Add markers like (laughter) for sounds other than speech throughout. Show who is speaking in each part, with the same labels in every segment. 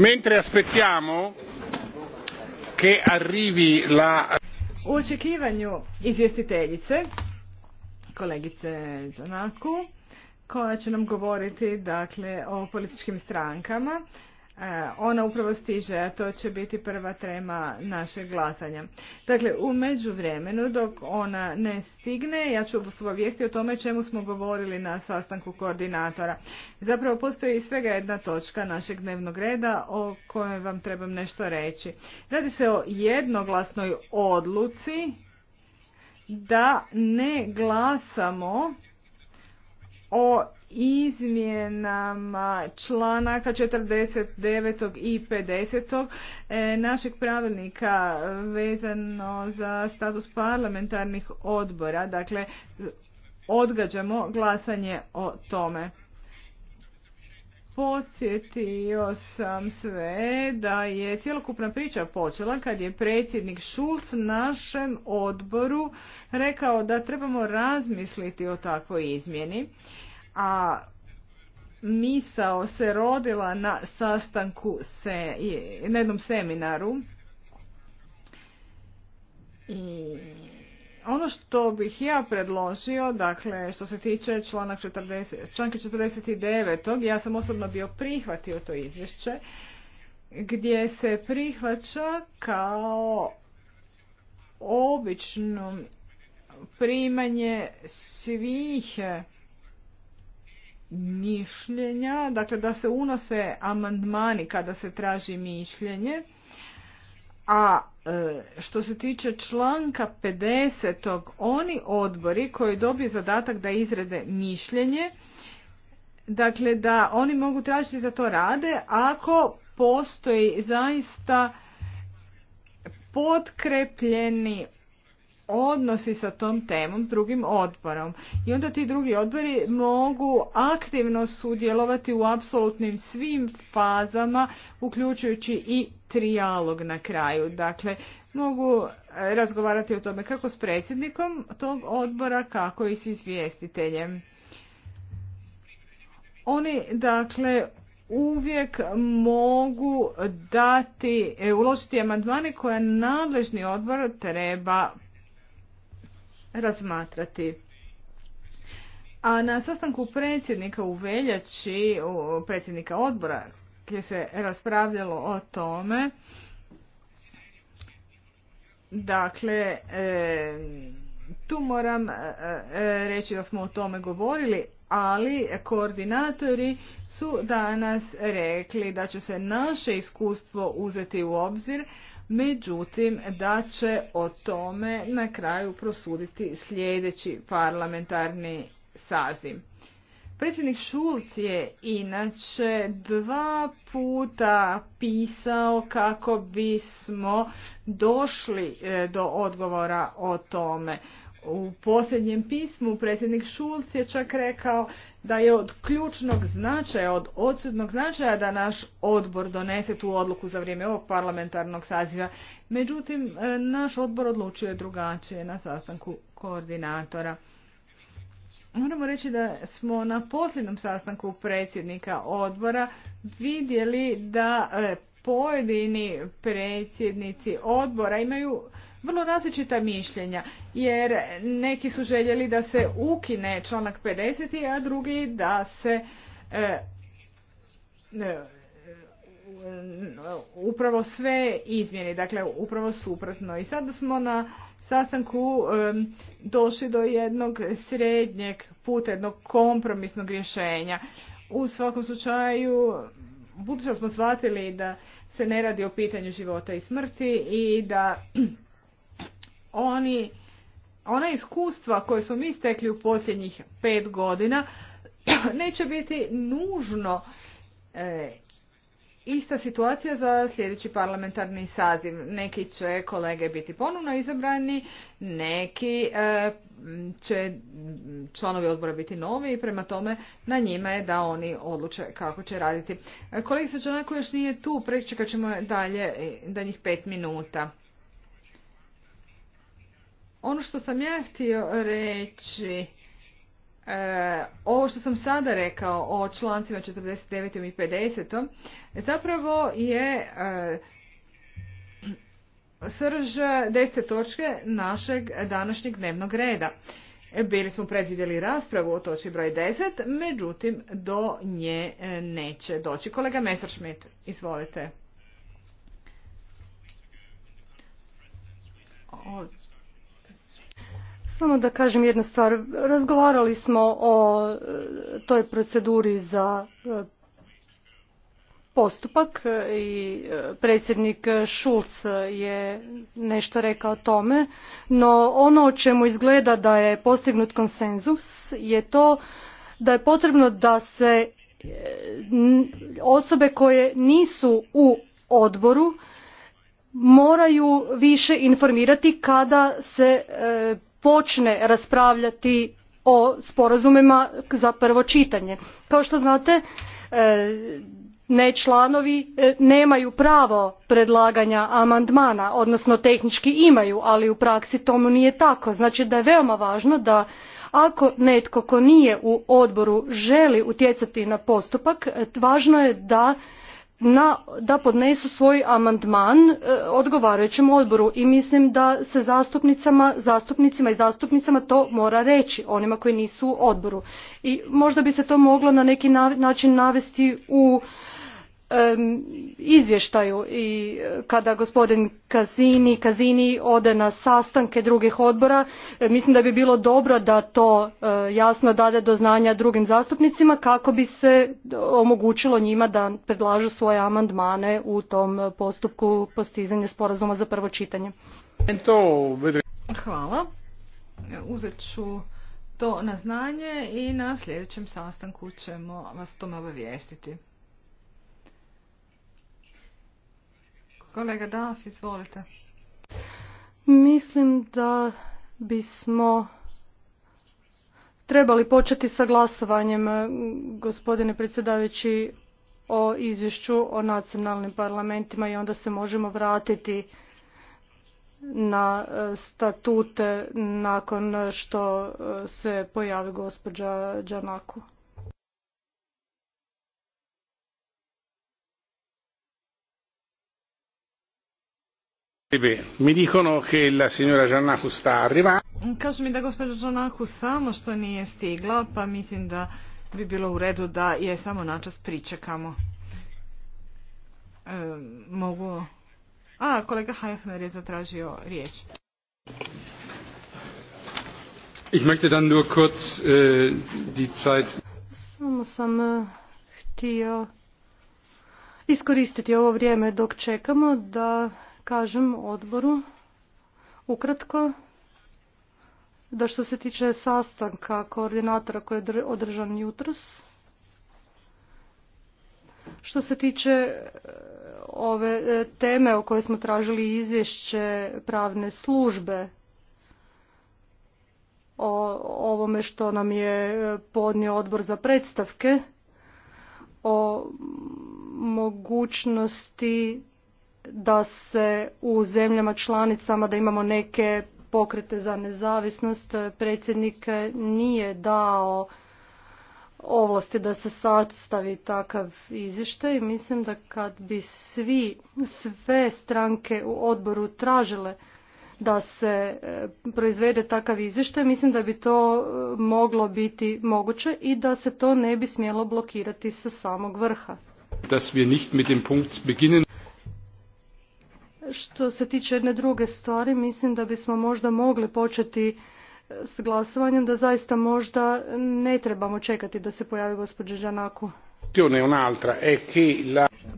Speaker 1: mentre aspettiamo che arrivi la u očekivanju izvjestiteljice kolegice Đanaku koja će nam govoriti dakle o političkim strankama E, ona upravo stiže, a to će biti prva trema našeg glasanja. Dakle, u međuvremenu dok ona ne stigne, ja ću vas o tome čemu smo govorili na sastanku koordinatora. Zapravo postoji svega jedna točka našeg dnevnog reda o kojoj vam trebam nešto reći. Radi se o jednoglasnoj odluci da ne glasamo o izmjenama članaka 49. i 50. E, našeg pravilnika vezano za status parlamentarnih odbora. Dakle, odgađamo glasanje o tome. Podsjetio sam sve da je cjelokupna priča počela kad je predsjednik Šulc našem odboru rekao da trebamo razmisliti o takvoj izmjeni a misao se rodila na sastanku se, na jednom seminaru. I ono što bih ja predložio, dakle, što se tiče članak 40, članka 49. Ja sam osobno bio prihvatio to izvješće, gdje se prihvaća kao obično primanje svih mišljenja, dakle da se unose amandmani kada se traži mišljenje, a e, što se tiče članka 50. oni odbori koji dobiju zadatak da izrede mišljenje, dakle da oni mogu tražiti da to rade ako postoji zaista potkrepljeni odnosi sa tom temom s drugim odborom. I onda ti drugi odbori mogu aktivno sudjelovati u apsolutnim svim fazama, uključujući i trijalog na kraju. Dakle, mogu eh, razgovarati o tome kako s predsjednikom tog odbora, kako i s izvjestiteljem. Oni, dakle, uvijek mogu dati, eh, uložiti amandmane koje nadležni odbor treba razmatrati. A na sastanku predsjednika u veljači, predsjednika odbora, gdje se raspravljalo o tome, dakle, e, tu moram e, e, reći da smo o tome govorili, ali koordinatori su danas rekli da će se naše iskustvo uzeti u obzir, međutim da će o tome na kraju prosuditi sljedeći parlamentarni sazim. Predsjednik Šulc je inače dva puta pisao kako bismo došli e, do odgovora o tome. U posljednjem pismu predsjednik Šulc je čak rekao da je od ključnog značaja, od odsudnog značaja da naš odbor donese tu odluku za vrijeme ovog parlamentarnog saziva. Međutim, e, naš odbor odlučuje drugačije na sastanku koordinatora. Moramo reći da smo na posljednom sastanku predsjednika odbora vidjeli da e, pojedini predsjednici odbora imaju vrlo različita mišljenja, jer neki su željeli da se ukine članak 50, a drugi da se e, e, upravo sve izmjeni, dakle upravo suprotno. I sad smo na sastanku e, došli do jednog srednjeg puta, jednog kompromisnog rješenja. U svakom slučaju, budući smo shvatili da se ne radi o pitanju života i smrti i da oni, ona iskustva koje smo mi stekli u posljednjih pet godina (clears throat) neće biti nužno e, ista situacija za sljedeći parlamentarni saziv. Neki će kolege biti ponovno izabrani, neki e, će članovi odbora biti novi i prema tome na njima je da oni odluče kako će raditi. E, kolegica Čanako još nije tu, prečekat ćemo dalje e, danjih pet minuta. Ono što sam ja htio reći, e, ovo što sam sada rekao o člancima 49. i 50. zapravo je e, srž desete točke našeg današnjeg dnevnog reda. Bili smo predvidjeli raspravu o točki broj 10, međutim do nje e, neće doći. Kolega Messerschmidt, izvolite.
Speaker 2: Samo da kažem jednu stvar. Razgovarali smo o e, toj proceduri za e, postupak e, i predsjednik Schulz je nešto rekao o tome, no ono o čemu izgleda da je postignut konsenzus je to da je potrebno da se osobe koje nisu u odboru moraju više informirati kada se počne raspravljati o sporazumima za prvo čitanje. Kao što znate, e, ne članovi e, nemaju pravo predlaganja amandmana, odnosno tehnički imaju, ali u praksi tomu nije tako. Znači da je veoma važno da ako netko ko nije u odboru želi utjecati na postupak, e, važno je da da podnesu svoj amandman e, odgovarajućem odboru i mislim da se zastupnicama, zastupnicima i zastupnicama to mora reći, onima koji nisu u odboru. I možda bi se to moglo na neki način navesti u izvještaju i e, kada gospodin Kazini, ode na sastanke drugih odbora, e, mislim da bi bilo dobro da to e, jasno dade do znanja drugim zastupnicima kako bi se omogućilo njima da predlažu svoje amandmane u tom postupku postizanja sporazuma za prvo čitanje. Hvala. Uzet
Speaker 1: ću to na znanje i na sljedećem sastanku ćemo vas tome obavijestiti. Kolega izvolite.
Speaker 2: Mislim da bismo trebali početi sa glasovanjem, gospodine predsjedavajući, o izvješću o nacionalnim parlamentima i onda se možemo vratiti na e, statute nakon što e, se pojavi gospođa Đanaku.
Speaker 3: Mi dicono che la signora
Speaker 1: Kažu mi da gospođa Giannaku samo što nije stigla, pa mislim da bi bilo u redu da je samo načas pričekamo. E, mogu... A, kolega Hajfner je zatražio riječ.
Speaker 2: Ich möchte dann nur kurz äh, Samo sam e, htio iskoristiti ovo vrijeme dok čekamo da kažem odboru ukratko da što se tiče sastanka koordinatora koji je održan jutros, što se tiče e, ove e, teme o kojoj smo tražili izvješće pravne službe o ovome što nam je e, podnio odbor za predstavke, o mogućnosti da se u zemljama članicama da imamo neke pokrete za nezavisnost predsjednik nije dao ovlasti da se sastavi takav izvještaj. Mislim da kad bi svi, sve stranke u odboru tražile da se e, proizvede takav izvještaj, mislim da bi to e, moglo biti moguće i da se to ne bi smjelo blokirati sa samog vrha.
Speaker 3: Dass wir nicht mit dem Punkt beginnen.
Speaker 2: Što se tiče jedne druge stvari, mislim da bismo možda mogli početi e, s glasovanjem, da zaista možda ne trebamo čekati da se pojavi gospođe žanaku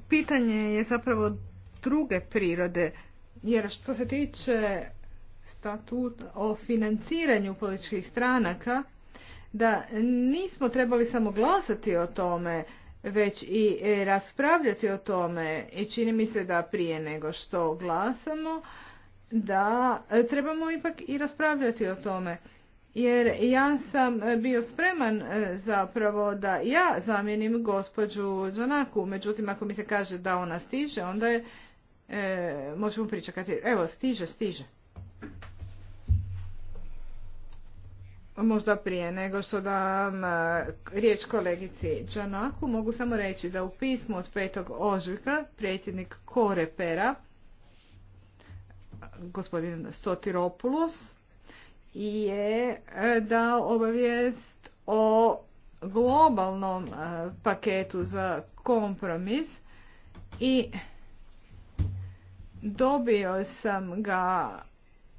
Speaker 1: Pitanje je zapravo druge prirode, jer što se tiče statut o financiranju političkih stranaka, da nismo trebali samo glasati o tome, već i e, raspravljati o tome i čini mi se da prije nego što glasamo da e, trebamo ipak i raspravljati o tome jer ja sam e, bio spreman zapravo da ja zamijenim gospođu Donaku međutim ako mi se kaže da ona stiže, onda je, možemo pričekati. Evo, stiže, stiže. Možda prije nego što dam e, riječ kolegici Čanaku, mogu samo reći da u pismu od petog ožujka predsjednik Korepera, gospodin Sotiropoulos, je e, dao obavijest o globalnom e, paketu za kompromis i dobio sam ga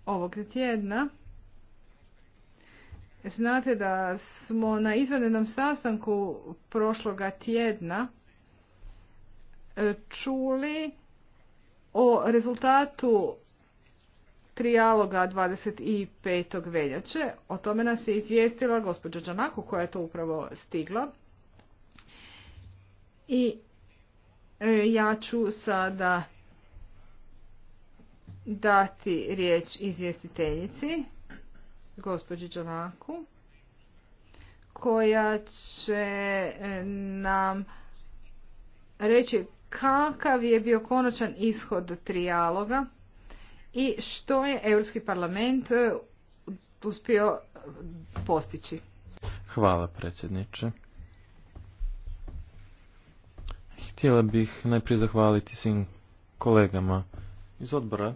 Speaker 1: ovog tjedna. Znate da smo na izvanrednom sastanku prošloga tjedna e, čuli o rezultatu trijaloga 25. veljače. O tome nas je izvijestila gospođa Đanaku koja je to upravo stigla. I e, ja ću sada dati riječ izvjestiteljici gospođi Đanaku koja će e, nam reći kakav je bio konačan ishod trijaloga i što je Europski parlament e, uspio postići.
Speaker 3: Hvala predsjedniče. Htjela bih najprije zahvaliti svim kolegama iz odbora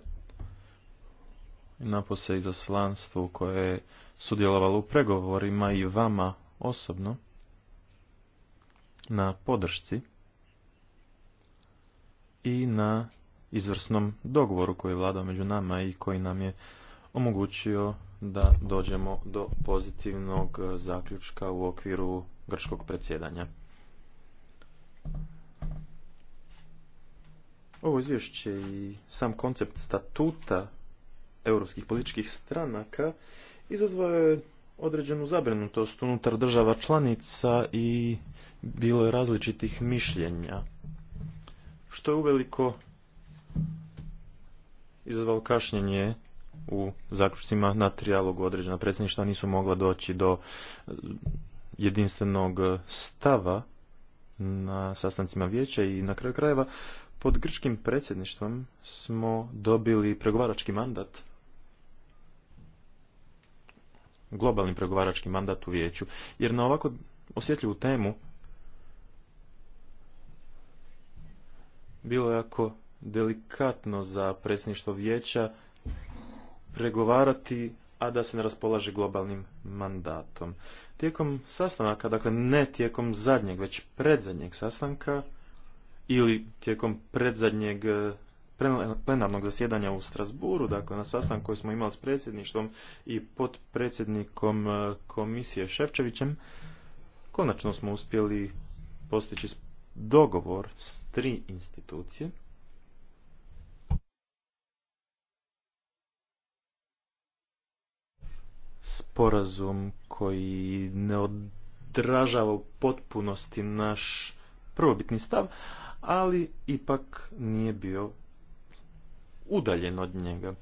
Speaker 3: napose izaslanstvu koje je sudjelovalo u pregovorima i vama osobno na podršci i na izvrsnom dogovoru koji je vladao među nama i koji nam je omogućio da dođemo do pozitivnog zaključka u okviru grčkog predsjedanja. Ovo izvješće i sam koncept statuta europskih političkih stranaka izazvao je određenu zabrinutost unutar država članica i bilo je različitih mišljenja, što je uveliko izazvalo kašnjenje u zaključcima na trijalogu određena predsjedništva nisu mogla doći do e, jedinstvenog stava na sastancima vijeća i na kraju krajeva pod grčkim predsjedništvom smo dobili pregovarački mandat globalni pregovarački mandat u vijeću. Jer na ovako osjetljivu temu bilo je jako delikatno za predsjedništvo vijeća pregovarati, a da se ne raspolaže globalnim mandatom. Tijekom sastanaka, dakle ne tijekom zadnjeg, već predzadnjeg sastanka, ili tijekom predzadnjeg plenarnog zasjedanja u Strasburu, dakle na sastanku koji smo imali s predsjedništvom i potpredsjednikom e, komisije Ševčevićem, konačno smo uspjeli postići dogovor s tri institucije. Sporazum koji ne odražava u potpunosti naš prvobitni stav, ali ipak nije bio udaljen od njega.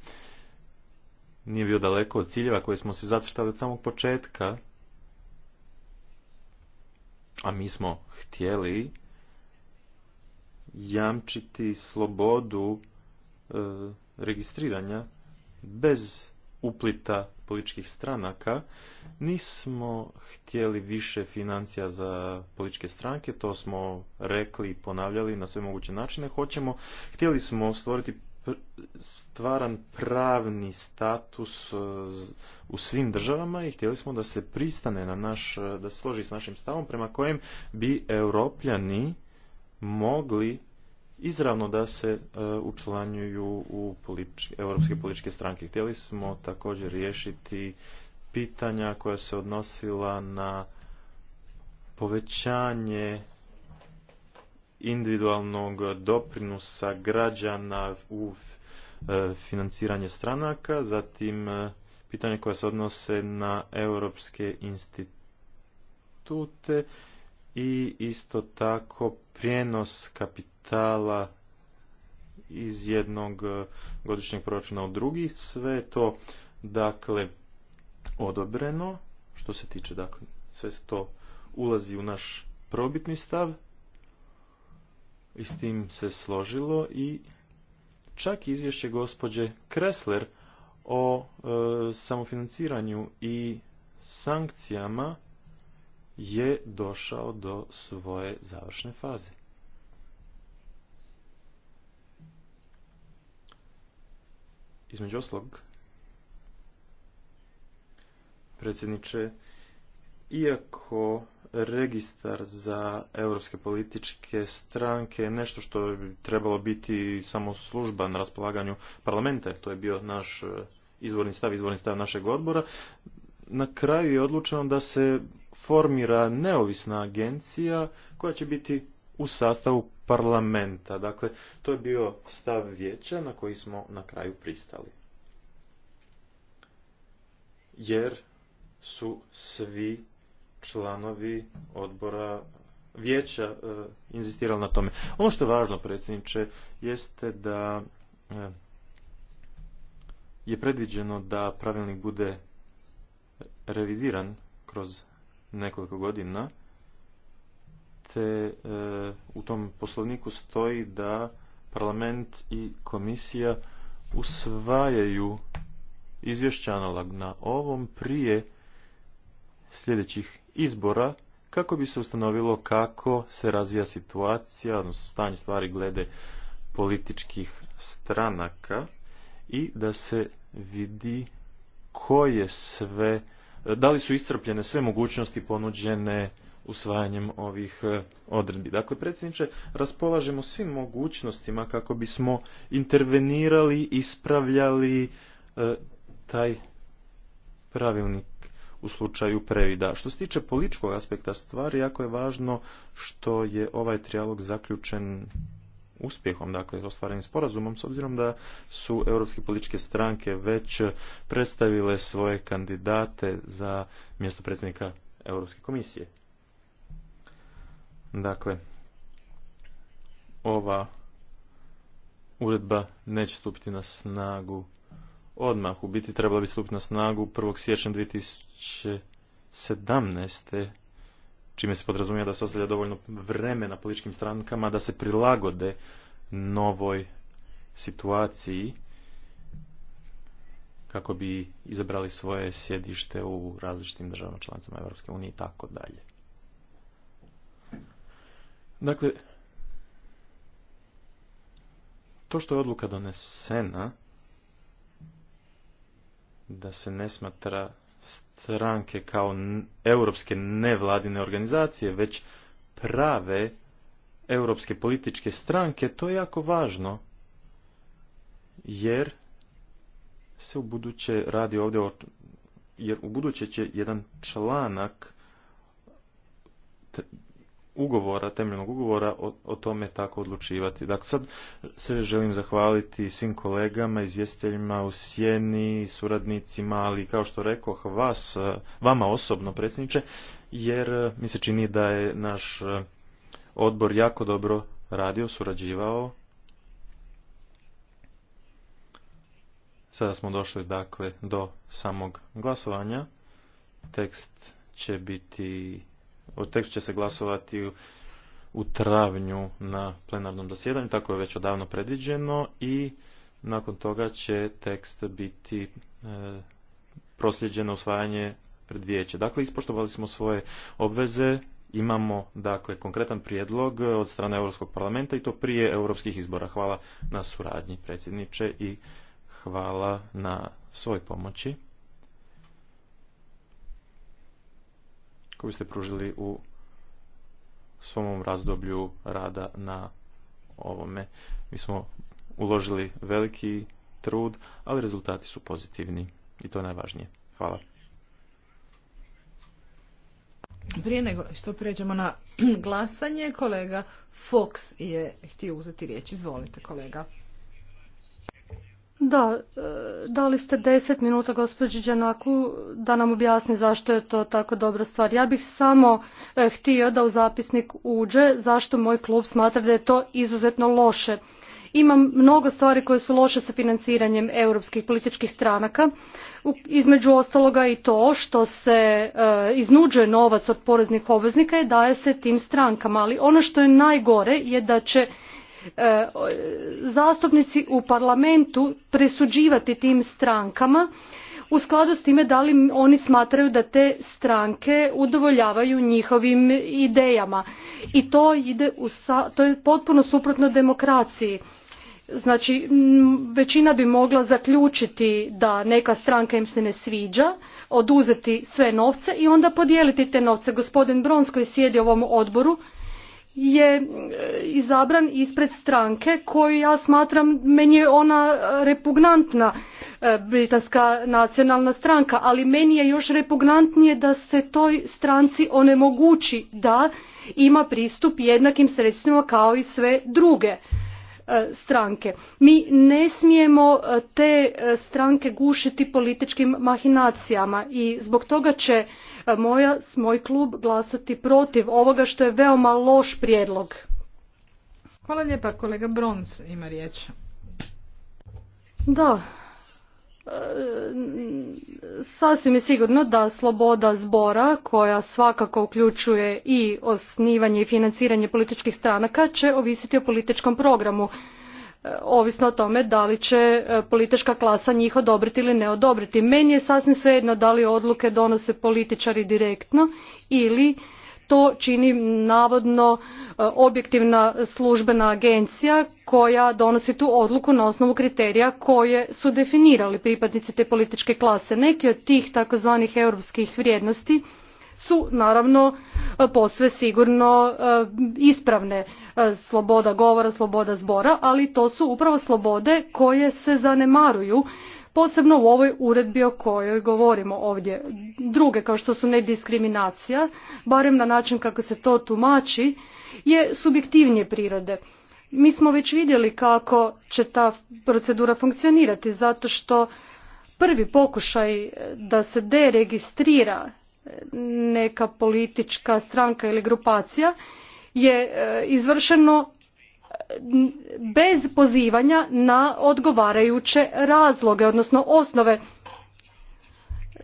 Speaker 3: Nije bio daleko od ciljeva koje smo se zacrtali od samog početka, a mi smo htjeli jamčiti slobodu e, registriranja bez uplita političkih stranaka. Nismo htjeli više financija za političke stranke, to smo rekli i ponavljali na sve moguće načine. Hoćemo, htjeli smo stvoriti stvaran pravni status e, u svim državama i htjeli smo da se pristane na naš, e, da se složi s našim stavom prema kojem bi europljani mogli izravno da se e, učlanjuju u europske političke stranke. Htjeli smo također riješiti pitanja koja se odnosila na povećanje individualnog doprinosa građana u e, financiranje stranaka, zatim e, pitanje koja se odnose na europske institute i isto tako prijenos kapitala iz jednog e, godišnjeg proračuna u drugi. Sve je to dakle odobreno što se tiče dakle sve to ulazi u naš probitni stav i s tim se složilo i čak izvješće gospođe Kresler o e, samofinanciranju i sankcijama je došao do svoje završne faze. Između oslog, predsjedniče, iako registar za europske političke stranke nešto što bi trebalo biti samo služba na raspolaganju parlamenta, to je bio naš e, izvorni stav, izvorni stav našeg odbora. Na kraju je odlučeno da se formira neovisna agencija koja će biti u sastavu parlamenta. Dakle, to je bio stav vijeća na koji smo na kraju pristali. Jer su svi članovi odbora vijeća e, inzistirali na tome. Ono što je važno, predsjedniče, jeste da e, je predviđeno da pravilnik bude revidiran kroz nekoliko godina, te e, u tom poslovniku stoji da parlament i komisija usvajaju izvješća na ovom prije sljedećih izbora kako bi se ustanovilo kako se razvija situacija, odnosno stanje stvari glede političkih stranaka i da se vidi koje sve, da li su istrpljene sve mogućnosti ponuđene usvajanjem ovih eh, odredbi. Dakle, predsjedniče, raspolažemo svim mogućnostima kako bismo intervenirali, ispravljali eh, taj pravilnik u slučaju previda. Što se tiče političkog aspekta stvari, jako je važno što je ovaj trijalog zaključen uspjehom, dakle ostvarenim sporazumom, s obzirom da su europske političke stranke već predstavile svoje kandidate za mjesto predsjednika Europske komisije. Dakle, ova uredba neće stupiti na snagu odmah. U biti trebala bi stupiti na snagu 1. siječnja 2017. čime se podrazumije da se ostavlja dovoljno vremena političkim strankama da se prilagode novoj situaciji kako bi izabrali svoje sjedište u različitim državama članicama Europske unije i tako dalje. Dakle, to što je odluka donesena, da se ne smatra stranke kao europske nevladine organizacije, već prave europske političke stranke, to je jako važno, jer se u buduće radi ovdje jer u buduće će jedan članak ugovora, temeljnog ugovora o, tome tako odlučivati. Dakle, sad se želim zahvaliti svim kolegama, izvjestiteljima u Sjeni, suradnicima, ali kao što rekoh vas, vama osobno predsjedniče, jer mi se čini da je naš odbor jako dobro radio, surađivao. Sada smo došli dakle do samog glasovanja. Tekst će biti o tekst će se glasovati u, u travnju na plenarnom zasjedanju, tako je već odavno predviđeno i nakon toga će tekst biti e, prosljeđen usvajanje pred vijeće. Dakle, ispoštovali smo svoje obveze, imamo dakle konkretan prijedlog od strane Europskog parlamenta i to prije europskih izbora. Hvala na suradnji predsjedniče i hvala na svoj pomoći. koju ste pružili u svom razdoblju rada na ovome. Mi smo uložili veliki trud, ali rezultati su pozitivni i to je najvažnije. Hvala.
Speaker 1: Prije nego što pređemo na glasanje, kolega Fox je htio uzeti riječ. Izvolite kolega.
Speaker 2: Da, e, dali ste deset minuta gospođi Đanaku da nam objasni zašto je to tako dobra stvar. Ja bih samo e, htio da u zapisnik uđe zašto moj klub smatra da je to izuzetno loše. Imam mnogo stvari koje su loše sa financiranjem europskih političkih stranaka, između ostaloga i to što se e, iznuđuje novac od poreznih obveznika i daje se tim strankama, ali ono što je najgore je da će E, zastupnici u parlamentu presuđivati tim strankama u skladu s time da li oni smatraju da te stranke udovoljavaju njihovim idejama i to ide u to je potpuno suprotno demokraciji znači većina bi mogla zaključiti da neka stranka im se ne sviđa oduzeti sve novce i onda podijeliti te novce gospodin brons koji sjedi u ovom odboru je e, izabran ispred stranke koju ja smatram, meni je ona e, repugnantna e, britanska nacionalna stranka, ali meni je još repugnantnije da se toj stranci onemogući da ima pristup jednakim sredstvima kao i sve druge stranke. Mi ne smijemo te stranke gušiti političkim mahinacijama i zbog toga će moja, moj klub glasati protiv ovoga što je veoma loš prijedlog.
Speaker 1: Hvala lijepa, kolega Bronc ima riječ.
Speaker 2: Da, e, sasvim je sigurno da sloboda zbora koja svakako uključuje i osnivanje i financiranje političkih stranaka će ovisiti o političkom programu E, ovisno o tome da li će e, politička klasa njih odobriti ili ne odobriti. Meni je sasvim svejedno da li odluke donose političari direktno ili to čini navodno e, objektivna službena agencija koja donosi tu odluku na osnovu kriterija koje su definirali pripadnici te političke klase. Neki od tih takozvanih europskih vrijednosti su naravno e, posve sigurno e, ispravne e, sloboda govora, sloboda zbora, ali to su upravo slobode koje se zanemaruju posebno u ovoj uredbi o kojoj govorimo ovdje. Druge kao što su nediskriminacija, barem na način kako se to tumači, je subjektivnije prirode. Mi smo već vidjeli kako će ta procedura funkcionirati zato što prvi pokušaj da se deregistrira neka politička stranka ili grupacija je e, izvršeno e, bez pozivanja na odgovarajuće razloge odnosno osnove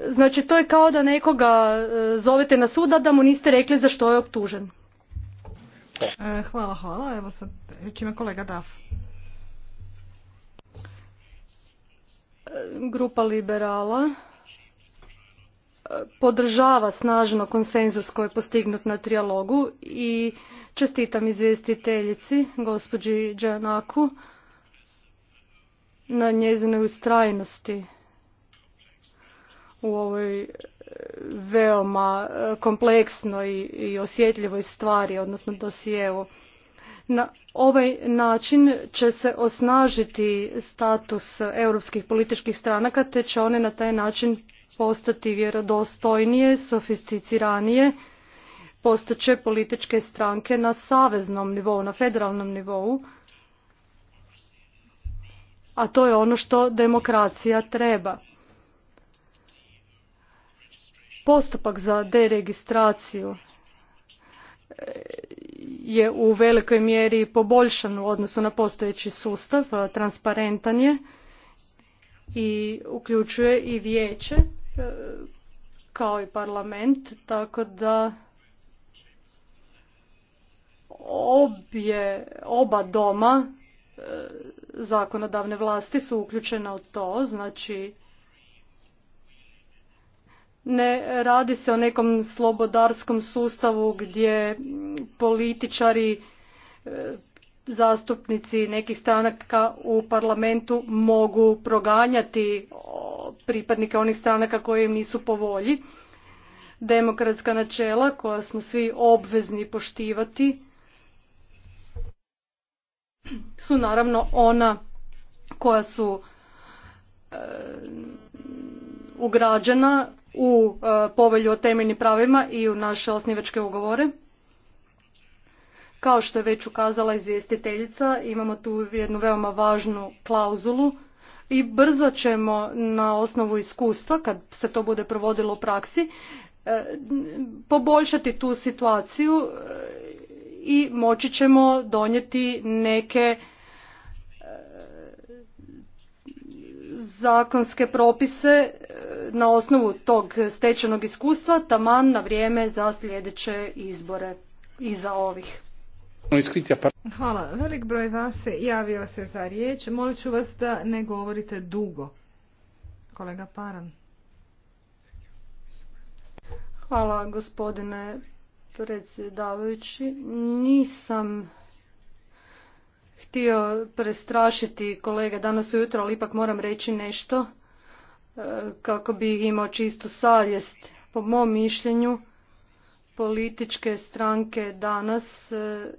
Speaker 2: znači to je kao da nekoga e, zovete na suda da mu niste rekli za što je optužen hvala hvala evo sad ima kolega Daf grupa liberala podržava snažno konsenzus koji je postignut na trijalogu i čestitam izvjestiteljici gospođi Džanaku, na njezinoj ustrajnosti u ovoj e, veoma e, kompleksnoj i osjetljivoj stvari, odnosno dosijevu. Na ovaj način će se osnažiti status europskih političkih stranaka, te će one na taj način postati vjerodostojnije, sofisticiranije, postaće političke stranke na saveznom nivou, na federalnom nivou, a to je ono što demokracija treba. Postupak za deregistraciju eh, je u velikoj mjeri poboljšan u odnosu na postojeći sustav, transparentan je i uključuje i vijeće E, kao i parlament, tako da obje, oba doma e, zakonodavne vlasti su uključena u to, znači ne radi se o nekom slobodarskom sustavu gdje političari e, zastupnici nekih stranaka u parlamentu mogu proganjati pripadnike onih stranaka koje im nisu po volji. Demokratska načela koja smo svi obvezni poštivati su naravno ona koja su e, ugrađena u e, povelju o temeljnim pravima i u naše osnivačke ugovore. Kao što je već ukazala izvjestiteljica, imamo tu jednu veoma važnu klauzulu i brzo ćemo na osnovu iskustva, kad se to bude provodilo u praksi, e, poboljšati tu situaciju e, i moći ćemo donijeti neke e, zakonske propise na osnovu tog stečenog iskustva taman na vrijeme za sljedeće izbore iza ovih.
Speaker 1: Hvala. Velik broj vas se javio se za riječ. Molit ću vas da ne govorite dugo.
Speaker 2: Kolega Paran. Hvala gospodine predsjedavajući. Nisam htio prestrašiti kolege danas ujutro, ali ipak moram reći nešto e, kako bi imao čistu savjest. Po mom mišljenju, političke stranke danas e,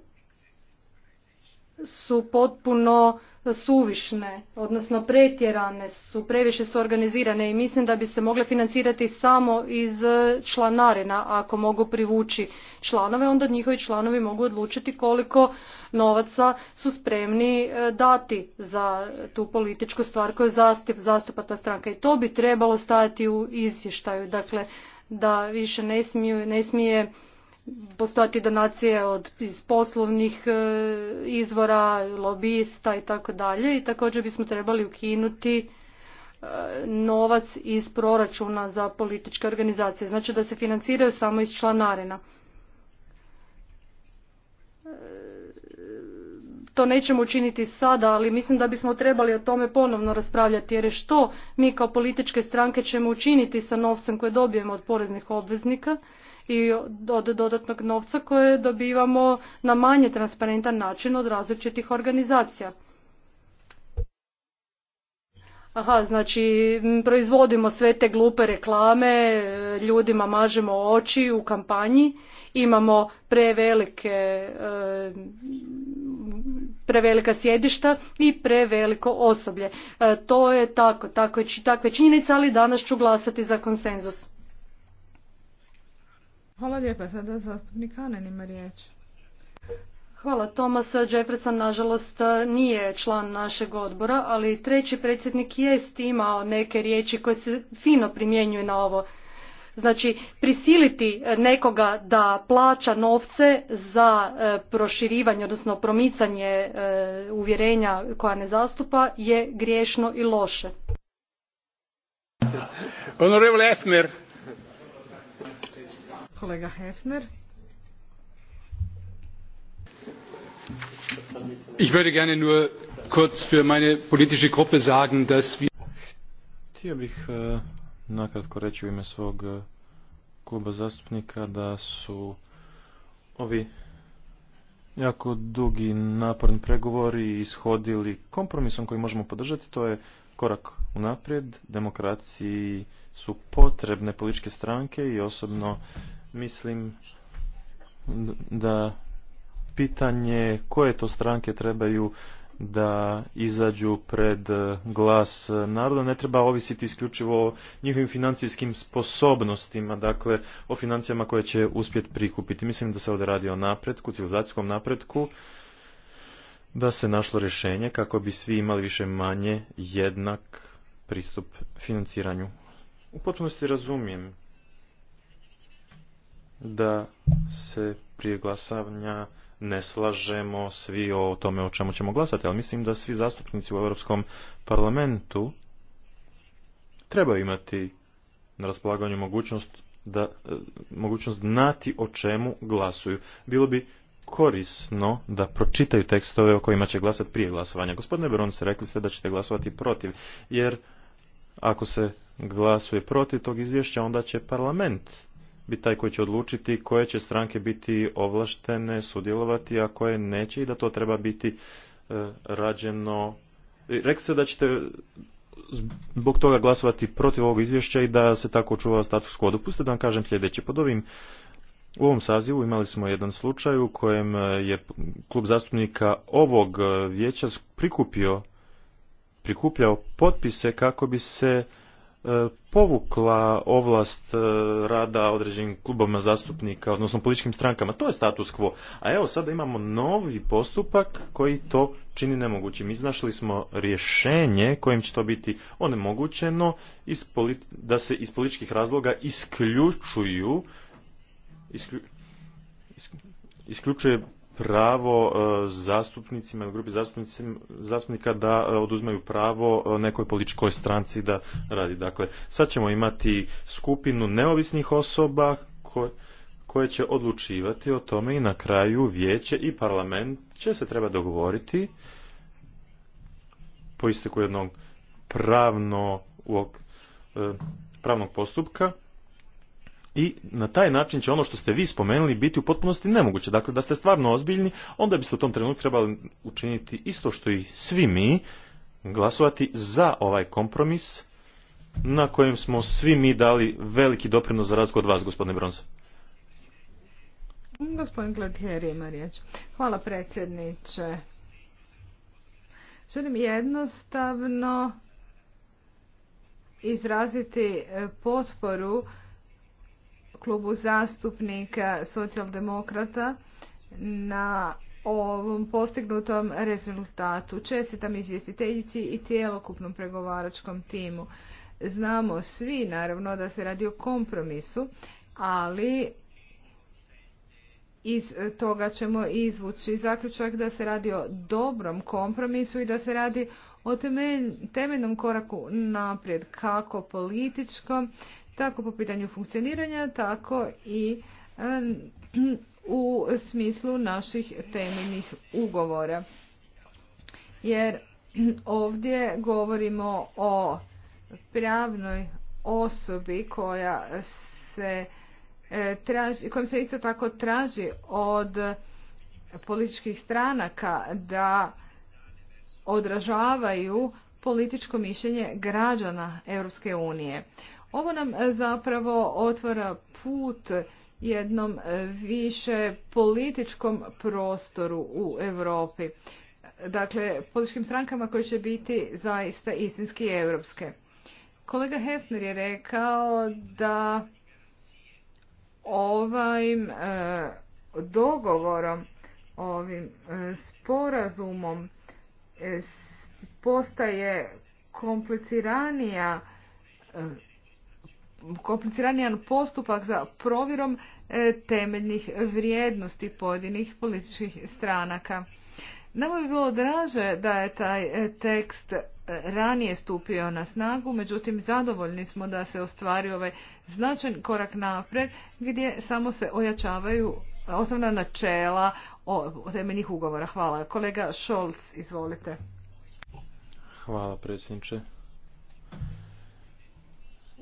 Speaker 2: su potpuno suvišne, odnosno pretjerane su, previše su organizirane i mislim da bi se mogle financirati samo iz članarina ako mogu privući članove, onda njihovi članovi mogu odlučiti koliko novaca su spremni e, dati za tu političku stvar koju zastupa ta stranka. I to bi trebalo stajati u izvještaju, dakle da više ne, smiju, ne smije postojati donacije od, iz poslovnih e, izvora, lobista i tako dalje i također bismo trebali ukinuti e, novac iz proračuna za političke organizacije. Znači da se financiraju samo iz članarina. E, to nećemo učiniti sada, ali mislim da bismo trebali o tome ponovno raspravljati, jer što mi kao političke stranke ćemo učiniti sa novcem koje dobijemo od poreznih obveznika, i od dodatnog novca koje dobivamo na manje transparentan način od različitih organizacija. Aha, znači proizvodimo sve te glupe reklame, ljudima mažemo oči u kampanji, imamo prevelike, e, prevelika sjedišta i preveliko osoblje. E, to je tako, tako je, takve činjenice, ali danas ću glasati za konsenzus.
Speaker 1: Hvala lijepa. Sada zastupnik Anen ima riječ.
Speaker 2: Hvala. Thomas Jefferson, nažalost, nije član našeg odbora, ali treći predsjednik jest imao neke riječi koje se fino primjenjuju na ovo. Znači, prisiliti nekoga da plaća novce za e, proširivanje, odnosno promicanje e, uvjerenja koja ne zastupa je griješno i loše.
Speaker 1: Honorable kolega Hefner.
Speaker 2: Ich würde gerne nur kurz für meine politische Gruppe sagen, dass wir
Speaker 3: Htio bih e, nakratko reći u ime svog e, kluba zastupnika da su ovi jako dugi naporni pregovori ishodili kompromisom koji možemo podržati, to je korak u naprijed. demokraciji su potrebne političke stranke i osobno Mislim da pitanje koje to stranke trebaju da izađu pred glas naroda ne treba ovisiti isključivo o njihovim financijskim sposobnostima, dakle o financijama koje će uspjeti prikupiti. Mislim da se ovdje radi o napretku, civilizacijskom napretku, da se našlo rješenje kako bi svi imali više manje jednak pristup financiranju. U potpunosti razumijem da se prije glasavnja ne slažemo svi o tome o čemu ćemo glasati, ali mislim da svi zastupnici u Europskom parlamentu trebaju imati na raspolaganju mogućnost da e, mogućnost znati o čemu glasuju. Bilo bi korisno da pročitaju tekstove o kojima će glasati prije glasovanja. Gospodine se rekli ste da ćete glasovati protiv, jer ako se glasuje protiv tog izvješća, onda će parlament biti taj koji će odlučiti koje će stranke biti ovlaštene sudjelovati, a koje neće i da to treba biti e, rađeno. E, rekli se da ćete zbog toga glasovati protiv ovog izvješća i da se tako očuva status quo. da vam kažem sljedeće. Pod ovim u ovom sazivu imali smo jedan slučaj u kojem je klub zastupnika ovog vijeća prikupio prikupljao potpise kako bi se E, povukla ovlast e, rada određenim klubama zastupnika, odnosno političkim strankama. To je status quo. A evo sada imamo novi postupak koji to čini nemogućim. Iznašli smo rješenje kojim će to biti onemogućeno da se iz političkih razloga isključuju isključuje pravo e, zastupnicima ili grupi zastupnika da e, oduzmaju pravo e, nekoj političkoj stranci da radi. Dakle, sad ćemo imati skupinu neovisnih osoba koje će odlučivati o tome i na kraju vijeće i parlament će se treba dogovoriti po isteku jednog pravno, pravnog postupka i na taj način će ono što ste vi spomenuli biti u potpunosti nemoguće. Dakle, da ste stvarno ozbiljni, onda biste u tom trenutku trebali učiniti isto što i svi mi, glasovati za ovaj kompromis na kojem smo svi mi dali veliki doprinos za razliku od vas, gospodine Bronze.
Speaker 1: Gospodin ima riječ. Hvala predsjedniče. Želim jednostavno izraziti e, potporu klubu zastupnika socijaldemokrata na ovom postignutom rezultatu. Čestitam izvjestiteljici i cijelokupnom pregovaračkom timu. Znamo svi naravno da se radi o kompromisu, ali iz toga ćemo izvući zaključak da se radi o dobrom kompromisu i da se radi o temeljnom koraku naprijed kako političkom tako po pitanju funkcioniranja, tako i u smislu naših temeljnih ugovora. Jer ovdje govorimo o pravnoj osobi koja se e, traži, kojim se isto tako traži od političkih stranaka da odražavaju političko mišljenje građana Europske unije. Ovo nam e, zapravo otvara put jednom e, više političkom prostoru u Europi. Dakle, političkim strankama koje će biti zaista istinski europske. Kolega Hefner je rekao da ovim e, dogovorom, ovim sporazumom postaje kompliciranija kompliciranijan postupak za provjerom e, temeljnih vrijednosti pojedinih političkih stranaka. Nama bi bilo draže da je taj e, tekst e, ranije stupio na snagu, međutim zadovoljni smo da se ostvari ovaj značajan korak naprijed gdje samo se ojačavaju osnovna načela o temeljnih ugovora. Hvala. Kolega Scholz, izvolite.
Speaker 3: Hvala predsjedniče.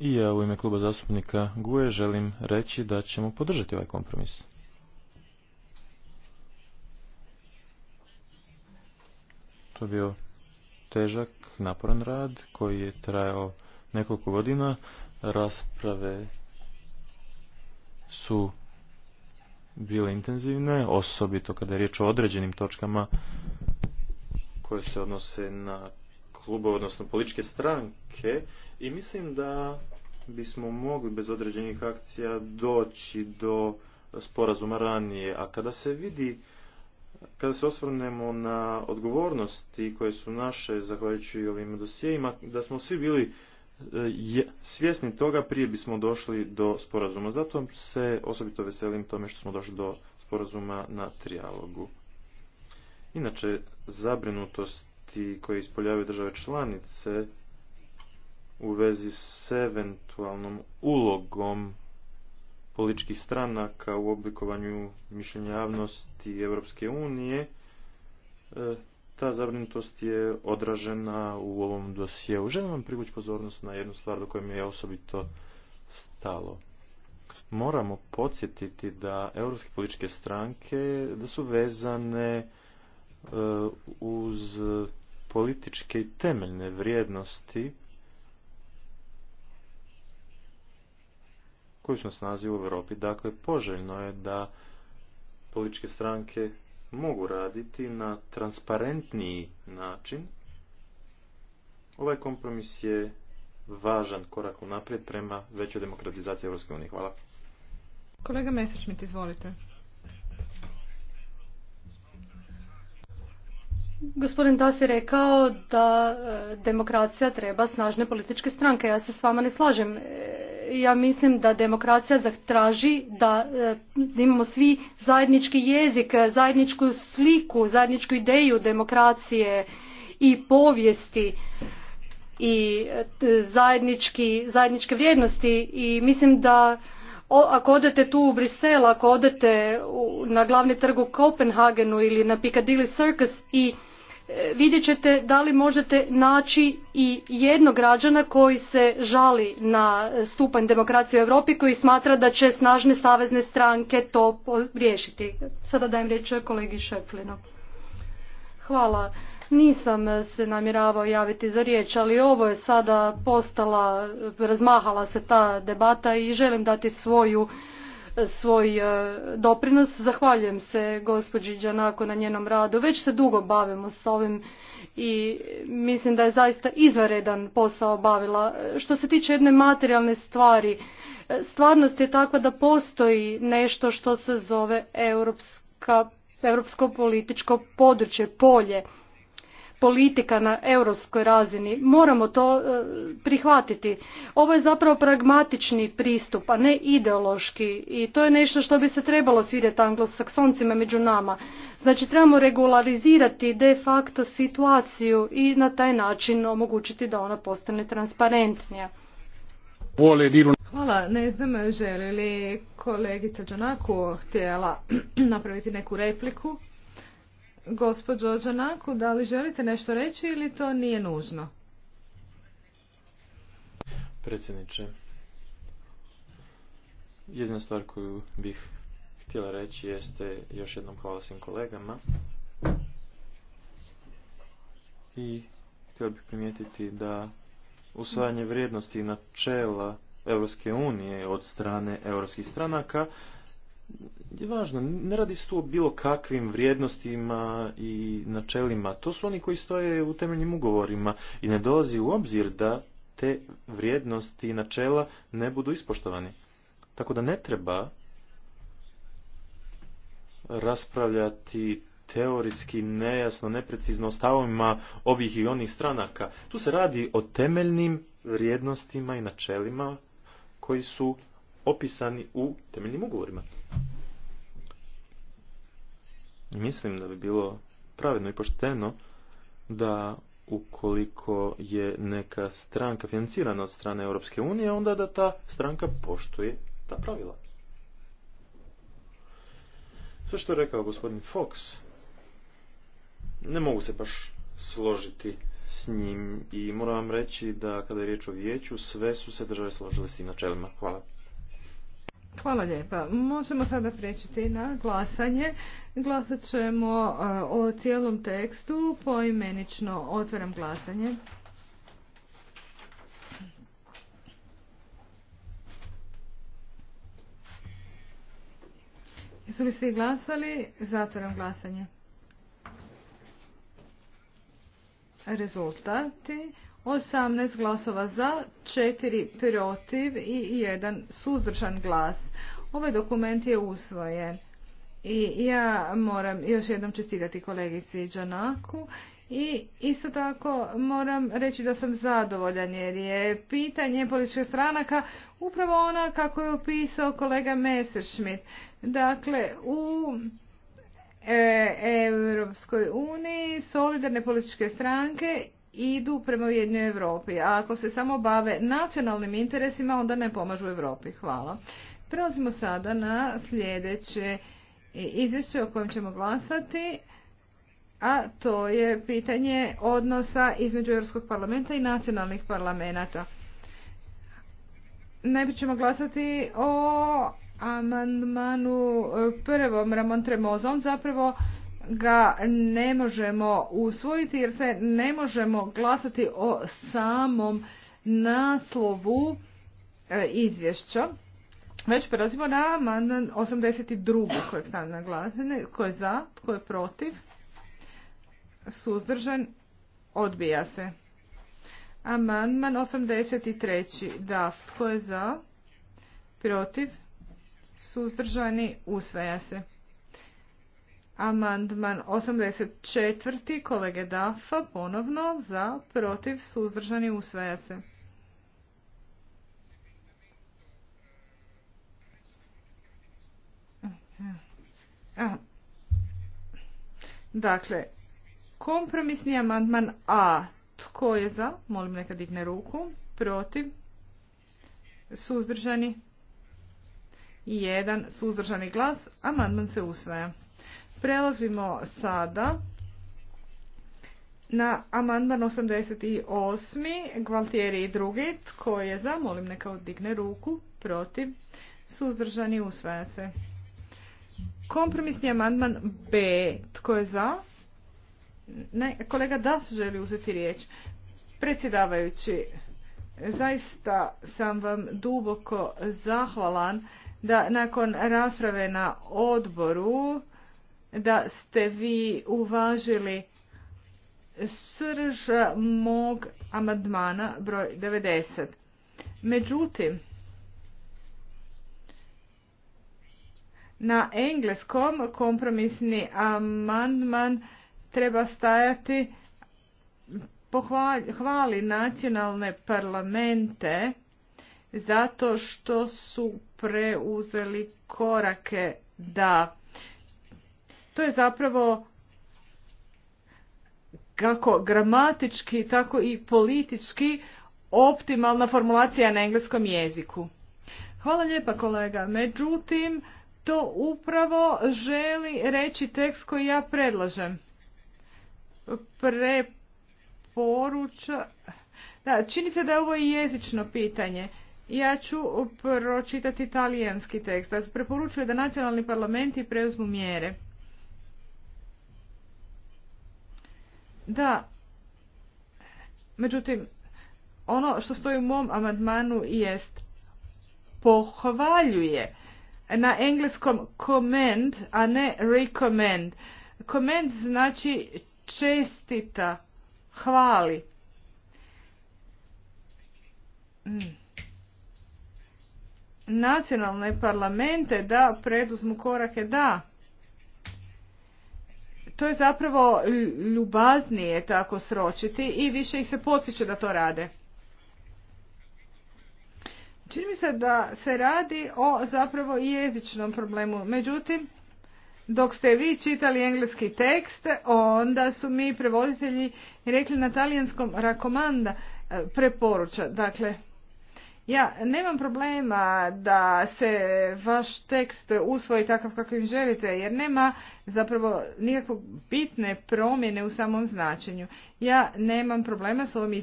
Speaker 3: I ja u ime kluba zastupnika Guje želim reći da ćemo podržati ovaj kompromis. To je bio težak, naporan rad koji je trajao nekoliko godina. Rasprave su bile intenzivne, osobito kada je riječ o određenim točkama koje se odnose na klubove, odnosno političke stranke i mislim da bismo mogli bez određenih akcija doći do sporazuma ranije. A kada se vidi, kada se osvrnemo na odgovornosti koje su naše, zahvaljujući ovim dosijima, da smo svi bili eh, svjesni toga prije bismo došli do sporazuma. Zato se osobito veselim tome što smo došli do sporazuma na trijalogu. Inače, zabrinutost koje ispoljavaju države članice u vezi s eventualnom ulogom političkih stranaka u oblikovanju mišljenja javnosti Europske unije, e, ta zabrinutost je odražena u ovom dosjeu. Želim vam privući pozornost na jednu stvar do koje mi je osobito stalo. Moramo podsjetiti da europske političke stranke da su vezane e, uz političke i temeljne vrijednosti koju su snazi u Europi. Dakle, poželjno je da političke stranke mogu raditi na transparentniji način. Ovaj kompromis je važan korak unaprijed prema većoj demokratizaciji EU. Hvala.
Speaker 2: Kolega
Speaker 1: Mesečmit, izvolite.
Speaker 2: Gospodin Duff je rekao da e, demokracija treba snažne političke stranke. Ja se s vama ne slažem. E, ja mislim da demokracija traži da e, imamo svi zajednički jezik, zajedničku sliku, zajedničku ideju demokracije i povijesti i zajedničke vrijednosti i mislim da ako odete tu u Brisel, ako odete na glavni trg u Kopenhagenu ili na Piccadilly Circus i E, vidjet ćete da li možete naći i jednog građana koji se žali na stupanj demokracije u Europi koji smatra da će snažne savezne stranke to riješiti. Sada dajem riječ kolegi Šeflinu. Hvala. Nisam se namjeravao javiti za riječ, ali ovo je sada postala, razmahala se ta debata i želim dati svoju svoj e, doprinos. Zahvaljujem se gospođi Đanako na njenom radu. Već se dugo bavimo s ovim i mislim da je zaista izvaredan posao bavila. Što se tiče jedne materijalne stvari, e, stvarnost je takva da postoji nešto što se zove europska, europsko političko područje, polje politika na europskoj razini. Moramo to e, prihvatiti. Ovo je zapravo pragmatični pristup, a ne ideološki i to je nešto što bi se trebalo svidjeti anglosaksoncima među nama. Znači trebamo regularizirati de facto situaciju i na taj način omogućiti da ona postane transparentnija.
Speaker 1: Hvala, ne znam želi li kolegica htjela (clears throat) napraviti neku repliku. Gospođo Đanaku, da li želite nešto reći ili to nije nužno?
Speaker 3: Predsjedniče, jedna stvar koju bih htjela reći jeste još jednom hvala svim kolegama i htio bih primijetiti da usvajanje vrijednosti načela Europske unije od strane europskih stranaka je važno. Ne radi se tu o bilo kakvim vrijednostima i načelima. To su oni koji stoje u temeljnim ugovorima i ne dolazi u obzir da te vrijednosti i načela ne budu ispoštovani. Tako da ne treba raspravljati teorijski nejasno, neprecizno o stavovima ovih i onih stranaka. Tu se radi o temeljnim vrijednostima i načelima koji su opisani u temeljnim ugovorima. Mislim da bi bilo pravedno i pošteno da ukoliko je neka stranka financirana od strane Europske unije, onda da ta stranka poštuje ta pravila. Sve što je rekao gospodin Fox, ne mogu se baš složiti s njim i moram vam reći da kada je riječ o vijeću, sve su se države složile s tim načelima. Hvala.
Speaker 1: Hvala lijepa. Možemo sada preći na glasanje. Glasat ćemo e, o cijelom tekstu poimenično. Otvaram glasanje. Jesu li svi glasali? Zatvaram glasanje. Rezultati 18 glasova za, 4 protiv i 1 suzdržan glas. Ovaj dokument je usvojen. I ja moram još jednom čestitati kolegici Đanaku i isto tako moram reći da sam zadovoljan jer je pitanje političkih stranaka upravo ona kako je opisao kolega Messerschmidt. Dakle, u e, Europskoj uniji solidarne političke stranke idu prema jednoj Europi, a ako se samo bave nacionalnim interesima, onda ne pomažu Europi. Hvala. Prelazimo sada na sljedeće izvješće o kojem ćemo glasati, a to je pitanje odnosa između Europskog parlamenta i nacionalnih parlamenta. Najprije ćemo glasati o amandmanu prvom Ramon Tremozom, zapravo ga ne možemo usvojiti jer se ne možemo glasati o samom naslovu e, izvješća. Već prelazimo na Amandman 82. kojeg sam naglasene. Tko je za, tko je protiv, suzdržan, odbija se. Amandman 83. Da. Tko je za? Protiv? Suzdržani? Usvaja se. Amandman 84. kolege Dafa ponovno za protiv suzdržani usvaja se. Dakle, kompromisni amandman A. Tko je za? Molim neka digne ruku. Protiv? Suzdržani? Jedan suzdržani glas. Amandman se usvaja. Prelazimo sada na amandman 88. Gvaltieri i drugi. Tko je za? Molim neka odigne ruku. Protiv. Suzdržani usvaja se. Kompromisni amandman B. Tko je za? Ne, kolega su želi uzeti riječ. Predsjedavajući, zaista sam vam duboko zahvalan da nakon rasprave na odboru da ste vi uvažili srž mog amadmana broj 90. Međutim, na engleskom kompromisni amandman treba stajati pohvali hvali nacionalne parlamente zato što su preuzeli korake da to je zapravo kako gramatički, tako i politički optimalna formulacija na engleskom jeziku. Hvala lijepa kolega. Međutim, to upravo želi reći tekst koji ja predlažem. Preporuča... Da, čini se da je ovo jezično pitanje. Ja ću pročitati talijanski tekst. Preporučuje da nacionalni parlamenti preuzmu mjere. Da, međutim, ono što stoji u mom amandmanu jest pohvaljuje na engleskom commend, a ne recommend. Commend znači čestita, hvali. Nacionalne parlamente da preduzmu korake da to je zapravo ljubaznije tako sročiti i više ih se podsjeća da to rade. Čini mi se da se radi o zapravo jezičnom problemu. Međutim, dok ste vi čitali engleski tekst, onda su mi prevoditelji rekli na talijanskom rakomanda e, preporuča. Dakle, ja nemam problema da se vaš tekst usvoji takav kakvim želite, jer nema zapravo nikakve bitne promjene u samom značenju. Ja nemam problema s ovom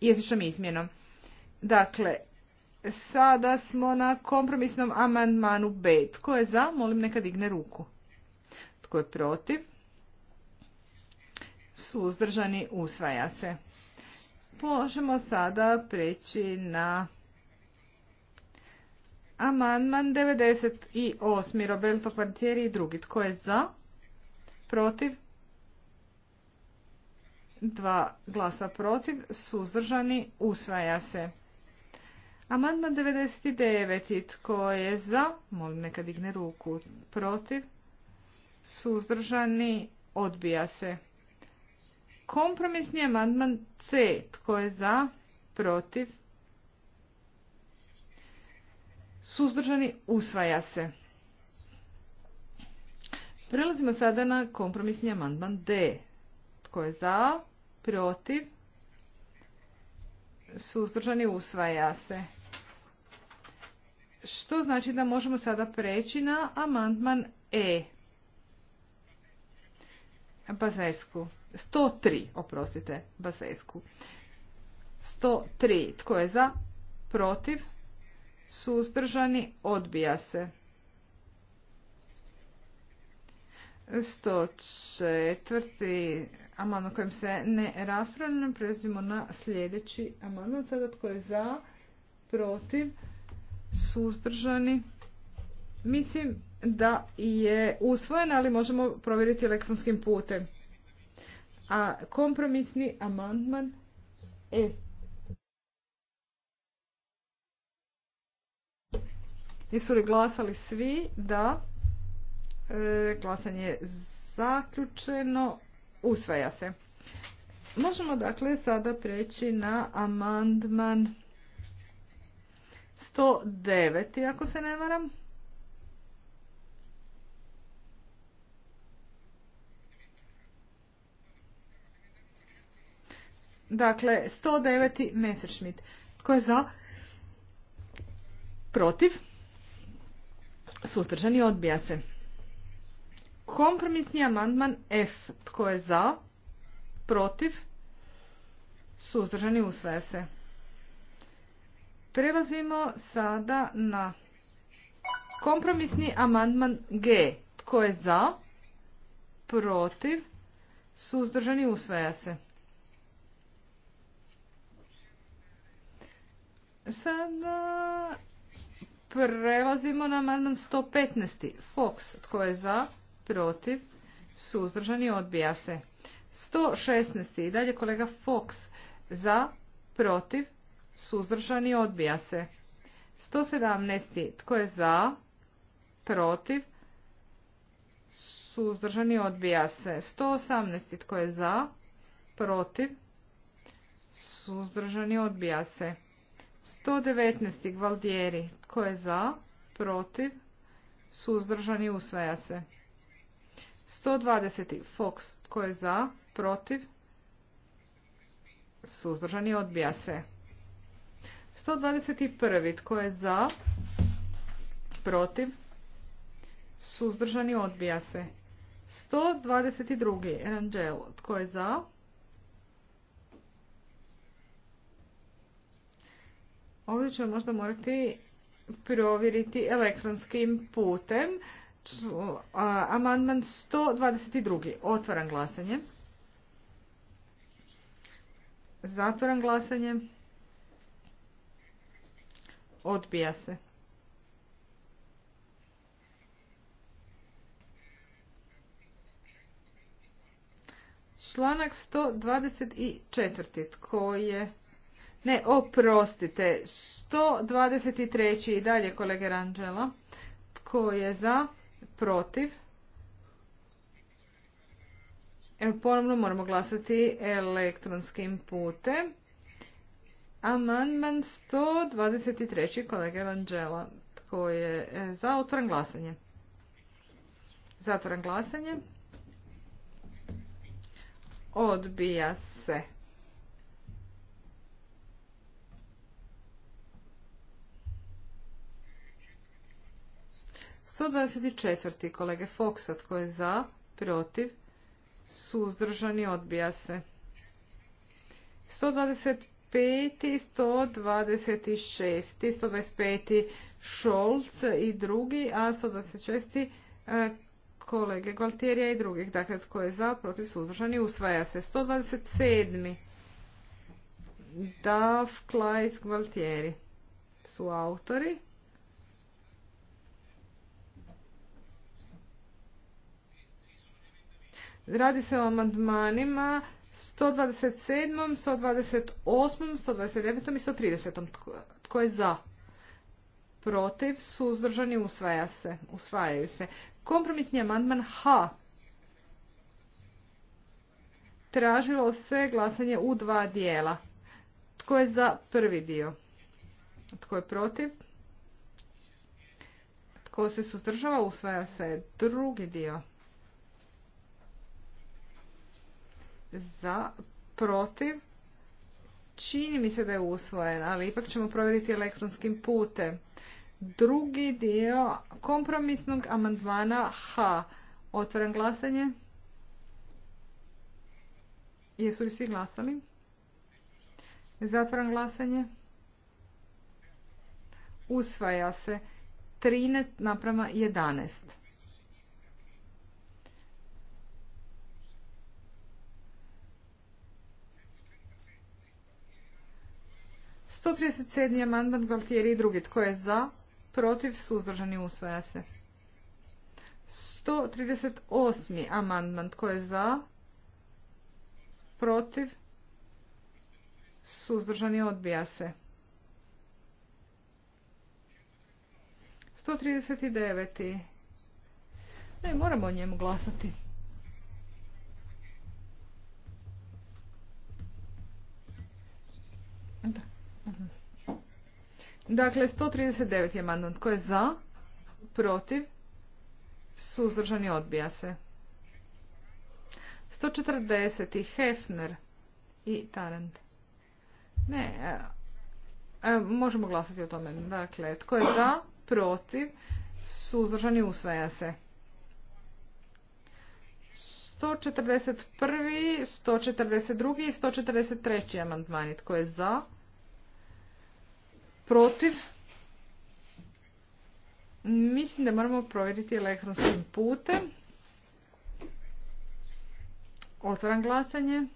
Speaker 1: jezičnom izmjenom. Dakle, sada smo na kompromisnom amandmanu B. Tko je za? Molim neka digne ruku. Tko je protiv? Suzdržani usvaja se. Možemo sada preći na Amandman 98. Roberto Quartieri i drugi. Tko je za? Protiv? Dva glasa protiv. Suzdržani. Usvaja se. Amandman 99. Tko je za? Molim neka digne ruku. Protiv? Suzdržani. Odbija se. Kompromisni amandman C. Tko je za? Protiv? suzdržani, usvaja se. Prelazimo sada na kompromisni amandman D. Tko je za, protiv, suzdržani, usvaja se. Što znači da možemo sada preći na amandman E. Bazesku. 103, oprostite, Bazesku. 103. Tko je za? Protiv? suzdržani, odbija se. 104. amandman o kojem se ne raspravljamo, prelazimo na sljedeći amandman. Sada tko je za, protiv, suzdržani. Mislim da je usvojen, ali možemo provjeriti elektronskim putem. A kompromisni amandman E. Jesu li glasali svi? Da. E, glasanje je zaključeno. Usvaja se. Možemo dakle sada preći na amandman 109. ako se ne varam. Dakle, 109. Messerschmitt. Tko je za? Protiv? Suzdržani odbija se. Kompromisni amandman F. Tko je za? Protiv? Suzdržani usvaja se. Prelazimo sada na kompromisni amandman G. Tko je za? Protiv? Suzdržani usvaja se. Sada Prelazimo na amandman 115. Fox. Tko je za? Protiv? Suzdržani odbija se. 116. I dalje kolega Fox. Za? Protiv? Suzdržani odbija se. 117. Tko je za? Protiv? Suzdržani odbija se. 118. Tko je za? Protiv? Suzdržani odbija se. 119. Gvaldjeri. Tko je za? Protiv? Suzdržani usvaja se. 120. Fox. Tko je za? Protiv? Suzdržani odbija se. 121. Tko je za? Protiv? Suzdržani odbija se. 122. Ranđel. Tko je za? Ovdje ćemo možda morati provjeriti elektronskim putem. Amandman 122. Otvaram glasanje. Zatvaram glasanje. Odbija se. Članak 124. Tko je ne, oprostite. 123. i dalje kolege Ranđela. Tko je za? Protiv? Evo, ponovno moramo glasati elektronskim putem. Amandman 123. kolege Ranđela. Tko je e, za? otvoran glasanje. zatvoran glasanje. Odbija se. 124. kolege Foxa, tko je za, protiv, suzdržani, odbija se. 125. 126. 125. Šolc i drugi, a 126. E, kolege Gualtierija i drugih. Dakle, tko je za, protiv, suzdržani, usvaja se. 127. Dav, Klajs, Gualtieri su autori. Radi se o amandmanima 127., 128., 129. i 130. Tko je za? Protiv, suzdržani, usvaja se. Usvajaju se. Kompromisni amandman H. Tražilo se glasanje u dva dijela. Tko je za prvi dio? Tko je protiv? Tko se suzdržava, usvaja se drugi dio. za, protiv. Čini mi se da je usvojen, ali ipak ćemo provjeriti elektronskim putem. Drugi dio kompromisnog amandmana H. Otvaram glasanje. Jesu li svi glasali? Zatvoren glasanje. Usvaja se 13 naprama 11. 137. amandman Gualtieri i drugi. Tko je za? Protiv? Suzdržani usvaja se. 138. amandman. Tko je za? Protiv? Suzdržani odbija se. 139. Ne, moramo o njemu glasati. Dakle, 139 je mandant. Tko je za? Protiv? suzdržan i odbija se. 140 i Hefner i Tarant. Ne, e, e, možemo glasati o tome. Dakle, tko je za? Protiv? suzdržan i usvaja se. 141. 142. i 143. amandmani. Tko je za? protiv. Mislim da moramo provjeriti elektronskim putem. Otvaram glasanje.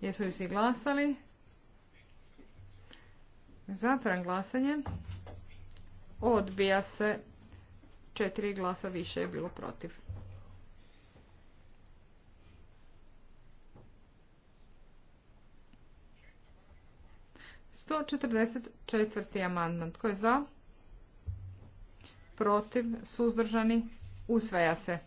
Speaker 1: Jesu li svi glasali? Zatvaram glasanje. Odbija se. Četiri glasa više je bilo protiv. 144. amandman. Tko je za? Protiv? Suzdržani? Usvaja se.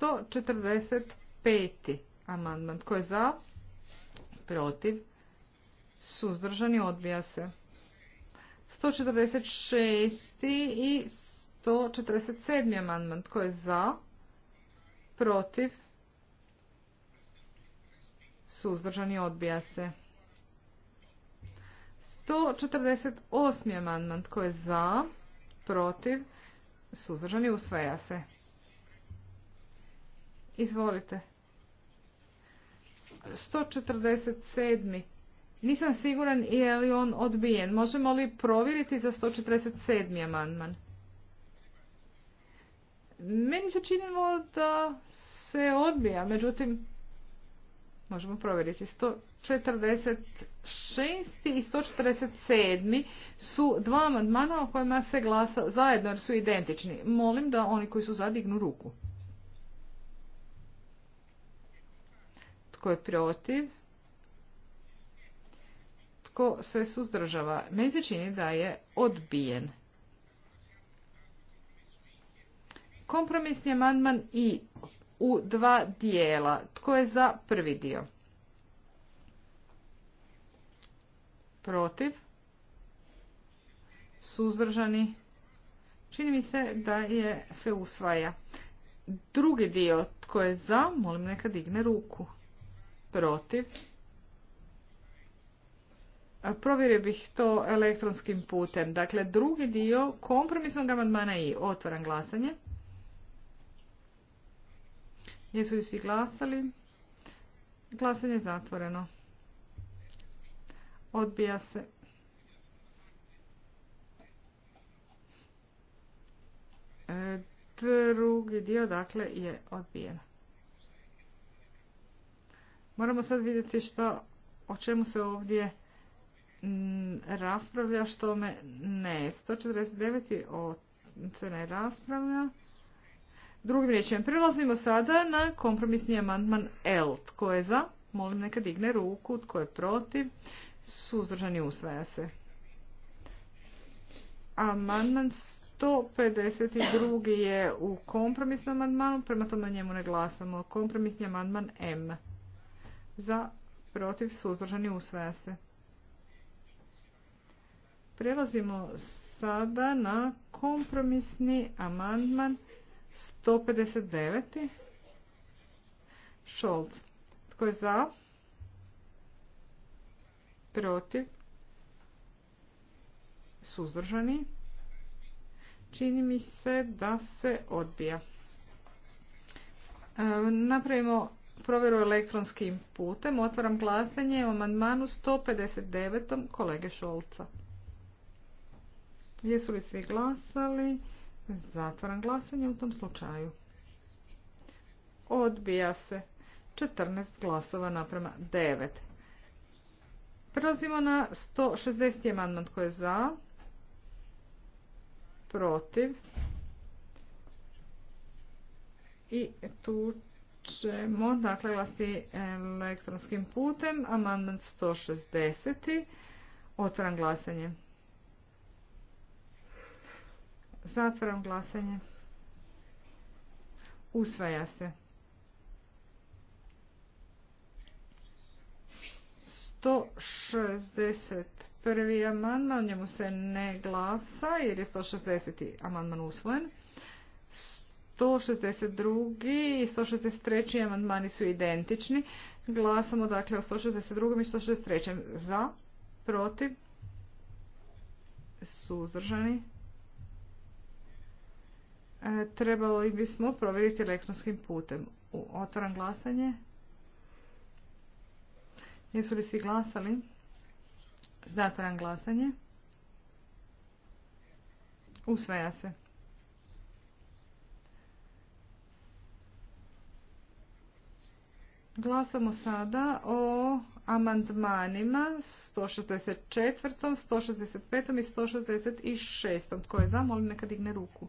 Speaker 1: 145. amandman. Tko je za? Protiv? Suzdržani? Odbija se. 146. i 147. amandman. Tko je za? Protiv? suzdržani, odbija se. 148. amandman tko je za, protiv, suzdržani, usvaja se. Izvolite. 147. Nisam siguran je li on odbijen. Možemo li provjeriti za 147. amandman? Meni se činilo da se odbija, međutim Možemo provjeriti. 146. i 147. su dva amandmana o kojima se glasa zajedno jer su identični. Molim da oni koji su zadignu ruku. Tko je protiv? Tko se suzdržava? Meni se čini da je odbijen. Kompromisni amandman i u dva dijela. Tko je za prvi dio? Protiv? Suzdržani? Čini mi se da je sve usvaja. Drugi dio, tko je za, molim neka digne ruku. Protiv? Provjerio bih to elektronskim putem. Dakle, drugi dio kompromisnog amandmana i otvoran glasanje. Jesu li svi glasali? Glasanje je zatvoreno. Odbija se. E, drugi dio, dakle, je odbijen. Moramo sad vidjeti što, o čemu se ovdje mm, raspravlja, što me ne. 149. o se ne raspravlja. Drugim rječem, prelazimo sada na kompromisni amandman L. Tko je za? Molim neka digne ruku. Tko je protiv? Suzdržani usvaja se. Amandman 152. je u kompromisnom amandmanu, prema tome njemu ne glasamo. Kompromisni amandman M. Za, protiv, suzdržani usvaja se. Prelazimo sada na kompromisni amandman 159. Šolc. Tko je za? Protiv? Suzdržani? Čini mi se da se odbija. E, napravimo provjeru elektronskim putem. Otvaram glasanje o amandmanu 159. kolege Šolca. Jesu li svi glasali? Zatvaram glasanje u tom slučaju. Odbija se 14 glasova naprema 9. Prelazimo na 160. amandman koji je za, protiv i tu ćemo dakle glasiti elektronskim putem amandman 160. Otvaram glasanje. Zatvaram glasanje. Usvaja se. 161. amandman, njemu se ne glasa jer je 160. amandman usvojen. 162. i 163. amandmani su identični. Glasamo dakle o 162. i 163. za, protiv, suzdržani. E, trebalo i bismo provjeriti elektronskim putem. Otvaram glasanje. Jesu li svi glasali? Zatvaram glasanje. Usvaja se. Glasamo sada o amandmanima 164., 165. i 166. Tko je za? Molim neka digne ruku.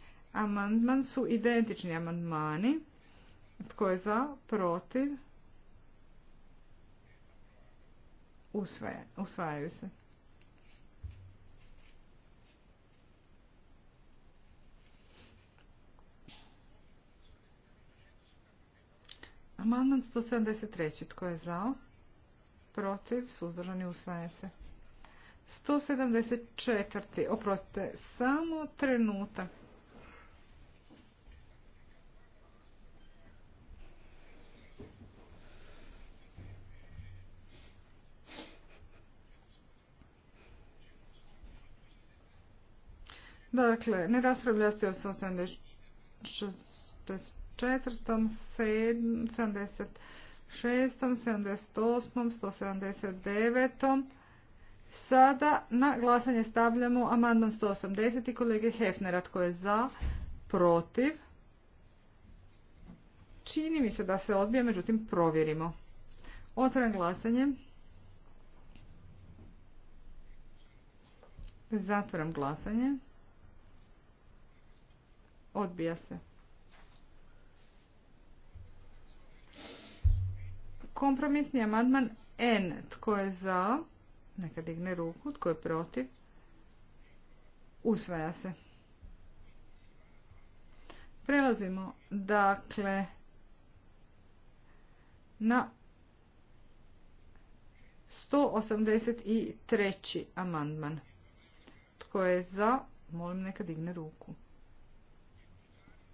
Speaker 1: amandman su identični amandmani. Tko je za, protiv, usvajaju se. Amandman 173. Tko je za? Protiv, suzdržani, usvaja se. 174. Oprostite, samo trenutak. Dakle, ne raspravlja se o 174. 76. 78. 179. Sada na glasanje stavljamo amandman 180. kolege Hefnera. Tko je za? Protiv? Čini mi se da se odbija, međutim provjerimo. Otvaram glasanje. Zatvaram glasanje. Odbija se. Kompromisni amandman N. Tko je za? Neka digne ruku. Tko je protiv? Usvaja se. Prelazimo dakle na 183. amandman. Tko je za? Molim neka digne ruku.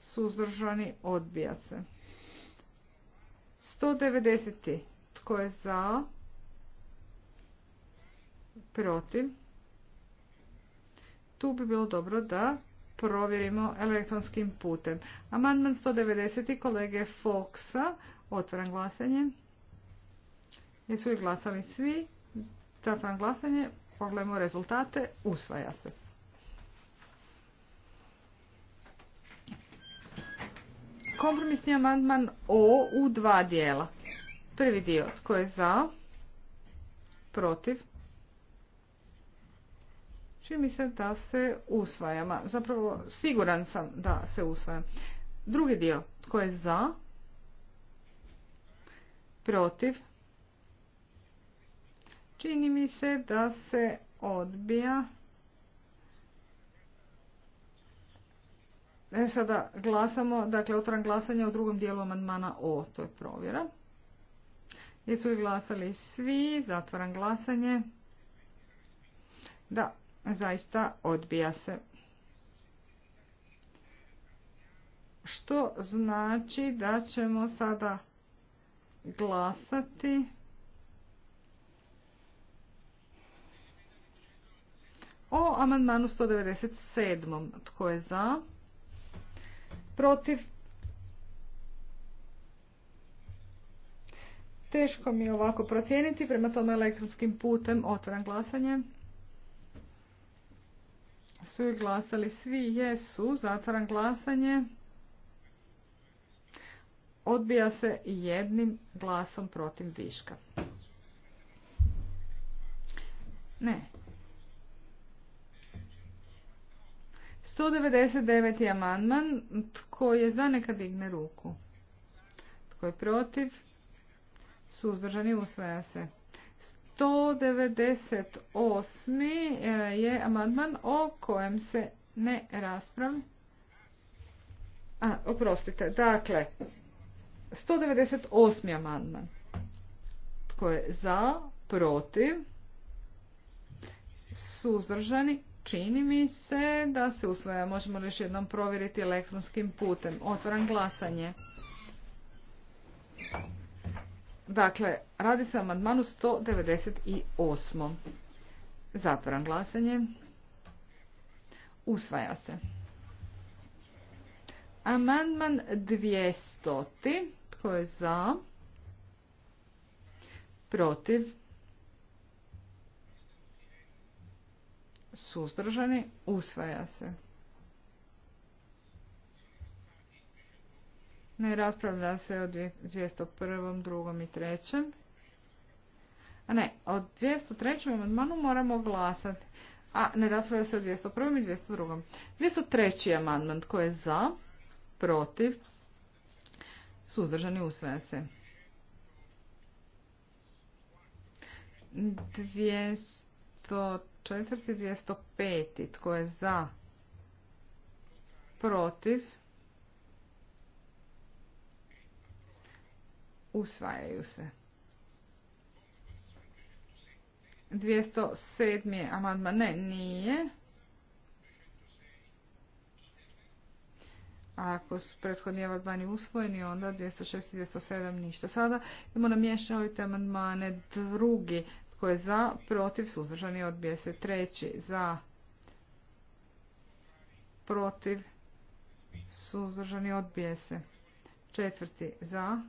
Speaker 1: suzdržani, odbija se. 190. Tko je za? Protiv. Tu bi bilo dobro da provjerimo elektronskim putem. Amandman 190. kolege Foxa. Otvaram glasanje. Jesu li glasali svi? Zatvaram glasanje. pogledamo rezultate. Usvaja se. Kompromisni amandman O u dva dijela. Prvi dio, tko je za? Protiv? Čini mi se da se usvajama. Zapravo, siguran sam da se usvaja. Drugi dio, tko je za? Protiv? Čini mi se da se odbija. E, sada glasamo, dakle otvoram glasanje u drugom dijelu amandmana O, to je provjera. Jesu li glasali svi? Zatvaram glasanje. Da, zaista odbija se. Što znači da ćemo sada glasati o amandmanu 197. Tko je za? protiv. Teško mi je ovako procijeniti, prema tome elektronskim putem otvoram glasanje. Su i glasali svi? Jesu. Zatvaram glasanje. Odbija se jednim glasom protiv viška. Ne, 199. amandman. Tko je za neka digne ruku? Tko je protiv? Suzdržani usvaja se. 198. E, je amandman o kojem se ne raspravlja. A, oprostite. Dakle, 198. amandman. Tko je za, protiv, suzdržani, Čini mi se da se usvaja. Možemo li još jednom provjeriti elektronskim putem. Otvaram glasanje. Dakle, radi se o amandmanu 198. Zatvaram glasanje. Usvaja se. Amandman 200. Tko je za? Protiv? suzdržani, usvaja se. Ne raspravlja se o 201. drugom i trećem. A ne, o 203. amandmanu moramo glasati. A ne raspravlja se o 201. i 202. 203. amandman koji je za, protiv, suzdržani usvaja se. 203. 204. 205. Tko je za? Protiv? Usvajaju se. 207. amandman ne, nije. ako su prethodni amandmani usvojeni, onda 206 i 207 ništa. Sada imamo namješavite amandmane drugi tko je za? Protiv? Suzdržani? Odbija se. Treći. Za? Protiv? Suzdržani? Odbija se. Četvrti. Za?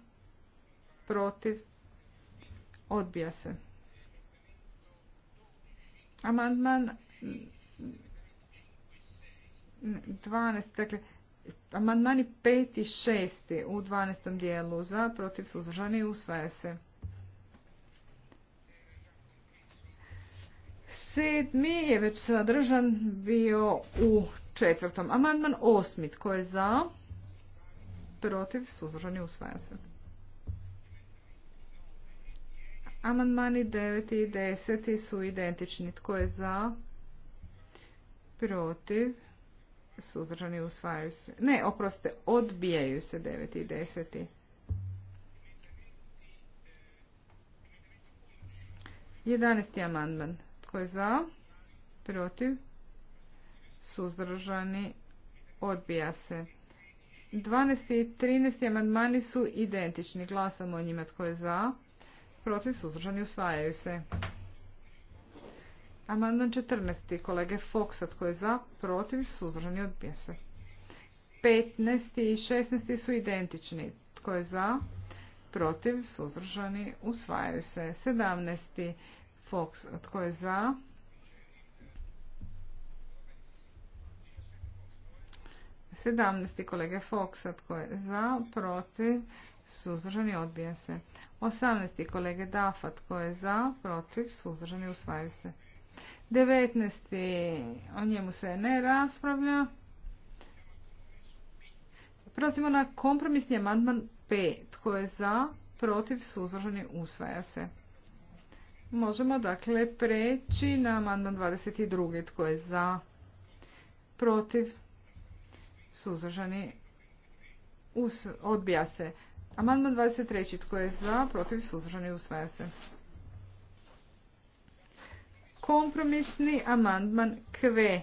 Speaker 1: Protiv? Odbija se. Amandman 12, dakle, amandmani 5 i 6 u 12. dijelu za, protiv suzdržani usvaja se. sedmi je već sadržan bio u četvrtom. Amandman osmi, tko je za? Protiv, suzdržani, usvaja se. Amandmani deveti i deseti su identični. Tko je za? Protiv. Suzdržani usvajaju se. Ne, oproste, odbijaju se deveti i deseti Jedanaest amandman. Tko je za? Protiv? Suzdržani? Odbija se. 12. i 13. amandmani su identični. Glasamo o njima tko je za. Protiv suzdržani usvajaju se. Amandman 14. kolege Foxa tko je za. Protiv suzdržani odbija se. 15. i 16. su identični. Tko je za? Protiv suzdržani usvajaju se. 17. Fox. Tko je za? Sedamnesti kolege Foxa. Tko je za? Protiv? Suzdržani odbija se. Osamnesti kolege Dafat. Tko je za? Protiv? Suzdržani usvaju se. 19. O njemu se ne raspravlja. Prelazimo na kompromisni amandman P, Tko je za? Protiv? Suzdržani usvaja se. Možemo dakle preći na amandman 22. Tko je za? Protiv? Suzdržani? Odbija se. Amandman 23. Tko je za? Protiv? Suzdržani? Usvaja se. Kompromisni amandman kve.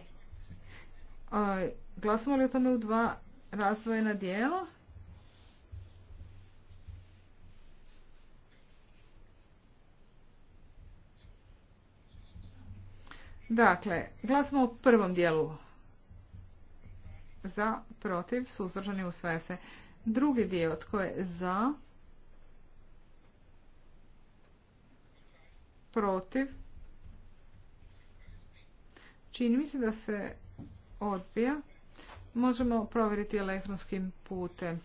Speaker 1: Glasamo li o tome u dva razvojena dijela? Dakle, glasamo u prvom dijelu za, protiv, suzdržani usvaja se. Drugi dio tko je za, protiv, čini mi se da se odbija. Možemo provjeriti elektronskim putem.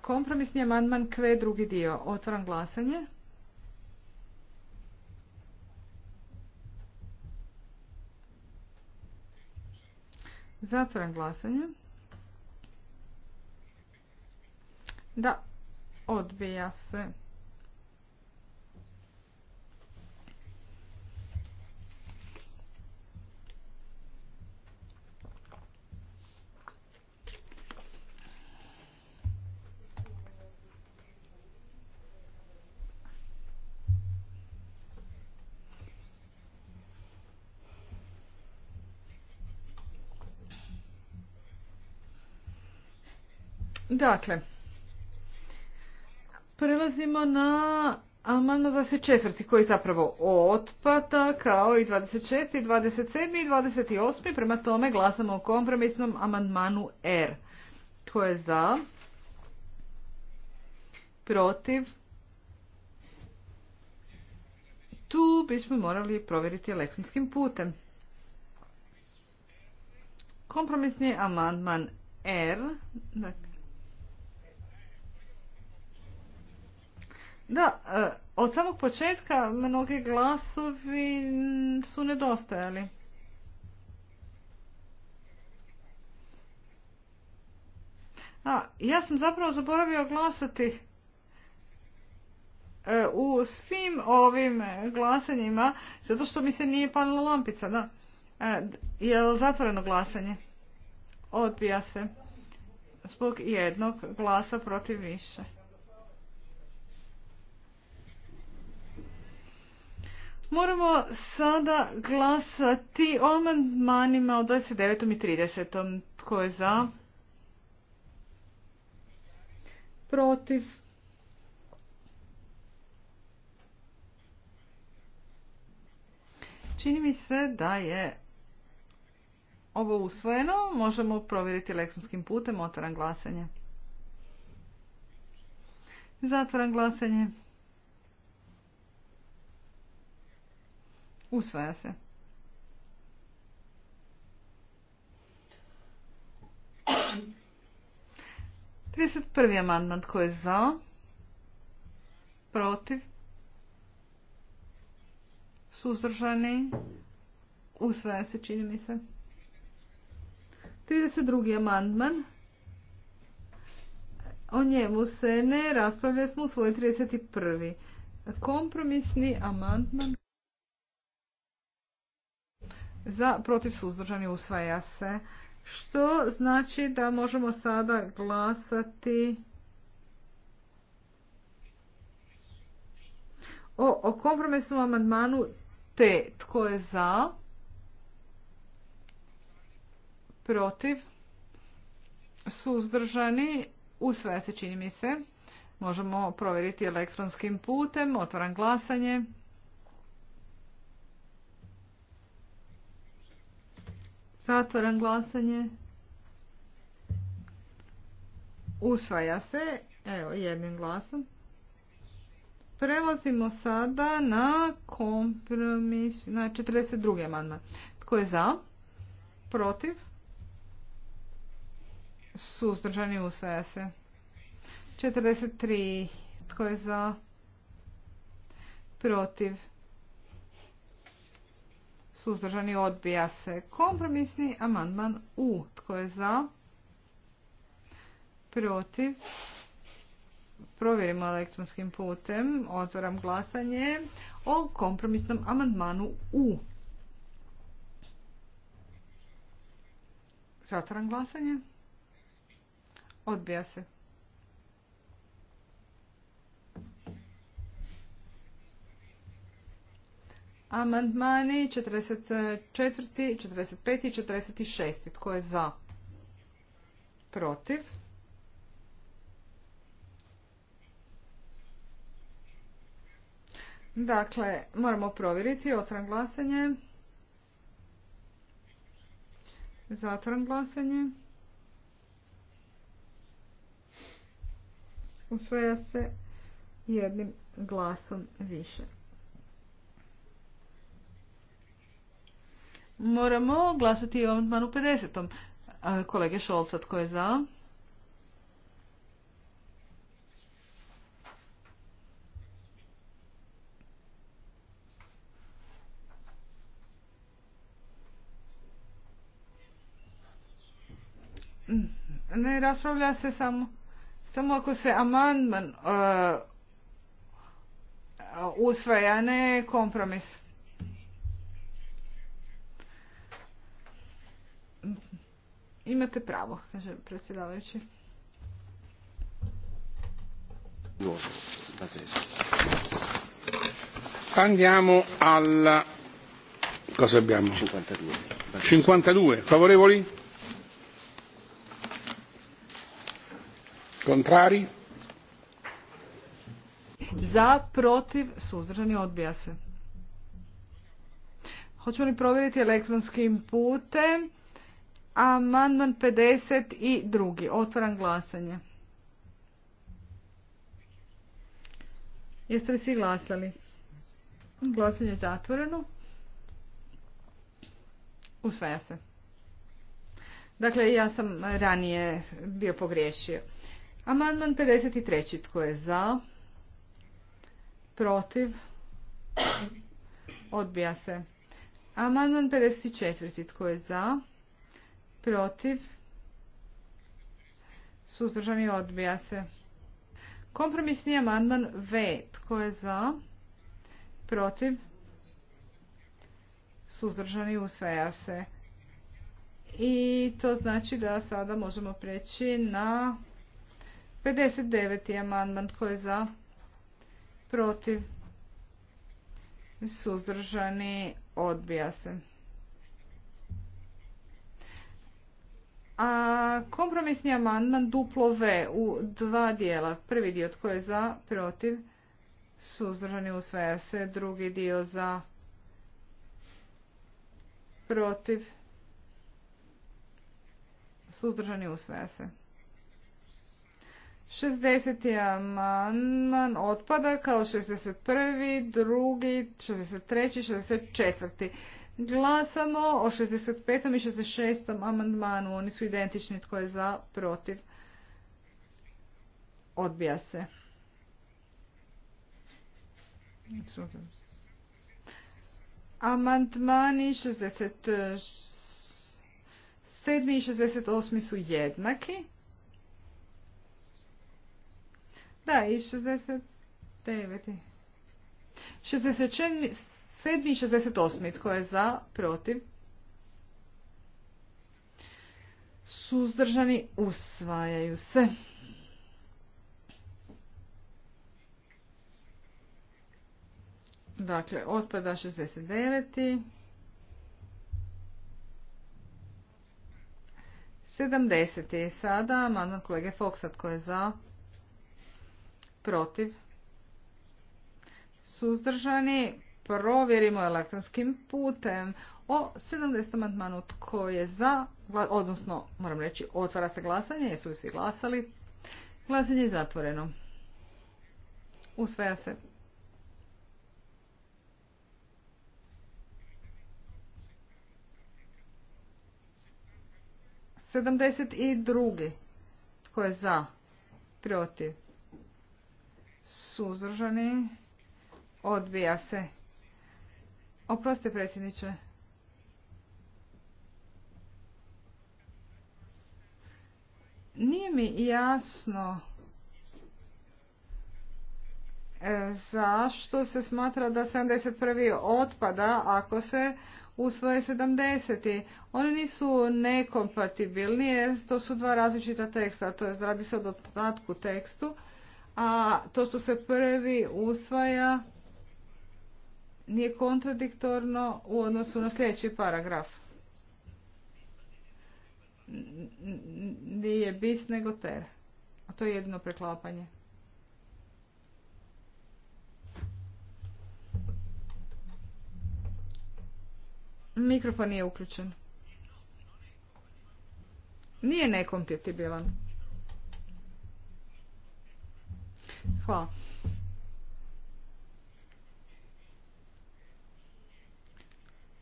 Speaker 1: Kompromisni amandman kve drugi dio. Otvaram glasanje. Zatvaram glasanje. Da, odbija se. Dakle, prelazimo na amandman 24. koji zapravo otpada kao i 26. i 27. i 28. Prema tome glasamo o kompromisnom amandmanu R. Tko je za? Protiv? Tu bismo morali provjeriti elektronskim putem. Kompromisni amandman R. Dakle, Da, eh, od samog početka mnogi glasovi su nedostajali. A, ja sam zapravo zaboravio glasati eh, u svim ovim glasanjima, zato što mi se nije palila lampica, da. Eh, je zatvoreno glasanje? Odbija se. Zbog jednog glasa protiv više. Moramo sada glasati o amandmanima od 29. i 30. Tko je za? Protiv? Čini mi se da je ovo usvojeno. Možemo provjeriti elektronskim putem. Otvaram glasanje. Zatvaram glasanje. Usvaja se. Trideset prvi amandman tko je za? Protiv? Suzdržani? Usvaja se, čini mi se. 32. amandman. O njemu se ne raspravlja, smo usvojili 31. Kompromisni amandman za protiv suzdržani usvaja se. Što znači da možemo sada glasati o, o kompromisnom amandmanu T. Tko je za? Protiv? Suzdržani? Usvaja se čini mi se. Možemo provjeriti elektronskim putem. Otvaram glasanje. Zatvoram glasanje. Usvaja se. Evo, jednim glasom. Prelazimo sada na kompromis, na 42. amandman. Tko je za? Protiv? Suzdržani usvaja se. 43. Tko je za? Protiv? suzdržani odbija se. Kompromisni amandman U. Tko je za? Protiv? Provjerimo elektronskim putem. Otvaram glasanje o kompromisnom amandmanu U. Zatvaram glasanje. Odbija se. Amandmani 44, 45 i 46. Tko je za? Protiv? Dakle, moramo provjeriti. Otran glasanje. Zatvaram glasanje. Usvaja se jednim glasom više. Moramo glasati o amandmanu 50. Kolege Šolca, tko je za? Mm, ne raspravlja se samo, samo ako se amandman uh, usvaja, ne kompromis. Imate pravo, kaže predsjedavajući. Andiamo al... Cosa abbiamo? 52. 52. Favorevoli?
Speaker 3: Contrari?
Speaker 1: Za, protiv, suzdržani, odbija se. Hoćemo li provjeriti elektronskim putem? Amandman 52. Otvaram glasanje. Jeste li svi glasali? Glasanje je zatvoreno. Usvaja se. Dakle, ja sam ranije bio pogriješio. Amandman 53. Tko je za? Protiv? Odbija se. Amandman 54. Tko je za? protiv, suzdržani odbija se. Kompromisni amandman V. Tko je za? Protiv? Suzdržani usvaja se. I to znači da sada možemo preći na 59. amandman. Tko je za? Protiv? Suzdržani odbija se. A kompromisni amandman duplo V u dva dijela. Prvi dio tko je za, protiv, suzdržani usvaja se. Drugi dio za, protiv, suzdržani usvaja se. 60. amandman otpada kao 61. drugi, 63. 64. Glasamo o 65. i 66. amandmanu. Oni su identični. Tko je za, protiv? Odbija se. Amandmani 67. i 68. su jednaki. Da, i 69. 67. 7. i 68. Tko je za? Protiv? Suzdržani usvajaju se. Dakle, otpada 69. 70. je sada amandman kolege foksa. tko je za, protiv, suzdržani, provjerimo elektronskim putem o 70. amandmanu tko je za, odnosno moram reći otvara se glasanje, jesu li svi glasali. Glasanje je zatvoreno. Usvaja se. Sedamdeset i drugi. Tko je za? Protiv. Suzdržani. Odbija se. Oprosti predsjedniče. Nije mi jasno e, zašto se smatra da 71. otpada ako se usvoje 70. Oni nisu nekompatibilni jer to su dva različita teksta, to je radi se o dodatku tekstu, a to što se prvi usvaja nije kontradiktorno u odnosu na sljedeći paragraf. Nije bis nego ter. A to je jedino preklapanje. Mikrofon nije uključen. Nije nekompatibilan. Hvala.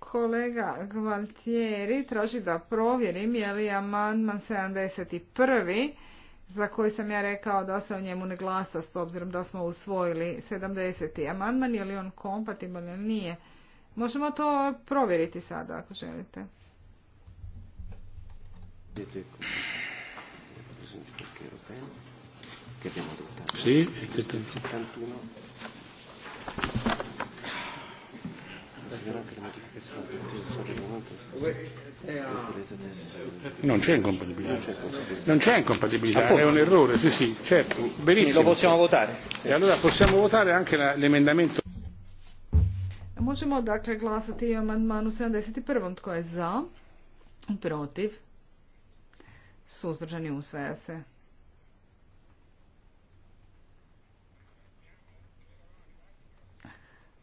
Speaker 1: Kolega Gvaltieri traži da provjerim je li amandman 71. za koji sam ja rekao da se o njemu ne glasa s obzirom da smo usvojili 70. amandman, je li on kompatibilan ili nije. Možemo to provjeriti sada ako želite.
Speaker 3: Non c'è incompatibilità. Non c'è incompatibilità, è un errore, sì sì, certo, benissimo. Lo possiamo votare. E allora possiamo votare anche l'emendamento.
Speaker 1: Možemo dakle glasati o amandmanu 71. Tko je za? Protiv? Suzdržani usvaja se.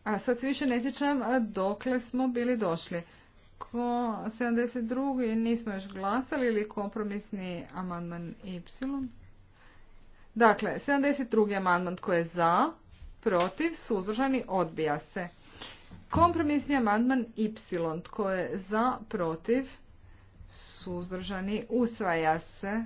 Speaker 1: A sad se više ne sjećam dokle smo bili došli. Ko 72. nismo još glasali ili kompromisni amandman Y. Dakle, 72. amandman tko je za, protiv, suzdržani, odbija se. Kompromisni amandman Y tko je za, protiv, suzdržani, usvaja se.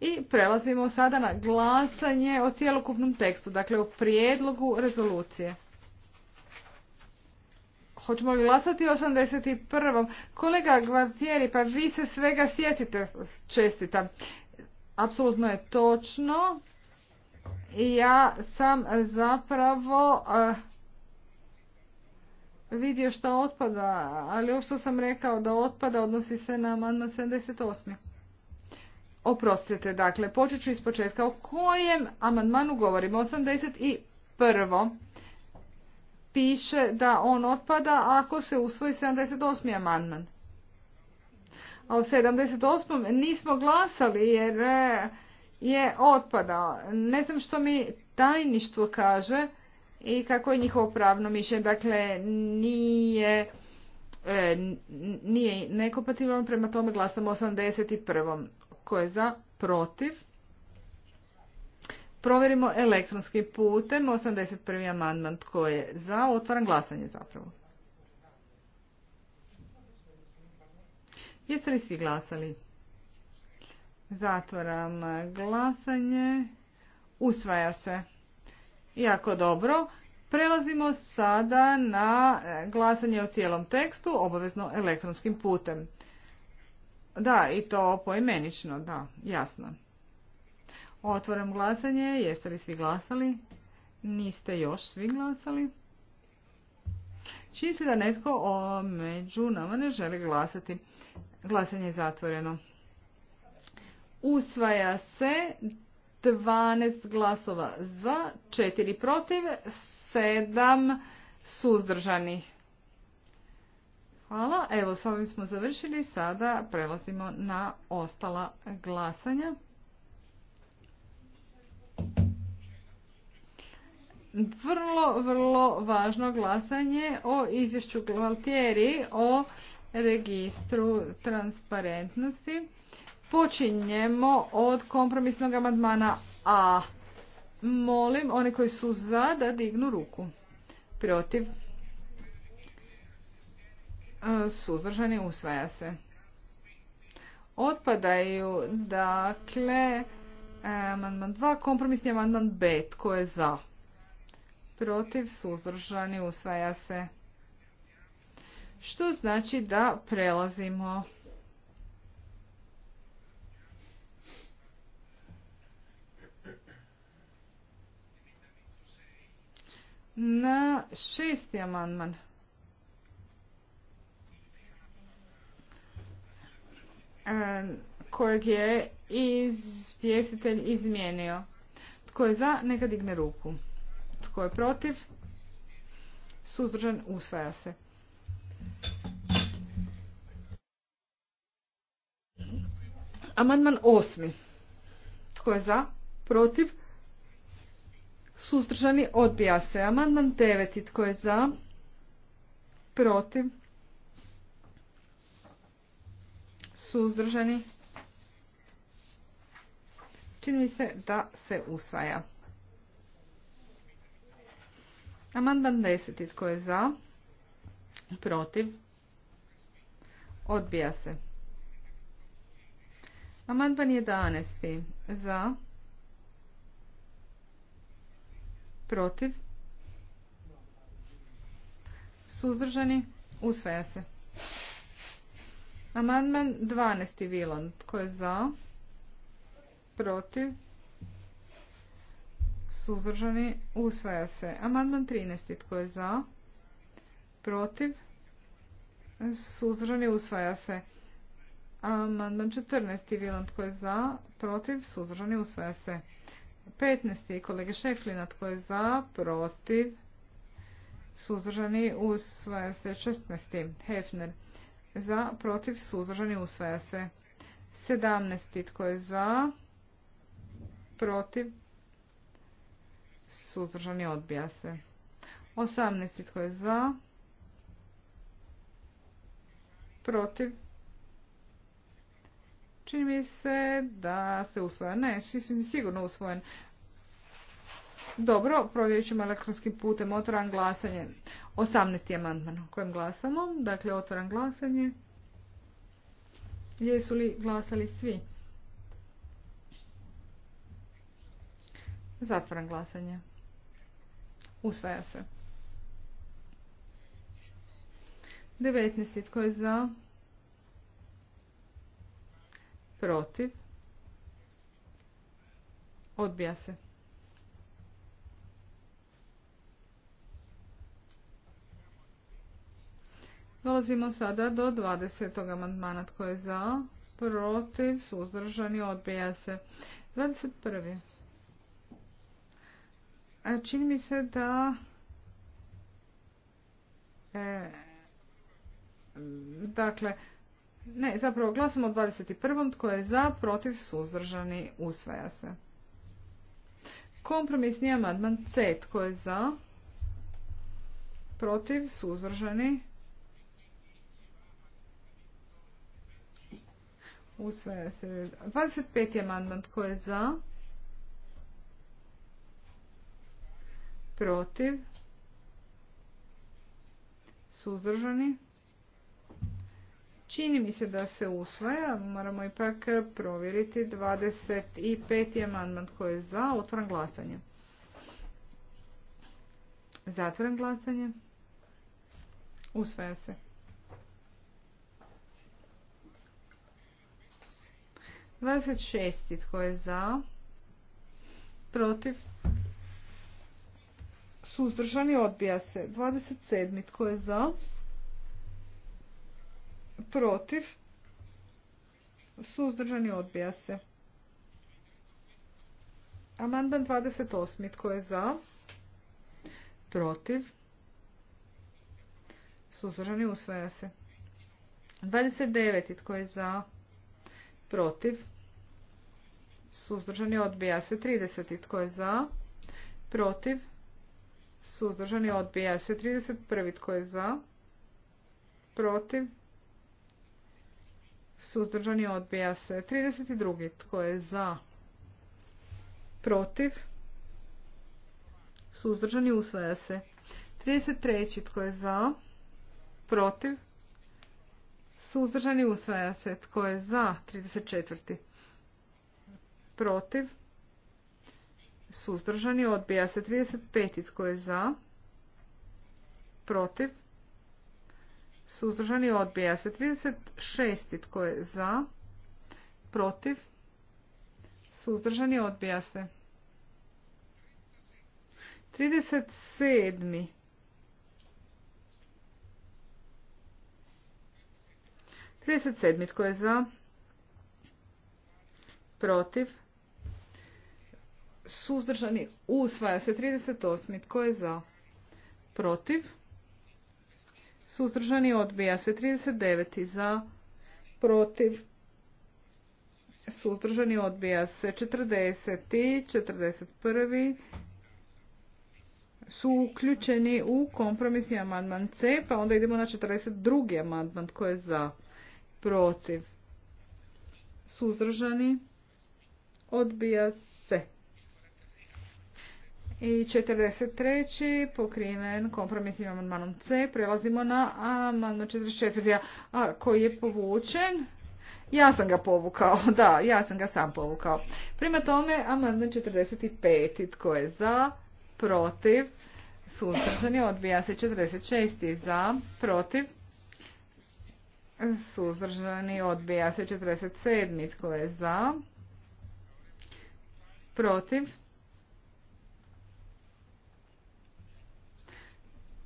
Speaker 1: I prelazimo sada na glasanje o cjelokupnom tekstu, dakle o prijedlogu rezolucije. Hoćemo li glasati o 81. Kolega Gvartijeri, pa vi se svega sjetite čestita. Apsolutno je točno. Ja sam zapravo eh, vidio što otpada, ali ovo što sam rekao da otpada odnosi se na amandman 78. Oprostite, dakle, počet ću iz početka. O kojem amandmanu govorimo? 81. piše da on otpada ako se usvoji 78. amandman. A u 78. nismo glasali jer e, je otpadao. Ne znam što mi tajništvo kaže i kako je njihovo pravno mišljenje. Dakle, nije e, nije nekompatibilan, prema tome glasamo 81. Tko je za? Protiv? Provjerimo elektronski putem. 81. amandman. Tko je za? Otvaram glasanje zapravo. Jeste li svi glasali? Zatvaram glasanje. Usvaja se. Jako dobro. Prelazimo sada na glasanje o cijelom tekstu, obavezno elektronskim putem. Da, i to poimenično, da, jasno. Otvaram glasanje, jeste li svi glasali? Niste još svi glasali? Čini se da netko o među nama ne želi glasati. Glasanje je zatvoreno. Usvaja se 12 glasova za, 4 protiv, 7 suzdržanih. Hvala. Evo, s ovim smo završili. Sada prelazimo na ostala glasanja. Vrlo, vrlo važno glasanje o izvješću Gvaltieri o registru transparentnosti. Počinjemo od kompromisnog amandmana A. Molim one koji su za da dignu ruku. Protiv. E, suzdržani usvaja se. Otpadaju, dakle, e, amandman 2, kompromisni amandman B, tko je za? Protiv, suzdržani, usvaja se. Što znači da prelazimo na šesti amandman. kojeg je izvjestitelj izmijenio. Tko je za, neka digne ruku. Tko je protiv? Suzdržan usvaja se. Amandman osmi. Tko je za? Protiv? Suzdržani odbija se. Amandman deveti. Tko je za? Protiv? suzdržani. Čini mi se da se usvaja. Amandman 10. Tko je za? Protiv? Odbija se. Amandman 11. Za? Protiv? Suzdržani? Usvaja se. Amandman 12. vilan, Tko je za? Protiv? Suzdržani? Usvaja se. Amandman 13. Tko je za? Protiv? Suzdržani? Usvaja se. Amandman 14. vilan, Tko je za? Protiv? Suzdržani? Usvaja se. 15. Kolege Šeflina. Tko je za? Protiv? Suzdržani? Usvaja se. 16. Hefner za, protiv, suzdržani, usvaja se. 17. Tko je za, protiv, suzdržani, odbija se. 18. Tko je za, protiv, čini mi se da se usvoja. Ne, svi sigurno usvojen. Dobro, provjerit ćemo elektronskim putem. Otvaram glasanje. 18. amandman o kojem glasamo. Dakle, otvaram glasanje. Jesu li glasali svi? Zatvaram glasanje. Usvaja se. 19. Tko je za? Protiv. Odbija se. Dolazimo sada do 20. amandmana. Tko je za? Protiv? Suzdržani? Odbija se. 21. A e, čini mi se da e, dakle ne, zapravo glasamo o 21. tko je za, protiv, suzdržani, usvaja se. Kompromisni amandman C tko je za, protiv, suzdržani, Usvaja se. 25. amandman. Tko je za? Protiv? Suzdržani? Čini mi se da se usvaja. Moramo ipak provjeriti. 25. amandman. Tko je za? otvoren glasanje. zatvoran glasanje. Usvaja se. 26. Tko je za? Protiv? Suzdržani odbija se. 27. Tko je za? Protiv? Suzdržani odbija se. Amandman 28. Tko je za? Protiv? Suzdržani usvaja se. 29. Tko je za? Protiv? suzdržani odbija se 30. Tko je za? Protiv? Suzdržani odbija se 31. Tko je za? Protiv? Suzdržani odbija se 32. Tko je za? Protiv? Suzdržani usvaja se 33. Tko je za? Protiv? Suzdržani usvaja se. Tko je za? 34 protiv, suzdržani, odbija se 35. Tko je za, protiv, suzdržani, odbija se 36. Tko je za, protiv, suzdržani, odbija se 37. 37. tko je za? Protiv, suzdržani usvaja se 38. Tko je za? Protiv. Suzdržani odbija se 39. Za. Protiv. Suzdržani odbija se 40. 41. Su uključeni u kompromisni amandman C, pa onda idemo na 42. amandman. Tko je za? Protiv. Suzdržani odbija se i 43. pokriven kompromisnim amandmanom C. Prelazimo na amandman 44. A, koji je povučen. Ja sam ga povukao, (laughs) da, ja sam ga sam povukao. Prema tome, amandman 45. Tko je za, protiv, suzdržani, odbija se 46. Za, protiv, suzdržani, odbija se 47. Tko je za, protiv,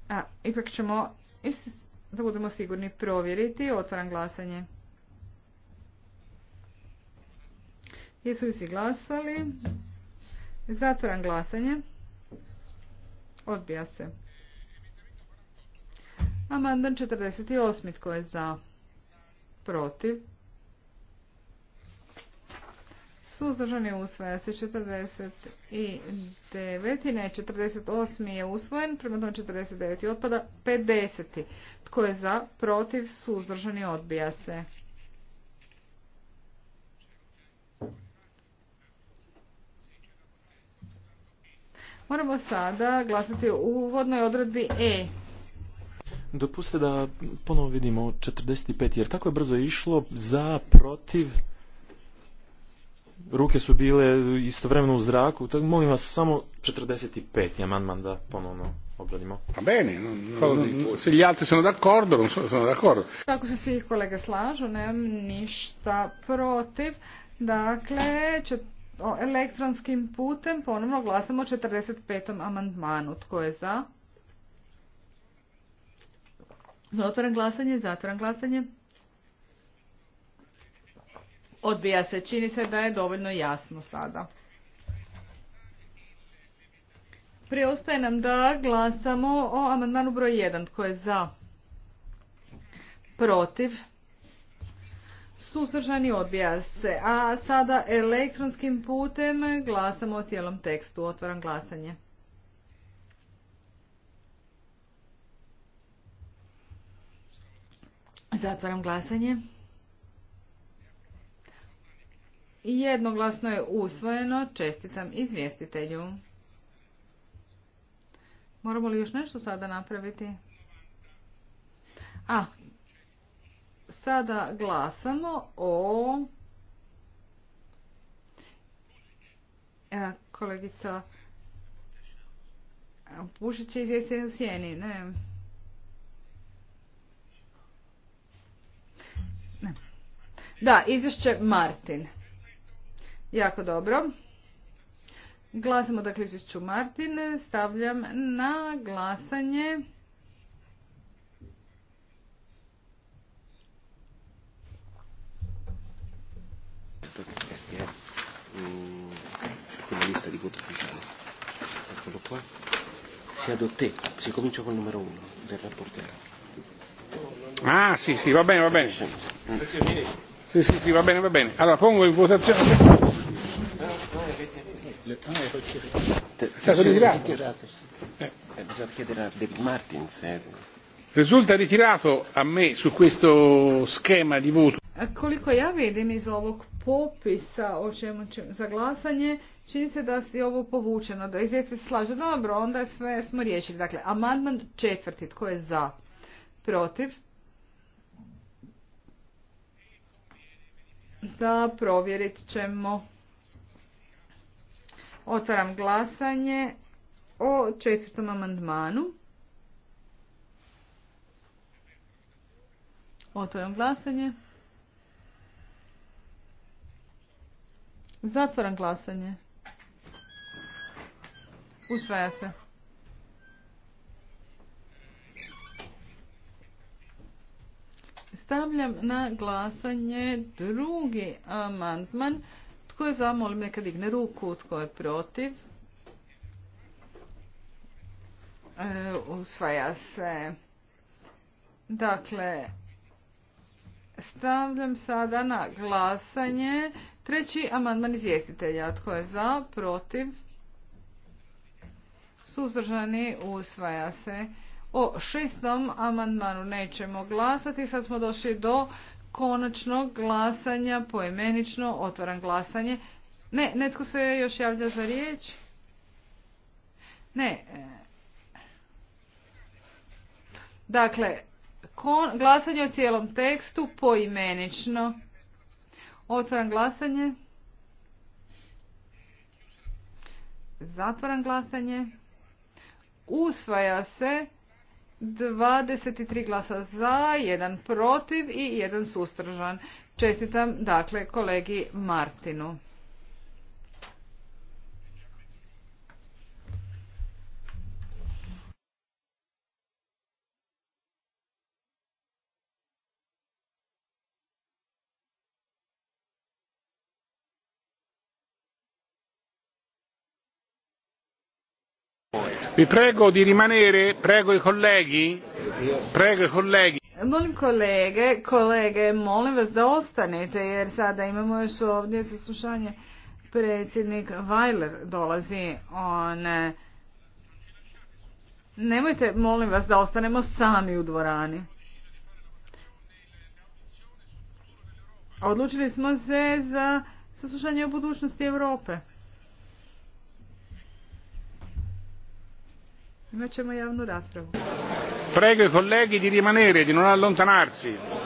Speaker 1: A, ipak ćemo, da budemo sigurni, provjeriti. Otvaram glasanje. Jesu li svi glasali? Zatvaram glasanje. Odbija se. Amandan 48. Tko je za? Protiv? suzdržani usvaja se 49 i ne 48 je usvojen prema tome 49 i otpada 50 tko je za protiv suzdržani odbija se Moramo sada glasati u uvodnoj odredbi E.
Speaker 3: Dopuste da ponovo vidimo 45, jer tako je brzo išlo za, protiv, ruke su bile istovremeno u zraku. Tako molim vas samo 45. amandman da ponovno obradimo. Pa bene,
Speaker 1: se gli altri sono d'accordo, non sono d'accordo. Tako se svi kolege slažu, nemam ništa protiv. Dakle, elektronskim putem ponovno glasamo 45. amandmanu. Tko je za? Otvoren glasanje, zatvoren glasanje. Odbija se. Čini se da je dovoljno jasno sada. Preostaje nam da glasamo o amandmanu broj 1. Tko je za? Protiv? Suzdržani odbija se. A sada elektronskim putem glasamo o cijelom tekstu. Otvaram glasanje. Zatvaram glasanje. Jednoglasno je usvojeno. Čestitam izvjestitelju. Moramo li još nešto sada napraviti? A, sada glasamo o... E, kolegica Pušić je izvjestitelj u sjeni. ne. Da, izvješće Martin. Jako dobro. Glasamo dakle izvješću Martin. Stavljam na glasanje.
Speaker 3: La lista di voto ufficiale. Eccolo qua. Si adotte. Si comincia col numero uno
Speaker 1: del rapportero. Ah sì, sì, va bene, va bene. Sì, sì, sì, va bene, va bene. Allora pongo in votazione
Speaker 3: stato ritirato. Eh. Eh, eh, Risulta ritirato a me su questo schema di voto.
Speaker 1: Koliko ja vidim iz ovog popisa o čemu će, za glasanje, čini se da je ovo povučeno, da se slaže. Dobro, onda sve smo riješili. Dakle, amandman četvrti, tko je za? Protiv? Da, provjerit ćemo. Otvaram glasanje o četvrtom amandmanu. Otvaram glasanje. Zatvaram glasanje. Usvaja se. Stavljam na glasanje drugi amandman tko je za, molim neka digne ruku. Tko je protiv? E, usvaja se. Dakle, stavljam sada na glasanje treći amandman izvjestitelja. Tko je za, protiv? Suzdržani usvaja se. O šestom amandmanu nećemo glasati. Sad smo došli do konačnog glasanja, poimenično, otvaram glasanje. Ne, netko se još javlja za riječ? Ne. E. Dakle, glasanje o cijelom tekstu poimenično. Otvaram glasanje. Zatvaram glasanje. Usvaja se 23 glasa za, jedan protiv i jedan sustržan. Čestitam dakle kolegi Martinu.
Speaker 3: Vi prego di rimanere, prego i colleghi, prego i colleghi.
Speaker 1: Molim kolege, kolege, molim vas da ostanete jer sada imamo još ovdje saslušanje. Predsjednik Weiler dolazi, on... E, nemojte, molim vas, da ostanemo sami u dvorani. Odlučili smo se za saslušanje o budućnosti Europe. Imat raspravu.
Speaker 3: Prego i colleghi di rimanere, di non allontanarsi.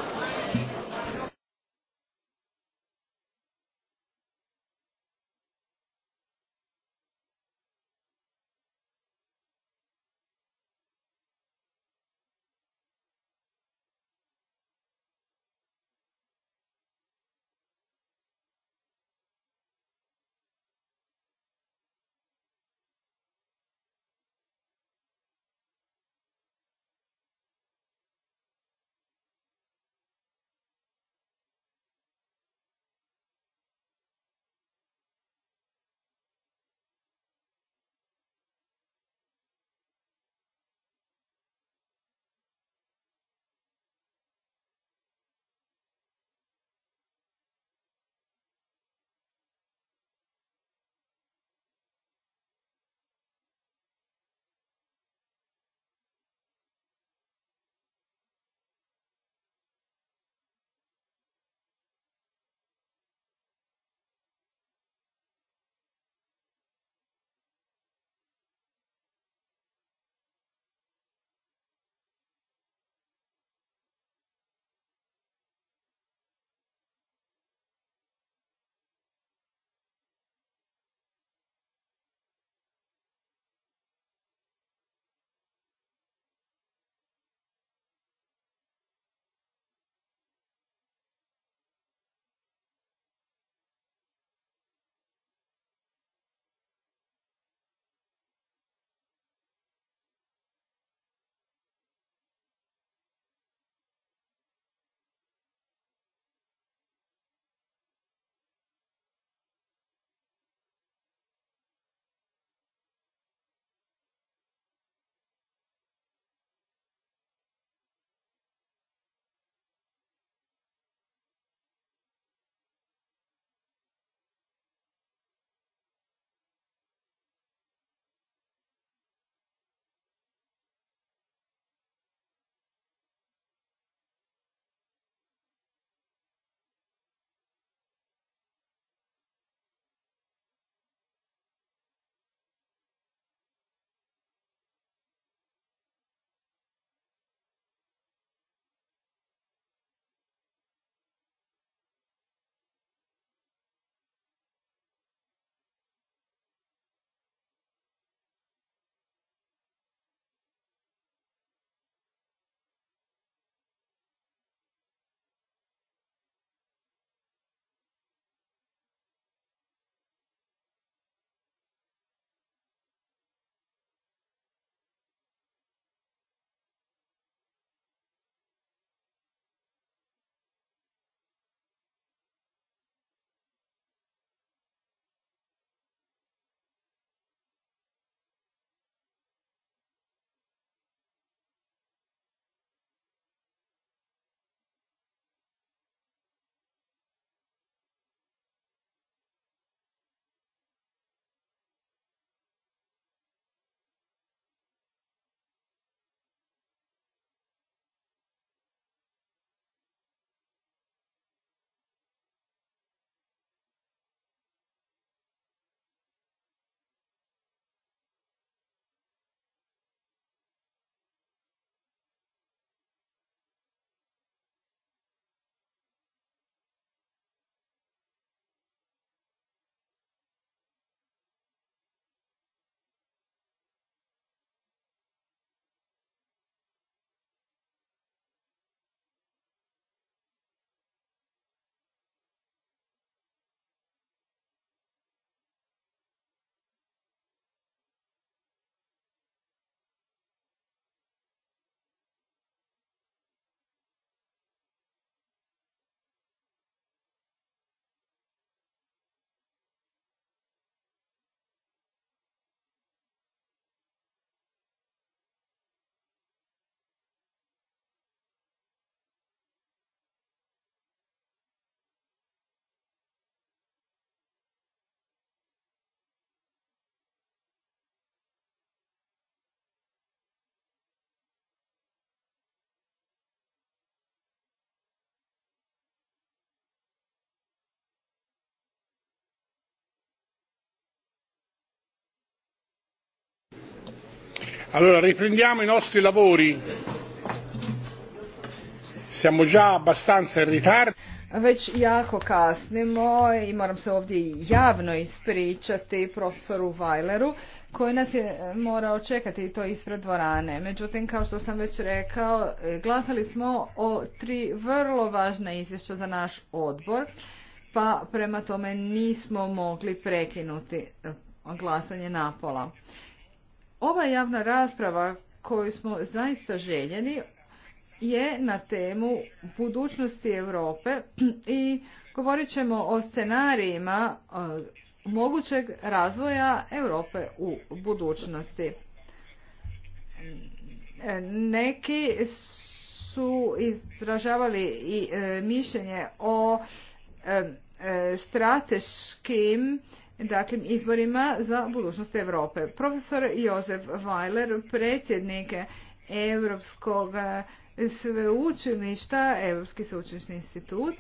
Speaker 2: Allora riprendiamo i nostri lavori.
Speaker 1: Siamo già abbastanza in ritardo. Već jako kasnimo i moram se ovdje javno ispričati profesoru Weileru koji nas je morao čekati i to ispred dvorane. Međutim, kao što sam već rekao, glasali smo o tri vrlo važna izvješća za naš odbor, pa prema tome nismo mogli prekinuti glasanje napola. Ova javna rasprava koju smo zaista željeni je na temu budućnosti Europe i govorit ćemo o scenarijima e, mogućeg razvoja Europe u budućnosti. Neki su izražavali i e, mišljenje o e, strateškim dakle, izborima za budućnost Europe. Profesor Jozef Weiler, predsjednik Europskog sveučilišta, Europski sveučilišni institut,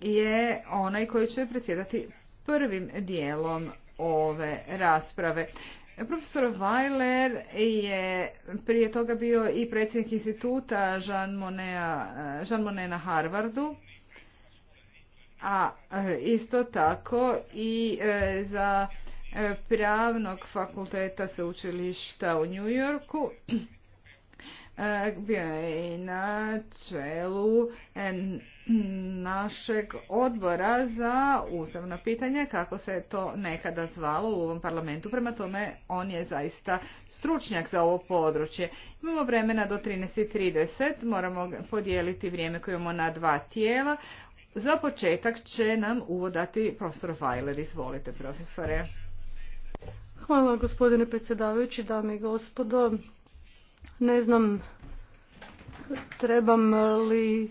Speaker 1: je onaj koji će predsjedati prvim dijelom ove rasprave. Profesor Weiler je prije toga bio i predsjednik instituta Jean Jean Monnet na Harvardu a e, isto tako i e, za e, pravnog fakulteta sveučilišta u New Yorku (clears throat) bio je i na čelu našeg odbora za ustavna pitanja, kako se to nekada zvalo u ovom parlamentu. Prema tome, on je zaista stručnjak za ovo područje. Imamo vremena do 13.30, moramo podijeliti vrijeme koje imamo na dva tijela. Za početak će nam uvodati profesor Vajler. Izvolite, profesore.
Speaker 2: Hvala, gospodine predsjedavajući, dame i gospodo. Ne znam trebam li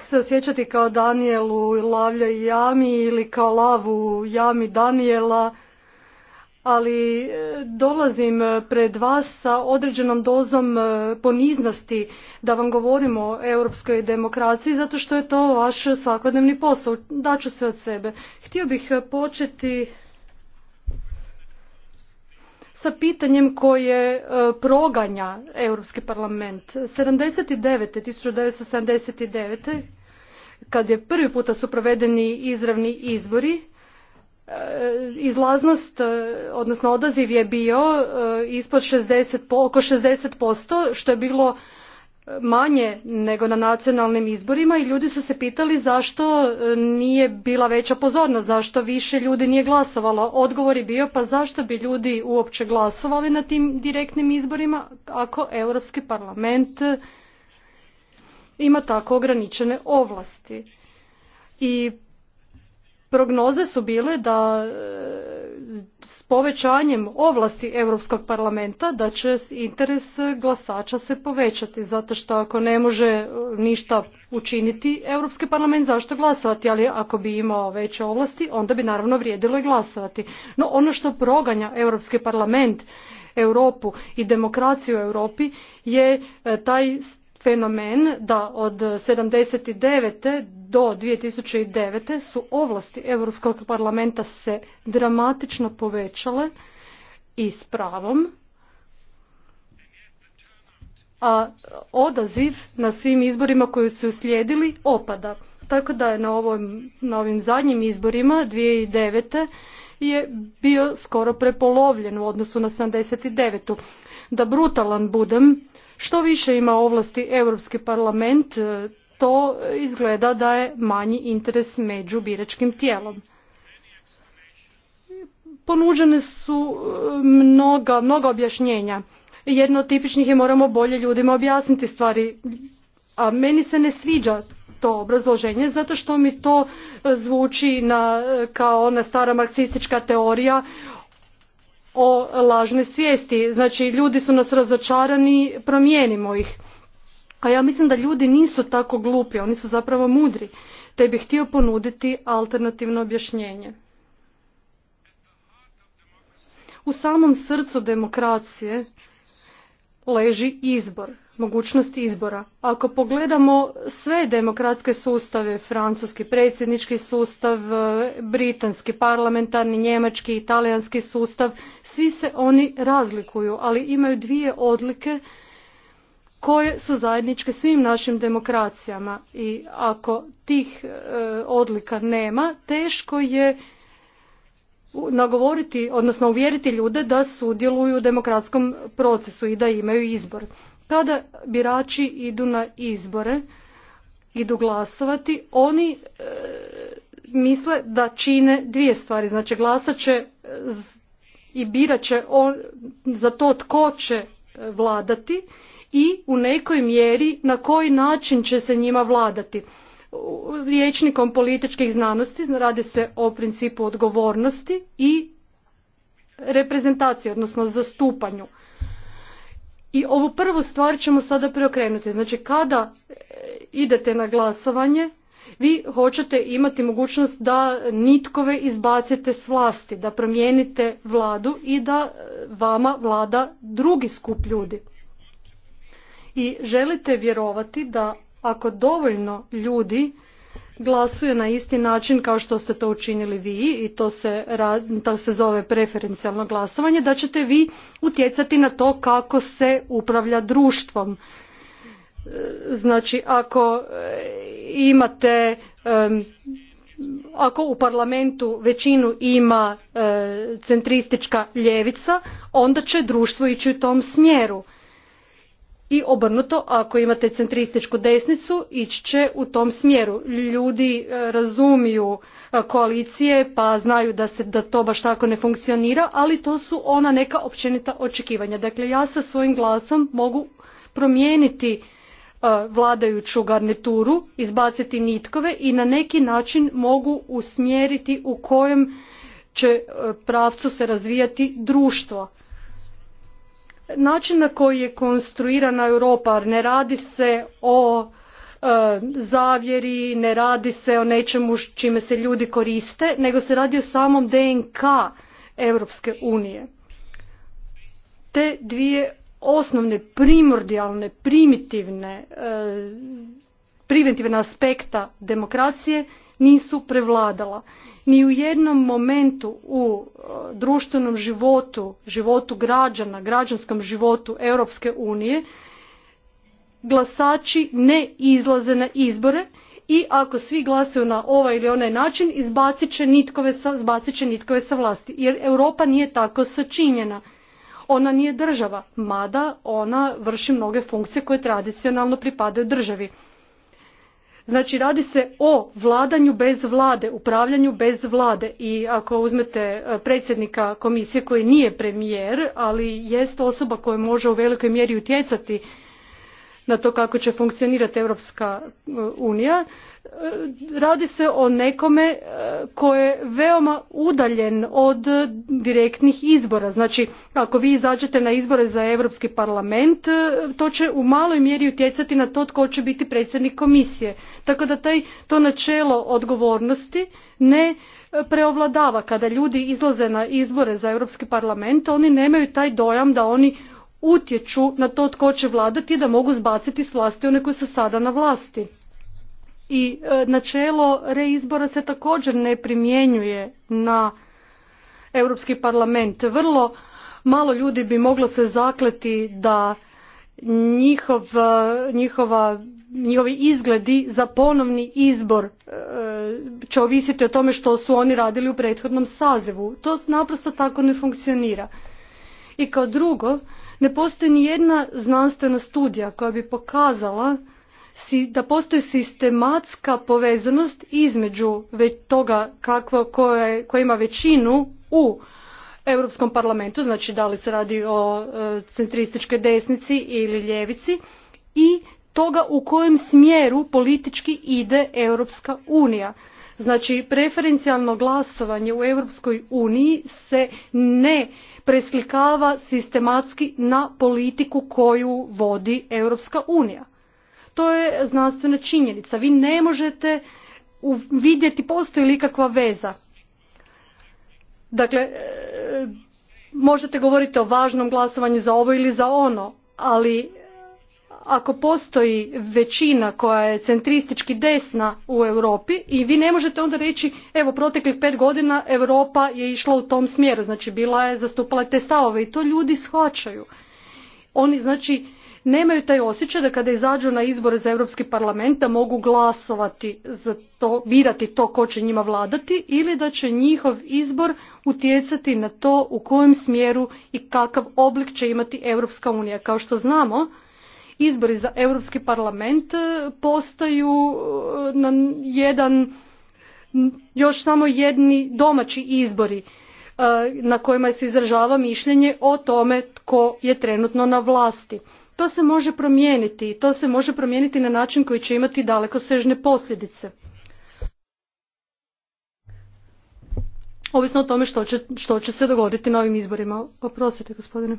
Speaker 2: se osjećati kao Danielu, lavljoj jami ili kao lavu jami Daniela ali e, dolazim e, pred vas sa određenom dozom e, poniznosti da vam govorim o europskoj demokraciji zato što je to vaš svakodnevni posao. Daću se od sebe. Htio bih početi sa pitanjem koje proganja Europski parlament. 79. 1979. kad je prvi puta su provedeni izravni izbori, E, izlaznost, e, odnosno odaziv je bio e, ispod 60, oko 60%, što je bilo manje nego na nacionalnim izborima i ljudi su se pitali zašto nije bila veća pozornost, zašto više ljudi nije glasovalo. Odgovor je bio pa zašto bi ljudi uopće glasovali na tim direktnim izborima ako Europski parlament ima tako ograničene ovlasti. I prognoze su bile da e, s povećanjem ovlasti Europskog parlamenta da će interes glasača se povećati zato što ako ne može e, ništa učiniti Europski parlament zašto glasovati ali ako bi imao veće ovlasti onda bi naravno vrijedilo i glasovati no ono što proganja Europski parlament Europu i demokraciju u Europi je e, taj fenomen da od 79. do devet su ovlasti Europskog parlamenta se dramatično povećale i s pravom, a odaziv na svim izborima koji su slijedili opada. Tako da je na, na ovim zadnjim izborima devet je bio skoro prepolovljen u odnosu na 79. Da brutalan budem, što više ima ovlasti Europski parlament, e, to izgleda da je manji interes među biračkim tijelom. Ponuđene su e, mnoga, mnoga objašnjenja. Jedno od tipičnih je moramo bolje ljudima objasniti stvari. A meni se ne sviđa to obrazloženje zato što mi to e, zvuči na, kao ona stara marksistička teorija o lažnoj svijesti. Znači ljudi su nas razočarani, promijenimo ih. A ja mislim da ljudi nisu tako glupi, oni su zapravo mudri, te bih htio ponuditi alternativno objašnjenje. U samom srcu demokracije leži izbor mogućnost izbora. Ako pogledamo sve demokratske sustave, francuski predsjednički sustav, e, britanski parlamentarni, njemački, italijanski sustav, svi se oni razlikuju, ali imaju dvije odlike koje su zajedničke svim našim demokracijama i ako tih e, odlika nema, teško je nagovoriti, odnosno uvjeriti ljude da sudjeluju u demokratskom procesu i da imaju izbor. Kada birači idu na izbore, idu glasovati, oni e, misle da čine dvije stvari. Znači glasat će e, i birat će on, za to tko će e, vladati i u nekoj mjeri na koji način će se njima vladati. Riječnikom političkih znanosti radi se o principu odgovornosti i reprezentacije, odnosno zastupanju. I ovu prvu stvar ćemo sada preokrenuti. Znači kada e, idete na glasovanje, vi hoćete imati mogućnost da nitkove izbacite s vlasti, da promijenite vladu i da e, vama vlada drugi skup ljudi. I želite vjerovati da ako dovoljno ljudi glasuje na isti način kao što ste to učinili vi i to se, to se zove preferencijalno glasovanje, da ćete vi utjecati na to kako se upravlja društvom. E, znači, ako e, imate ako u parlamentu većinu ima e, centristička ljevica, onda će društvo ići u tom smjeru i obrnuto, ako imate centrističku desnicu, ići će u tom smjeru. Ljudi e, razumiju e, koalicije pa znaju da, se, da to baš tako ne funkcionira, ali to su ona neka općenita očekivanja. Dakle, ja sa svojim glasom mogu promijeniti e, vladajuću garnituru, izbaciti nitkove i na neki način mogu usmjeriti u kojem će pravcu se razvijati društvo način na koji je konstruirana Europa, ne radi se o e, zavjeri, ne radi se o nečemu čime se ljudi koriste, nego se radi o samom DNK Europske unije. Te dvije osnovne, primordijalne, primitivne, e, aspekta demokracije nisu prevladala ni u jednom momentu u e, društvenom životu, životu građana, građanskom životu Europske unije, glasači ne izlaze na izbore i ako svi glasaju na ovaj ili onaj način, izbacit nitkove sa, će nitkove sa vlasti. Jer Europa nije tako sačinjena. Ona nije država, mada ona vrši mnoge funkcije koje tradicionalno pripadaju državi. Znači radi se o vladanju bez vlade, upravljanju bez vlade i ako uzmete e, predsjednika komisije koji nije premijer, ali jest osoba koja može u velikoj mjeri utjecati na to kako će funkcionirati Europska e, unija, E, radi se o nekome e, ko je veoma udaljen od direktnih izbora. Znači, ako vi izađete na izbore za Europski parlament, e, to će u maloj mjeri utjecati na to tko će biti predsjednik komisije. Tako da taj, to načelo odgovornosti ne preovladava. Kada ljudi izlaze na izbore za Europski parlament, oni nemaju taj dojam da oni utječu na to tko će vladati i da mogu zbaciti s vlasti one koji su sada na vlasti i e, načelo reizbora se također ne primjenjuje na Europski parlament. Vrlo malo ljudi bi moglo se zakleti da njihov, e, njihovi izgledi za ponovni izbor e, će ovisiti o tome što su oni radili u prethodnom sazivu. To naprosto tako ne funkcionira. I kao drugo, ne postoji ni jedna znanstvena studija koja bi pokazala da postoji sistematska povezanost između toga kakva, koja ima većinu u Europskom parlamentu, znači da li se radi o e, centrističkoj desnici ili ljevici i toga u kojem smjeru politički ide Europska unija. Znači preferencijalno glasovanje u Europskoj uniji se ne preslikava sistematski na politiku koju vodi Europska unija. To je znanstvena činjenica. Vi ne možete vidjeti postoji li kakva veza. Dakle, e, možete govoriti o važnom glasovanju za ovo ili za ono, ali ako postoji većina koja je centristički desna u Europi i vi ne možete onda reći evo proteklih pet godina Europa je išla u tom smjeru, znači bila je zastupala te stavove i to ljudi shvaćaju. Oni znači nemaju taj osjećaj da kada izađu na izbore za Europski parlament da mogu glasovati za to, birati to ko će njima vladati ili da će njihov izbor utjecati na to u kojem smjeru i kakav oblik će imati Europska unija. Kao što znamo, izbori za Europski parlament e, postaju e, na jedan još samo jedni domaći izbori e, na kojima se izražava mišljenje o tome tko je trenutno na vlasti. To se može promijeniti i to se može promijeniti na način koji će imati dalekosežne posljedice. Ovisno o tome što će, što će se dogoditi na ovim izborima. Oprostite, gospodine.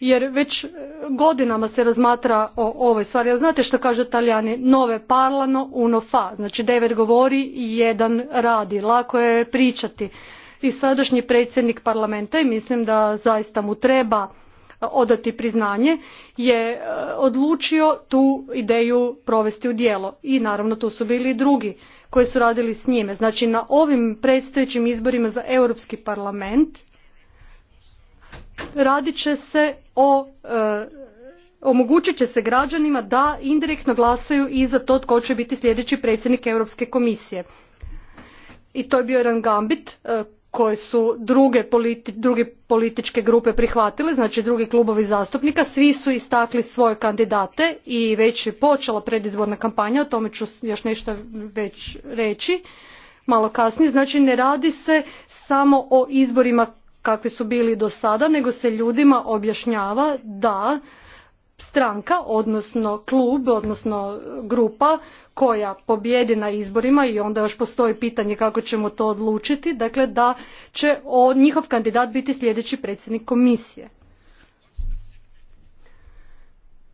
Speaker 2: jer već e, godinama se razmatra o ovoj stvari. Ali znate što kažu Italijani? Nove parlano, uno fa. Znači devet govori i jedan radi. Lako je pričati i sadašnji predsjednik parlamenta i mislim da zaista mu treba odati priznanje je e, odlučio tu ideju provesti u djelo i naravno tu su bili i drugi koji su radili s njime. Znači na ovim predstojećim izborima za Europski parlament radit će se o e, omogućit će se građanima da indirektno glasaju i za to tko će biti sljedeći predsjednik Europske komisije. I to je bio jedan gambit e, koje su druge, političke grupe prihvatile, znači drugi klubovi zastupnika, svi su istakli svoje kandidate i već je počela predizborna kampanja, o tome ću još nešto već reći malo kasnije. Znači ne radi se samo o izborima kakvi su bili do sada, nego se ljudima objašnjava da stranka, odnosno klub, odnosno grupa koja pobjedi na izborima i onda još postoji pitanje kako ćemo to odlučiti, dakle da će o, njihov kandidat biti sljedeći predsjednik komisije.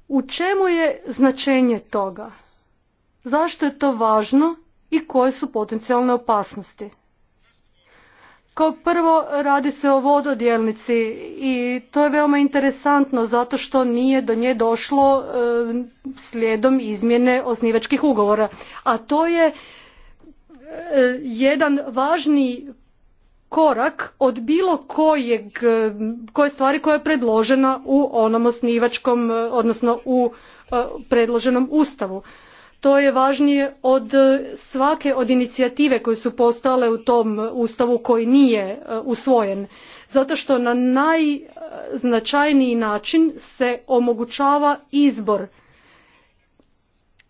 Speaker 2: U čemu je značenje toga? Zašto je to važno i koje su potencijalne opasnosti? Kao prvo radi se o vododjelnici i to je veoma interesantno zato što nije do nje došlo e, slijedom izmjene osnivačkih ugovora. A to je e, jedan važni korak od bilo kojeg, e, koje stvari koja je predložena u onom osnivačkom, odnosno u predloženom ustavu to je važnije od e, svake od inicijative koje su postale u tom ustavu koji nije e, usvojen zato što na najznačajniji način se omogućava izbor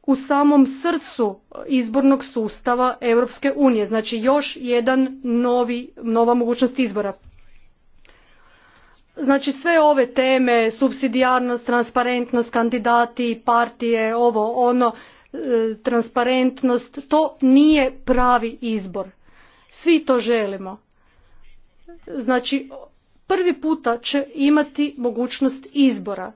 Speaker 2: u samom srcu izbornog sustava Europske unije. Znači još jedan novi, nova mogućnost izbora. Znači sve ove teme, subsidijarnost, transparentnost, kandidati, partije, ovo, ono, E, transparentnost, to nije pravi izbor. Svi to želimo. Znači, prvi puta će imati mogućnost izbora.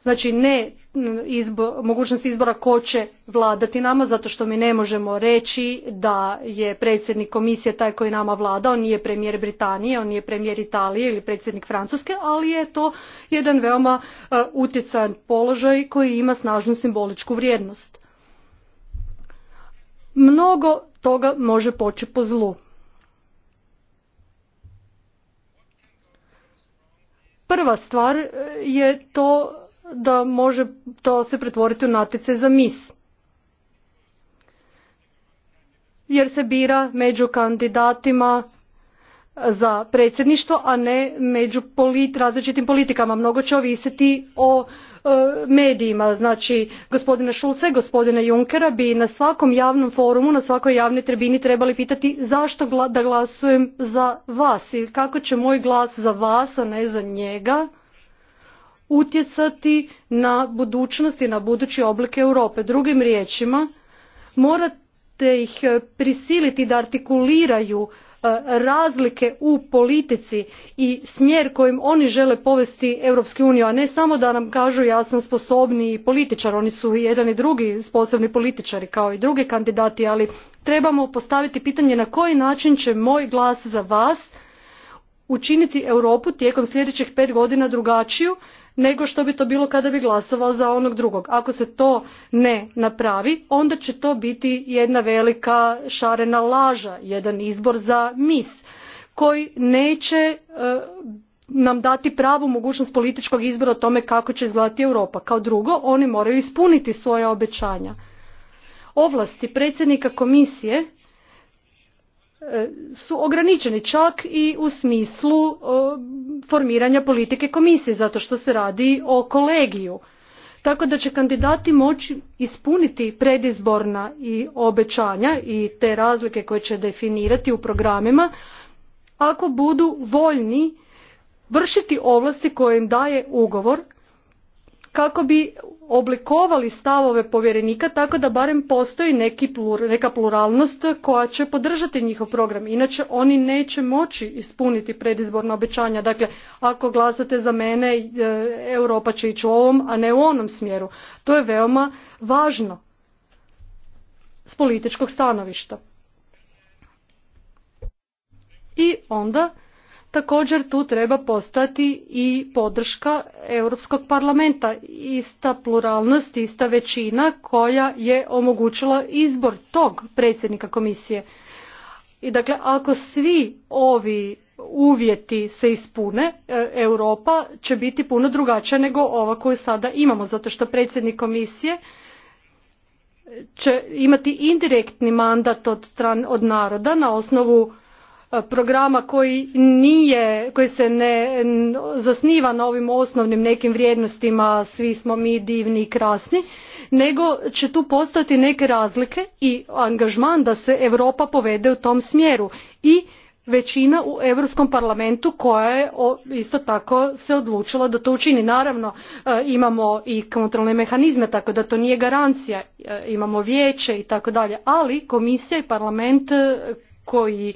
Speaker 2: Znači, ne mm, mogućnost izbora ko će vladati nama, zato što mi ne možemo reći da je predsjednik komisije taj koji nama vlada, on nije premijer Britanije, on nije premijer Italije ili predsjednik Francuske, ali je to jedan veoma e, utjecajan položaj koji ima snažnu simboličku vrijednost mnogo toga može poći po zlu. Prva stvar e, je to da može to se pretvoriti u natice za mis. Jer se bira među kandidatima za predsjedništvo, a ne među različitim politikama. Mnogo će ovisiti o E, medijima. Znači, gospodina schulza i gospodina Junckera bi na svakom javnom forumu, na svakoj javnoj tribini trebali pitati zašto da glasujem za vas i kako će moj glas za vas, a ne za njega, utjecati na budućnost i na budući oblike Europe. Drugim riječima, morate ih prisiliti da artikuliraju E, razlike u politici i smjer kojim oni žele povesti europsku uniju a ne samo da nam kažu ja sam sposobniji političar oni su i jedan i drugi sposobni političari kao i drugi kandidati ali trebamo postaviti pitanje na koji način će moj glas za vas učiniti europu tijekom sljedećih pet godina drugačiju nego što bi to bilo kada bi glasovao za onog drugog. Ako se to ne napravi, onda će to biti jedna velika šarena laža, jedan izbor za mis koji neće e, nam dati pravu mogućnost političkog izbora o tome kako će izgledati Europa. Kao drugo, oni moraju ispuniti svoja obećanja. Ovlasti predsjednika komisije su ograničeni čak i u smislu e, formiranja politike komisije zato što se radi o kolegiju tako da će kandidati moći ispuniti predizborna i obećanja i te razlike koje će definirati u programima ako budu voljni vršiti ovlasti koje im daje ugovor kako bi oblikovali stavove povjerenika tako da barem postoji neka pluralnost koja će podržati njihov program. Inače oni neće moći ispuniti predizborna obećanja. Dakle, ako glasate za mene, e, Europa će ići u ovom, a ne u onom smjeru. To je veoma važno s političkog stanovišta. I onda Također tu treba postati i podrška Europskog parlamenta, ista pluralnost, ista većina koja je omogućila izbor tog predsjednika komisije. I dakle, ako svi ovi uvjeti se ispune, e, Europa će biti puno drugačija nego ova koju sada imamo, zato što predsjednik komisije će imati indirektni mandat od, stran, od naroda na osnovu programa koji nije, koji se ne zasniva na ovim osnovnim nekim vrijednostima svi smo mi divni i krasni, nego će tu postati neke razlike i angažman da se Europa povede u tom smjeru i većina u europskom parlamentu koja je isto tako se odlučila da to učini naravno e, imamo i kontrolne mehanizme tako da to nije garancija e, imamo vijeće i tako dalje ali komisija i parlament e, koji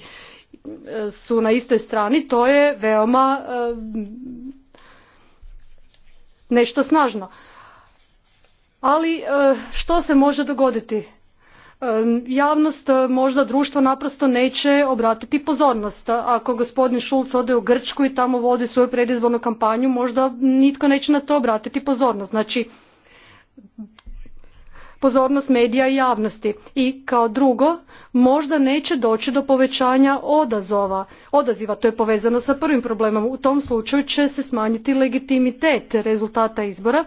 Speaker 2: su na istoj strani, to je veoma e, nešto snažno. Ali e, što se može dogoditi? E, javnost možda društvo naprosto neće obratiti pozornost. Ako gospodin Šulc ode u Grčku i tamo vodi svoju predizbornu kampanju, možda nitko neće na to obratiti pozornost. Znači, pozornost medija i javnosti i kao drugo možda neće doći do povećanja odazova odaziva to je povezano sa prvim problemom u tom slučaju će se smanjiti legitimitet rezultata izbora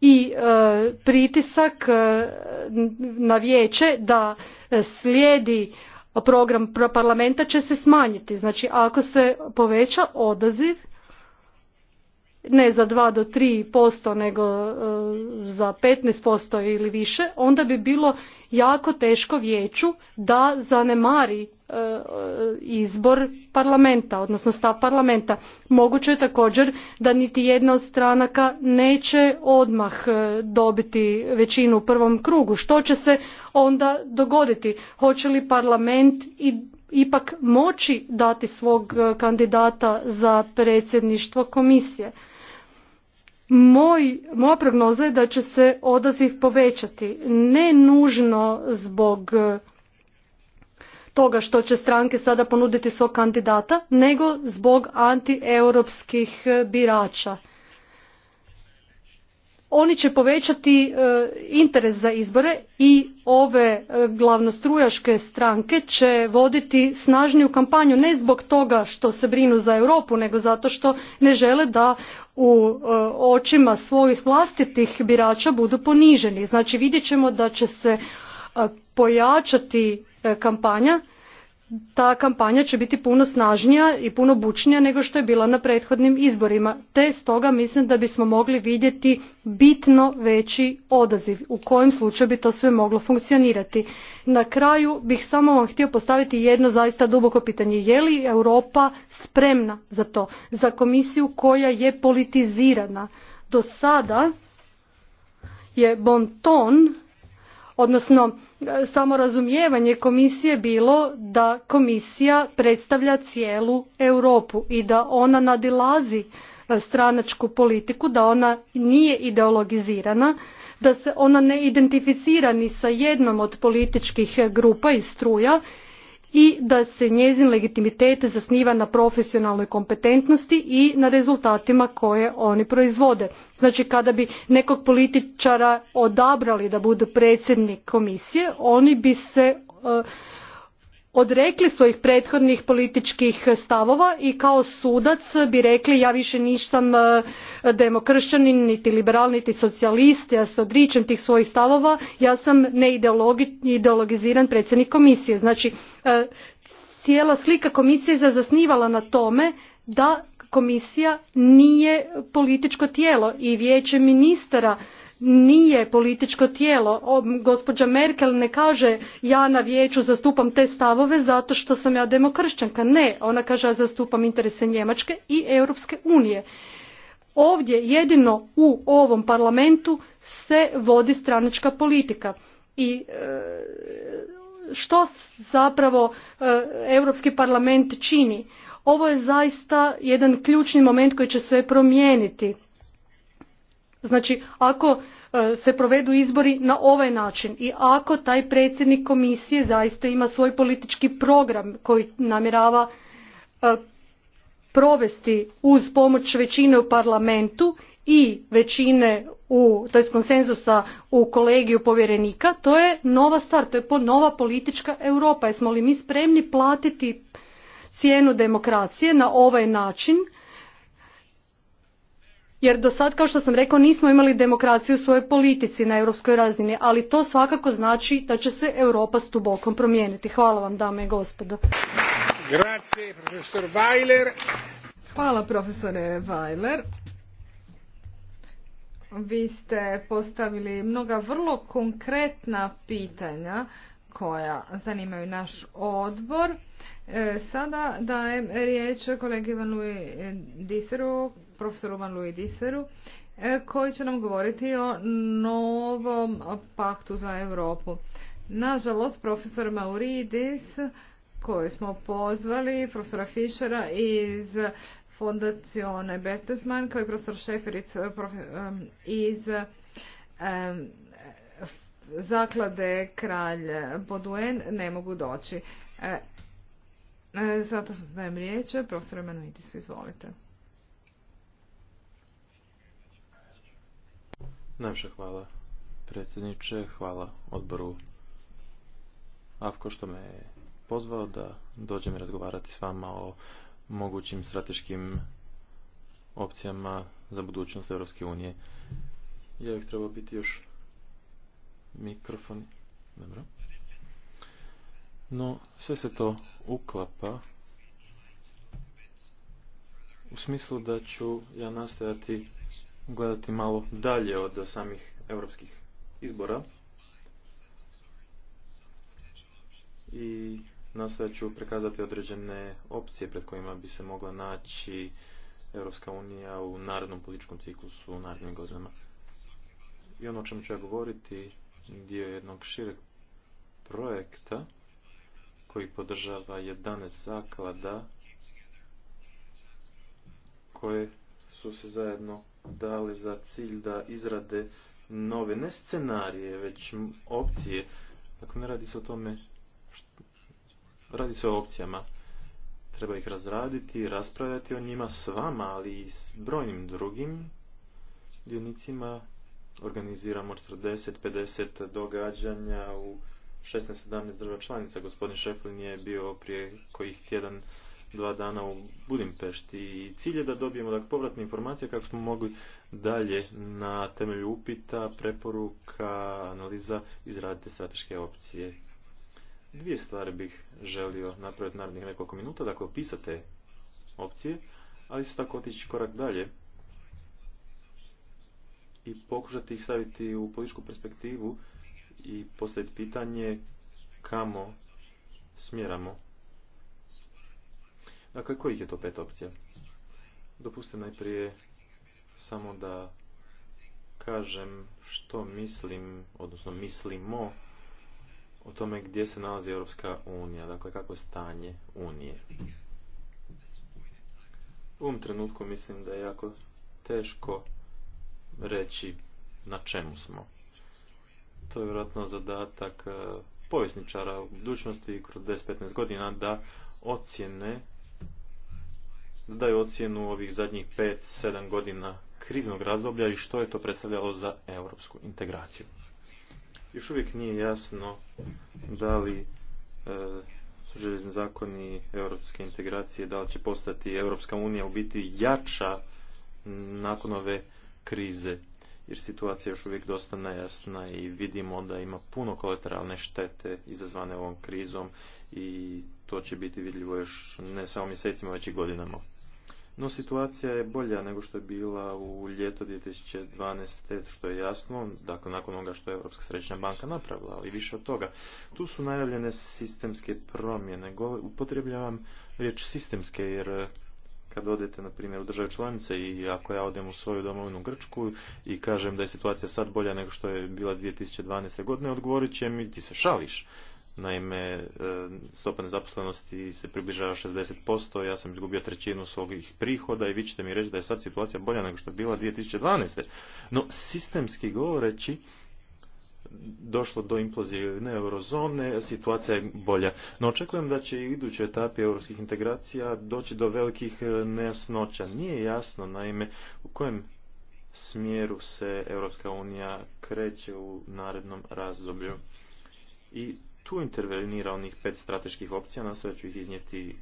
Speaker 2: i e, pritisak e, na vijeće da slijedi program parlamenta će se smanjiti znači ako se poveća odaziv ne za 2 do 3% nego e, za 15% ili više, onda bi bilo jako teško vijeću da zanemari e, izbor parlamenta, odnosno stav parlamenta. Moguće je također da niti jedna od stranaka neće odmah e, dobiti većinu u prvom krugu. Što će se onda dogoditi? Hoće li parlament i ipak moći dati svog kandidata za predsjedništvo komisije? moja prognoza je da će se odaziv povećati ne nužno zbog e, toga što će stranke sada ponuditi svog kandidata nego zbog antieuropskih birača oni će povećati e, interes za izbore i ove e, glavnostrujaške stranke će voditi snažniju kampanju ne zbog toga što se brinu za Europu nego zato što ne žele da u e, očima svojih vlastitih birača budu poniženi znači vidjet ćemo da će se pojačati kampanja ta kampanja će biti puno snažnija i puno bučnija nego što je bila na prethodnim izborima te stoga mislim da bismo mogli vidjeti bitno veći odaziv u kojem slučaju bi to sve moglo funkcionirati na kraju bih samo vam htio postaviti jedno zaista duboko pitanje je li europa spremna za to za komisiju koja je politizirana do sada je bonton odnosno e, samorazumijevanje komisije bilo da komisija predstavlja cijelu Europu i da ona nadilazi e, stranačku politiku, da ona nije ideologizirana, da se ona ne identificira ni sa jednom od političkih grupa i struja i da se njezin legitimitet zasniva na profesionalnoj kompetentnosti i na rezultatima koje oni proizvode. Znači kada bi nekog političara odabrali da bude predsjednik komisije, oni bi se e, odrekli svojih prethodnih političkih stavova i kao sudac bi rekli ja više nisam e, demokršćanin niti liberal niti socijalist ja se odričem tih svojih stavova ja sam neideologiziran predsjednik komisije. znači e, cijela slika komisije se zasnivala na tome da komisija nije političko tijelo i vijeće ministara nije političko tijelo. Gospođa Merkel ne kaže ja na vijeću zastupam te stavove zato što sam ja demokršćanka. Ne, ona kaže ja zastupam interese Njemačke i Europske unije. Ovdje jedino u ovom parlamentu se vodi stranačka politika. I e, što zapravo e, Europski parlament čini? Ovo je zaista jedan ključni moment koji će sve promijeniti Znači, ako e, se provedu izbori na ovaj način i ako taj predsjednik komisije zaista ima svoj politički program koji namjerava e, provesti uz pomoć većine u parlamentu i većine u tj. konsenzusa u kolegiju povjerenika, to je nova stvar, to je nova politička Europa. Jesmo li mi spremni platiti cijenu demokracije na ovaj način jer do sad, kao što sam rekao, nismo imali demokraciju u svojoj politici na europskoj razini, ali to svakako znači da će se Europa s promijeniti. Hvala vam, dame i gospodo. profesor Hvala, profesore Weiler.
Speaker 1: Vi ste postavili mnoga vrlo konkretna pitanja koja zanimaju naš odbor E, sada dajem riječ kolegi Van Diseru, profesoru Van Lui Diseru, e, koji će nam govoriti o novom paktu za Europu. Nažalost, profesor Mauridis, koji smo pozvali, profesora Fischera iz fondacione Bettesman, kao i profesor Šeferic iz zaklade Kralj Boduen, ne mogu doći. E, E, Zato sam dajem riječ, profesor Emanuitis, izvolite.
Speaker 3: Najviše hvala predsjedniče, hvala odboru Avko što me je pozvao da dođem razgovarati s vama o mogućim strateškim opcijama za budućnost Europske unije. Ja bih trebao biti još mikrofon. Dobro. No, sve se to uklapa u smislu da ću ja nastojati gledati malo dalje od samih europskih izbora i nastojat ću prekazati određene opcije pred kojima bi se mogla naći Europska unija u narodnom političkom ciklusu u narednim godinama. I ono o čemu ću ja govoriti dio jednog šireg projekta koji podržava 11 zaklada koje su se zajedno dali za cilj da izrade nove, ne scenarije, već opcije. Dakle, ne radi se o tome, radi se o opcijama. Treba ih razraditi, raspravljati o njima s vama, ali i s brojnim drugim dionicima. Organiziramo 40-50 događanja u 16-17 država članica. Gospodin Šeflin je bio prije kojih tjedan dva dana u Budimpešti i cilj je da dobijemo dakle, povratne informacije kako smo mogli dalje na temelju upita, preporuka, analiza izraditi strateške opcije. Dvije stvari bih želio napraviti narednih nekoliko minuta, dakle opisate opcije, ali su tako otići korak dalje i pokušati ih staviti u političku perspektivu i postaviti pitanje kamo smjeramo. Dakle, kojih je to pet opcija? Dopustite najprije samo da kažem što mislim, odnosno mislimo o tome gdje se nalazi Europska unija, dakle kako stanje unije. U ovom trenutku mislim da je jako teško reći na čemu smo to je vjerojatno zadatak e, povjesničara u budućnosti kroz 10-15 godina da ocjene da daju ocjenu ovih zadnjih 5-7 godina kriznog razdoblja i što je to predstavljalo za europsku integraciju. Još uvijek nije jasno da li e, su željezni zakoni europske integracije, da li će postati Europska unija u biti jača nakon ove krize jer situacija je još uvijek dosta nejasna i vidimo da ima puno kolateralne štete izazvane ovom krizom i to će biti vidljivo još ne samo mjesecima, već i godinama. No situacija je bolja nego što je bila u ljeto 2012. što je jasno, dakle nakon onoga što je Europska središnja banka napravila, ali više od toga. Tu su najavljene sistemske promjene. Upotrebljavam riječ sistemske jer kad odete, na primjer, u države članice i ako ja odem u svoju domovinu Grčku i kažem da je situacija sad bolja nego što je bila 2012. godine, odgovorit će mi ti se šališ. Naime, e, stopa nezaposlenosti se približava 60%, ja sam izgubio trećinu svojih prihoda i vi ćete mi reći da je sad situacija bolja nego što je bila 2012. No, sistemski govoreći, došlo do implozije eurozone, situacija je bolja. No očekujem da će i u idućoj etapi europskih integracija doći do velikih e, nejasnoća. Nije jasno, naime, u kojem smjeru se Europska unija kreće u narednom razdoblju. I tu intervenira onih pet strateških opcija, nastoja ću ih iznijeti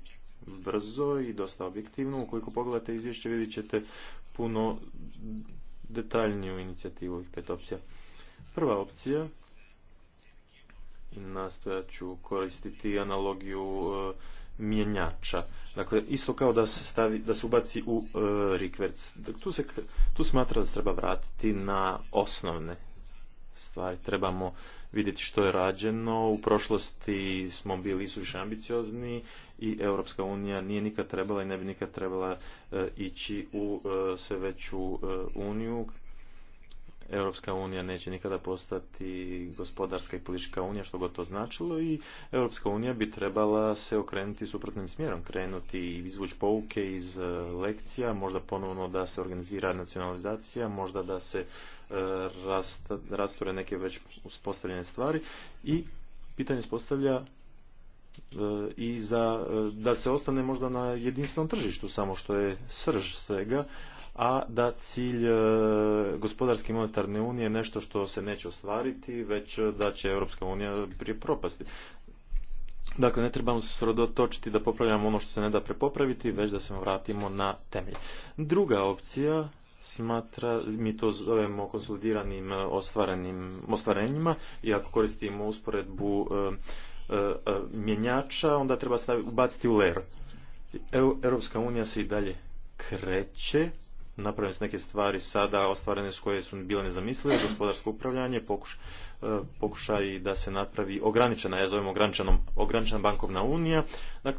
Speaker 3: brzo i dosta objektivno. Ukoliko pogledate izvješće vidjet ćete puno detaljniju inicijativu ovih pet opcija. Prva opcija, i nastojat ću koristiti analogiju e, mjenjača. Dakle, isto kao da se, stavi, da se ubaci u e, rikverc. Dakle, tu, se, tu smatra da se treba vratiti na osnovne stvari. Trebamo vidjeti što je rađeno. U prošlosti smo bili suviše ambiciozni i Europska unija nije nikad trebala i ne bi nikad trebala e, ići u e, sve veću uniju Europska unija neće nikada postati gospodarska i politička unija, što god to značilo, i Europska unija bi trebala se okrenuti suprotnim smjerom, krenuti i izvući pouke iz e, lekcija, možda ponovno da se organizira nacionalizacija, možda da se e, rasture neke već uspostavljene stvari i pitanje spostavlja postavlja e, i za, da se ostane možda na jedinstvenom tržištu, samo što je srž svega, a da cilj e, gospodarske monetarne unije je nešto što se neće ostvariti, već e, da će Europska unija prije propasti. Dakle, ne trebamo se srodotočiti da popravljamo ono što se ne da prepopraviti, već da se vratimo na temelj. Druga opcija smatra, mi to zovemo konsolidiranim e, ostvarenjima i ako koristimo usporedbu e, mjenjača, onda treba staviti, ubaciti u ler. Europska unija se i dalje kreće napravljene su neke stvari sada ostvarene s koje su bile nezamislive, gospodarsko upravljanje, pokuš, e, pokušaj da se napravi ograničena, ja zovem ograničena bankovna unija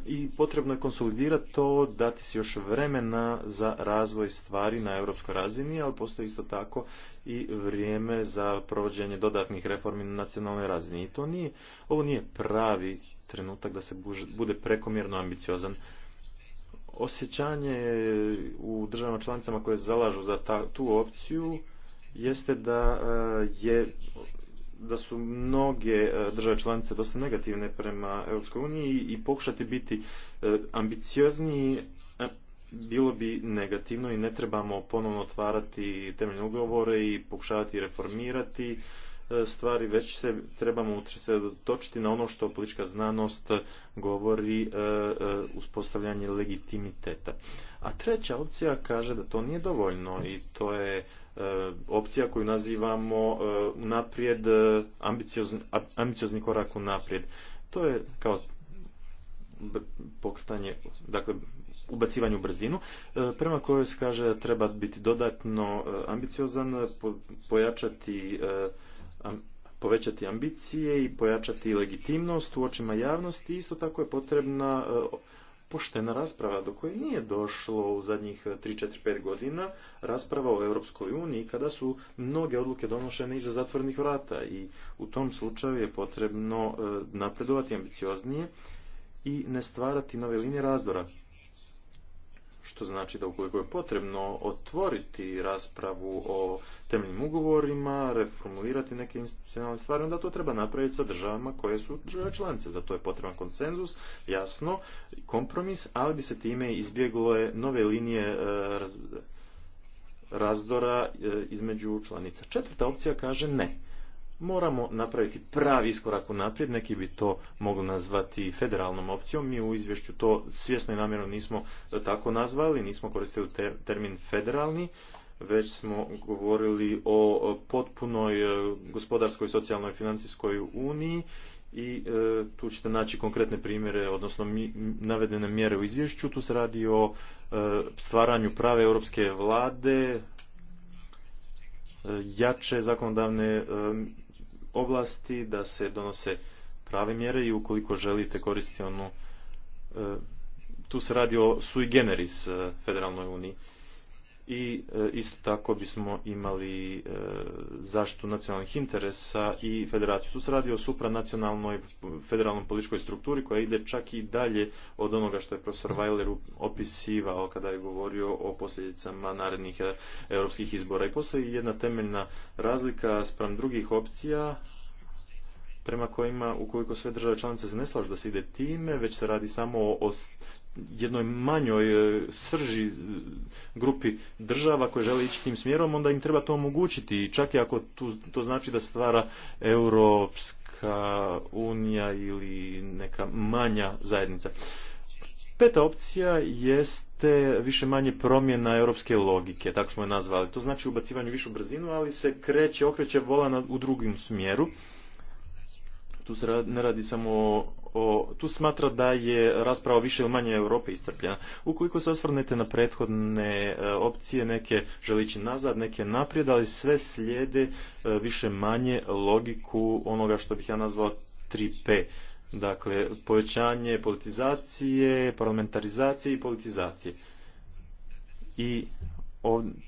Speaker 3: i potrebno je konsolidirati to, dati si još vremena za razvoj stvari na europskoj razini, ali postoji isto tako i vrijeme za provođenje dodatnih reformi na nacionalnoj razini. I to nije, ovo nije pravi trenutak da se bude prekomjerno ambiciozan osjećanje u državama članicama koje zalažu za tu opciju jeste da eh, je da su mnoge eh, države članice dosta negativne prema Europskoj uniji i pokušati biti eh, ambiciozniji bilo bi negativno i ne trebamo ponovno otvarati temeljne ugovore i pokušavati reformirati stvari, već se trebamo točiti na ono što politička znanost govori e, e, uspostavljanje legitimiteta. A treća opcija kaže da to nije dovoljno i to je e, opcija koju nazivamo naprijed, ambiciozni, ambiciozni korak u naprijed. To je kao pokretanje, dakle ubacivanje u brzinu, prema kojoj se kaže treba biti dodatno ambiciozan, pojačati povećati ambicije i pojačati legitimnost u očima javnosti. Isto tako je potrebna e, poštena rasprava do koje nije došlo u zadnjih 3-4-5 e, godina, rasprava o Europskoj uniji kada su mnoge odluke donošene iza zatvornih vrata i u tom slučaju je potrebno e, napredovati ambicioznije i ne stvarati nove linije razdora što znači da ukoliko je potrebno otvoriti raspravu o temeljnim ugovorima, reformulirati neke institucionalne stvari, onda to treba napraviti sa državama koje su države članice. Za to je potreban konsenzus, jasno, kompromis, ali bi se time izbjeglo je nove linije e, razdora e, između članica. Četvrta opcija kaže ne moramo napraviti pravi iskorak u naprijed, neki bi to mogli nazvati federalnom opcijom, mi u izvješću to svjesno i namjerno nismo tako nazvali, nismo koristili termin federalni, već smo govorili o potpunoj e, gospodarskoj, socijalnoj i financijskoj uniji i e, tu ćete naći konkretne primjere, odnosno mi, navedene mjere u izvješću. Tu se radi o e, stvaranju prave europske vlade, jače zakonodavne oblasti, da se donose prave mjere i ukoliko želite koristiti onu, e, tu se radi o sui generis e, Federalnoj uniji. I e, isto tako bismo imali zaštitu nacionalnih interesa i federaciju. Tu se radi o supranacionalnoj federalnoj političkoj strukturi koja ide čak i dalje od onoga što je profesor Weiler opisivao kada je govorio o posljedicama narednih europskih izbora. I postoji jedna temeljna razlika spram drugih opcija prema kojima ukoliko sve države članice se ne slažu da se ide time, već se radi samo o jednoj manjoj e, srži e, grupi država koje žele ići tim smjerom, onda im treba to omogućiti. I čak i ako to znači da stvara Europska unija ili neka manja zajednica. Peta opcija jeste više manje promjena europske logike, tako smo je nazvali. To znači ubacivanje višu brzinu, ali se kreće, okreće vola u drugim smjeru tu se ne radi samo o, tu smatra da je rasprava više ili manje Europe istrpljena. Ukoliko se osvrnete na prethodne e, opcije, neke želići nazad, neke naprijed, ali sve slijede e, više manje logiku onoga što bih ja nazvao 3P. Dakle, povećanje politizacije, parlamentarizacije i politizacije. I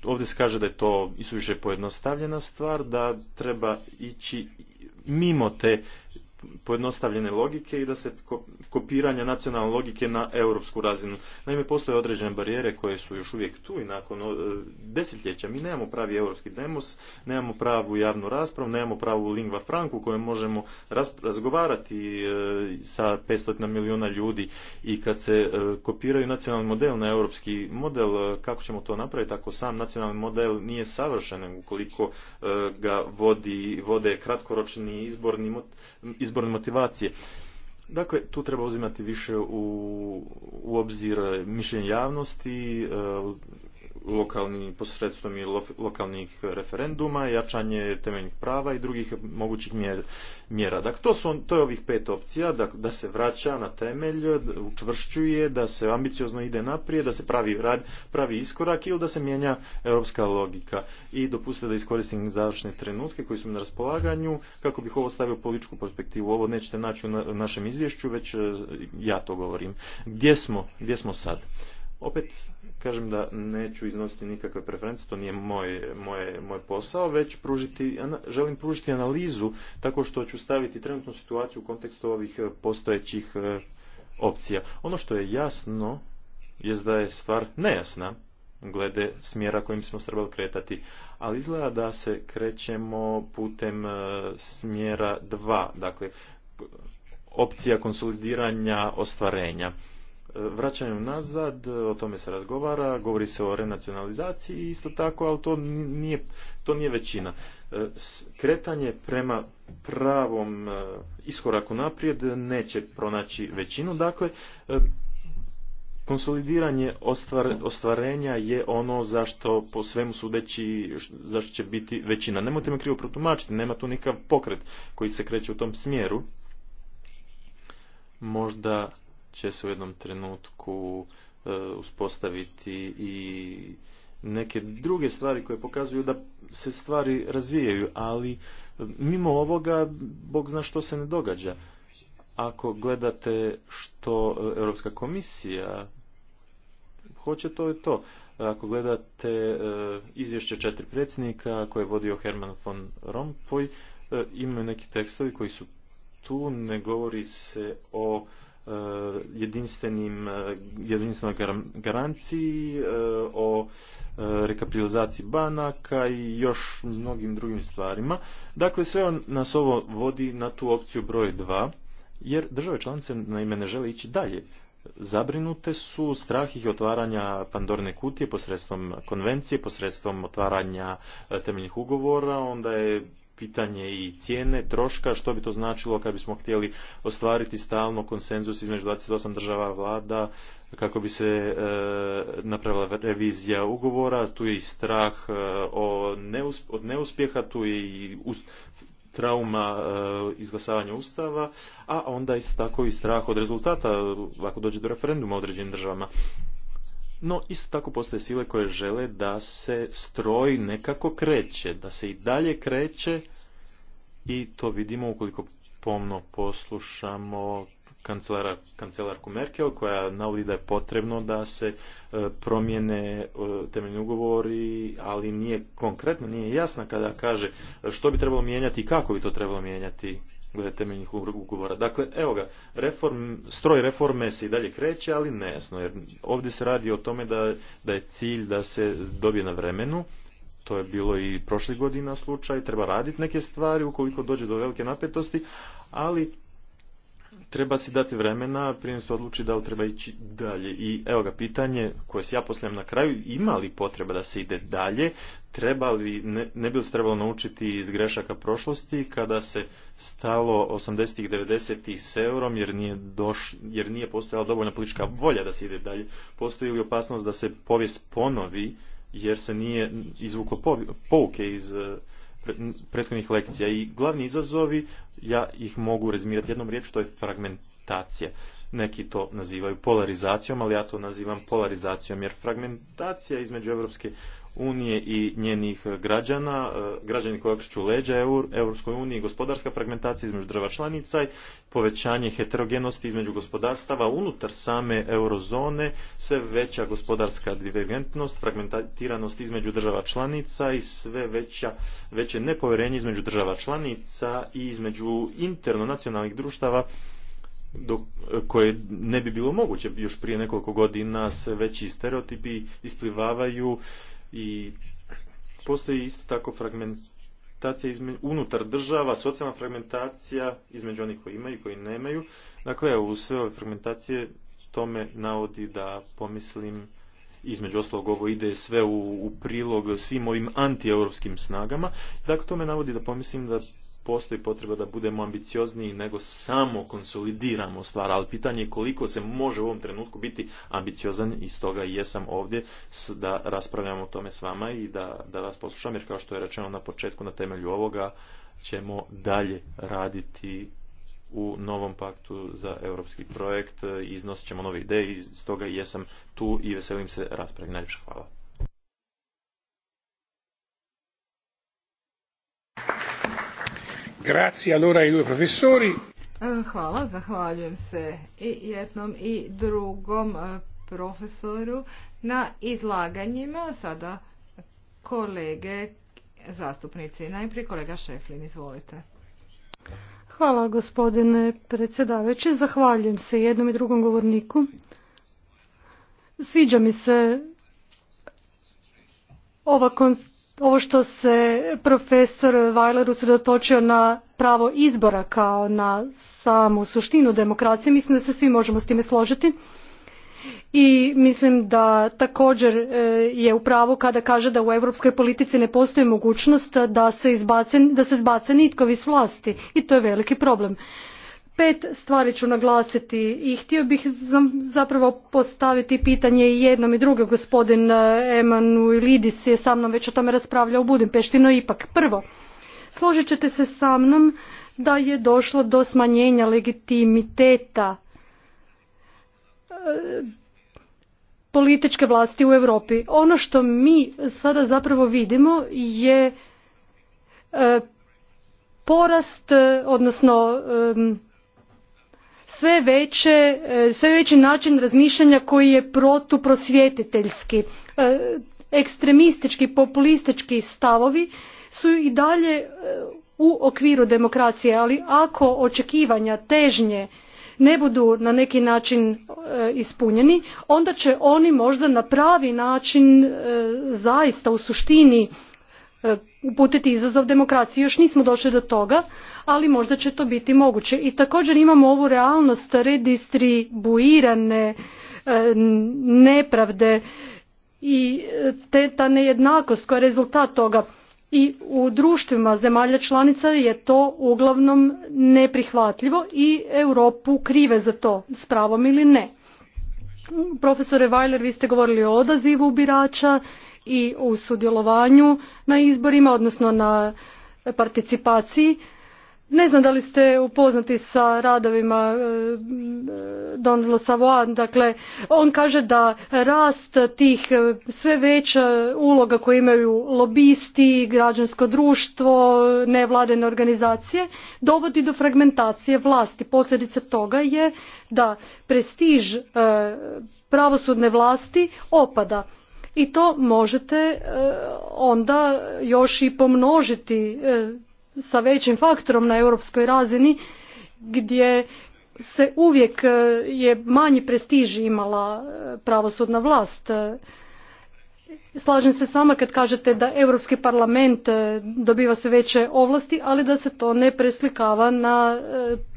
Speaker 3: ovdje se kaže da je to isuviše pojednostavljena stvar, da treba ići mimo te pojednostavljene logike i da se kopiranje nacionalne logike na europsku razinu. Naime, postoje određene barijere koje su još uvijek tu i nakon desetljeća mi nemamo pravi europski demos, nemamo pravu javnu raspravu, nemamo pravu lingva franku u kojoj možemo razgovarati e, sa 500 milijuna ljudi i kad se e, kopiraju nacionalni model na europski model, e, kako ćemo to napraviti ako sam nacionalni model nije savršen ukoliko ga vodi, vode kratkoročni izborni, izborni izborne motivacije. Dakle, tu treba uzimati više u, u obzir mišljenje javnosti, e, lokalni, posredstvom i lokalnih referenduma, jačanje temeljnih prava i drugih mogućih mjera. Dakle, to, su, to je ovih pet opcija, da, da se vraća na temelj, učvršćuje, da se ambiciozno ide naprijed, da se pravi, rad, pravi iskorak ili da se mijenja europska logika. I dopustite da iskoristim završne trenutke koji su na raspolaganju, kako bih ovo stavio u političku perspektivu. Ovo nećete naći u našem izvješću, već e, ja to govorim. Gdje smo, gdje smo sad? Opet kažem da neću iznositi nikakve preferencije, to nije moj, posao, već pružiti, želim pružiti analizu tako što ću staviti trenutnu situaciju u kontekstu ovih e, postojećih e, opcija. Ono što je jasno je da je stvar nejasna glede smjera kojim smo trebali kretati. Ali izgleda da se krećemo putem e, smjera dva, dakle opcija konsolidiranja ostvarenja vraćanju nazad, o tome se razgovara, govori se o renacionalizaciji isto tako, ali to nije, to nije većina. E, kretanje prema pravom e, iskoraku naprijed neće pronaći većinu, dakle e, konsolidiranje ostvarenja je ono zašto po svemu sudeći zašto će biti većina. Nemojte me krivo protumačiti, nema tu nikav pokret koji se kreće u tom smjeru. Možda će se u jednom trenutku e, uspostaviti i neke druge stvari koje pokazuju da se stvari razvijaju, ali e, mimo ovoga, Bog zna što se ne događa. Ako gledate što e, Europska komisija hoće, to je to. Ako gledate izvješće četiri predsjednika koje je vodio Herman von Rompuy, imaju neki tekstovi koji su tu, ne govori se o Eh, jedinstvenim, eh, jedinstvenoj garanciji, eh, o rekapitalizaciji banaka i još mnogim drugim stvarima. Dakle, sve nas ovo vodi na tu opciju broj 2, jer države članice naime ne žele ići dalje. Zabrinute su strah ih otvaranja Pandorne kutije posredstvom konvencije, posredstvom otvaranja temeljnih ugovora, onda je pitanje i cijene troška, što bi to značilo kad bismo htjeli ostvariti stalno konsenzus između 28 država vlada kako bi se e, napravila revizija ugovora, tu je i strah e, od neuspjeha, tu je i trauma e, izglasavanja ustava, a onda isto tako i strah od rezultata ako dođe do referenduma u određenim državama. No, isto tako postoje sile koje žele da se stroj nekako kreće, da se i dalje kreće i to vidimo ukoliko pomno poslušamo kancelara, kancelarku Merkel koja navodi da je potrebno da se e, promijene e, temeljni ugovori, ali nije konkretno, nije jasna kada kaže što bi trebalo mijenjati i kako bi to trebalo mijenjati glede temeljnih ugovora. Dakle, evo ga, reform, stroj reforme se i dalje kreće, ali nejasno, jer ovdje se radi o tome da, da je cilj da se dobije na vremenu, to je bilo i prošli godina slučaj, treba raditi neke stvari ukoliko dođe do velike napetosti, ali treba si dati vremena prije se odluči da li treba ići dalje. I evo ga pitanje koje se ja postavljam na kraju, ima li potreba da se ide dalje, treba li, ne, bi li se trebalo naučiti iz grešaka prošlosti kada se stalo 80-ih, 90 s eurom jer nije, doš, jer nije postojala dovoljna politička volja da se ide dalje. Postoji li opasnost da se povijest ponovi jer se nije izvuklo pouke iz prethodnih lekcija i glavni izazovi, ja ih mogu rezimirati jednom riječu, to je fragmentacija. Neki to nazivaju polarizacijom, ali ja to nazivam polarizacijom, jer fragmentacija između Europske unije i njenih građana, e, građani koji okreću leđa Europskoj uniji, gospodarska fragmentacija između država članica povećanje heterogenosti između gospodarstava unutar same eurozone, sve veća gospodarska divergentnost, fragmentiranost između država članica i sve veća, veće nepovjerenje između država članica i između interno nacionalnih društava koje ne bi bilo moguće još prije nekoliko godina sve veći stereotipi isplivavaju i postoji isto tako fragmentacija izme, unutar država, socijalna fragmentacija između onih koji imaju i koji nemaju. Dakle, u sve ove fragmentacije tome navodi da pomislim između oslog ovo ide sve u, u prilog svim ovim antieuropskim snagama. Dakle, to me navodi da pomislim da postoji potreba da budemo ambiciozniji nego samo konsolidiramo stvar, ali pitanje je koliko se može u ovom trenutku biti ambiciozan i stoga jesam ovdje da raspravljamo o tome s vama i da, da vas poslušam jer kao što je rečeno na početku na temelju ovoga ćemo dalje raditi u novom paktu za europski projekt, iznosit ćemo nove ideje i stoga jesam tu i veselim se raspravi. Najljepša hvala. Grazie e,
Speaker 1: Hvala, zahvaljujem se i jednom i drugom e, profesoru na izlaganjima. Sada kolege zastupnici. Najprije kolega Šeflin, izvolite.
Speaker 2: Hvala gospodine predsjedavajući. Zahvaljujem se jednom i drugom govorniku. Sviđa mi se ova konst ovo što se profesor Weiler usredotočio na pravo izbora kao na samu suštinu demokracije, mislim da se svi možemo s time složiti. I mislim da također e, je u pravu kada kaže da u europskoj politici ne postoji mogućnost da se, izbace, da se nitko iz vlasti i to je veliki problem. Pet stvari ću naglasiti i htio bih zapravo postaviti pitanje i jednom i drugom. Gospodin e, Emanuelidis je sa mnom već o tome raspravljao u Budimpešti, no ipak prvo. Složit ćete se sa mnom da je došlo do smanjenja legitimiteta e, političke vlasti u Europi. Ono što mi sada zapravo vidimo je e, porast, odnosno sve, veće, e, sve veći način razmišljanja koji je protuprosvjetiteljski. E, ekstremistički, populistički stavovi su i dalje e, u okviru demokracije, ali ako očekivanja, težnje ne budu na neki način ispunjeni, onda će oni možda na pravi način zaista u suštini uputiti izazov demokraciji. Još nismo došli do toga, ali možda će to biti moguće. I također imamo ovu realnost redistribuirane e, nepravde i e, te ta nejednakost koja je rezultat toga i u društvima zemalja članica je to uglavnom neprihvatljivo i Europu krive za to s pravom ili ne. Profesore Weiler, vi ste govorili o odazivu birača i u sudjelovanju na izborima, odnosno na participaciji ne znam da li ste upoznati sa radovima e, Don Savoie. dakle on kaže da rast tih e, sve veća uloga koje imaju lobisti, građansko društvo, nevladene organizacije dovodi do fragmentacije vlasti. Posljedica toga je da prestiž e, pravosudne vlasti opada i to možete onda još i pomnožiti sa većim faktorom na europskoj razini gdje se uvijek e, je manji prestiž imala e, pravosudna vlast. E, slažem se s vama kad kažete da Europski parlament dobiva sve veće ovlasti, ali da se to ne preslikava na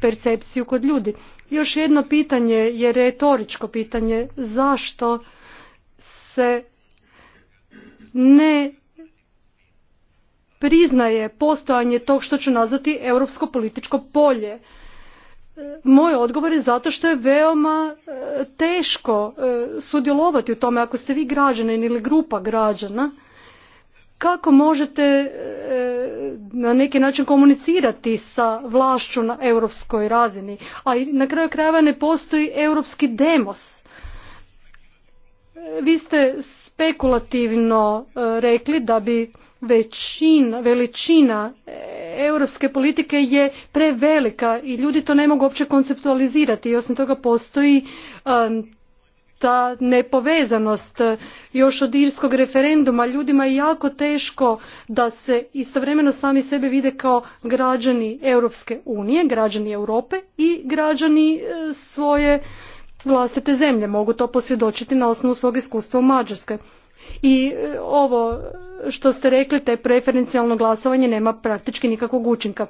Speaker 2: percepciju kod ljudi. Još jedno pitanje je retoričko pitanje. Zašto se ne priznaje postojanje tog što ću nazvati europsko političko polje. E, moj odgovor je zato što je veoma e, teško e, sudjelovati u tome ako ste vi građanin ili grupa građana. Kako možete na neki način komunicirati sa vlašću na europskoj razini? A i na kraju krajeva ne postoji europski demos. Vi ste spekulativno rekli da bi većina, veličina e, europske politike je prevelika i ljudi to ne mogu uopće konceptualizirati i osim toga postoji um, ta nepovezanost e, još od irskog referenduma ljudima je jako teško da se istovremeno sami sebe vide kao građani Europske unije, građani Europe i građani e, svoje vlastite zemlje. Mogu to posvjedočiti na osnovu svog iskustva u Mađarskoj. I e, ovo što ste rekli, je preferencijalno glasovanje nema praktički nikakvog učinka.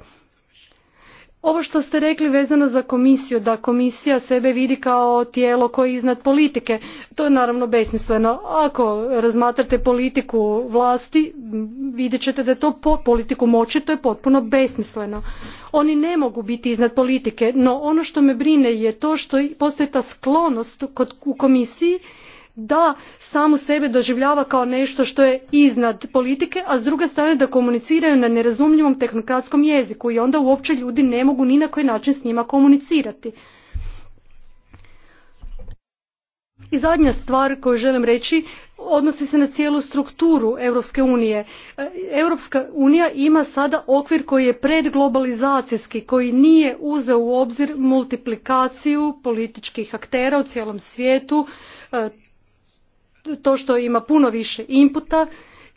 Speaker 2: Ovo što ste rekli vezano za komisiju, da komisija sebe vidi kao tijelo koje je iznad politike, to je naravno besmisleno. Ako razmatrate politiku vlasti, vidjet ćete da je to po politiku moći, to je potpuno besmisleno. Oni ne mogu biti iznad politike, no ono što me brine je to što postoji ta sklonost u komisiji da samu sebe doživljava kao nešto što je iznad politike, a s druge strane da komuniciraju na nerazumljivom tehnokratskom jeziku i onda uopće ljudi ne mogu ni na koji način s njima komunicirati. I zadnja stvar koju želim reći odnosi se na cijelu strukturu Europske unije. Europska unija ima sada okvir koji je predglobalizacijski, koji nije uzeo u obzir multiplikaciju političkih aktera u cijelom svijetu, to što ima puno više inputa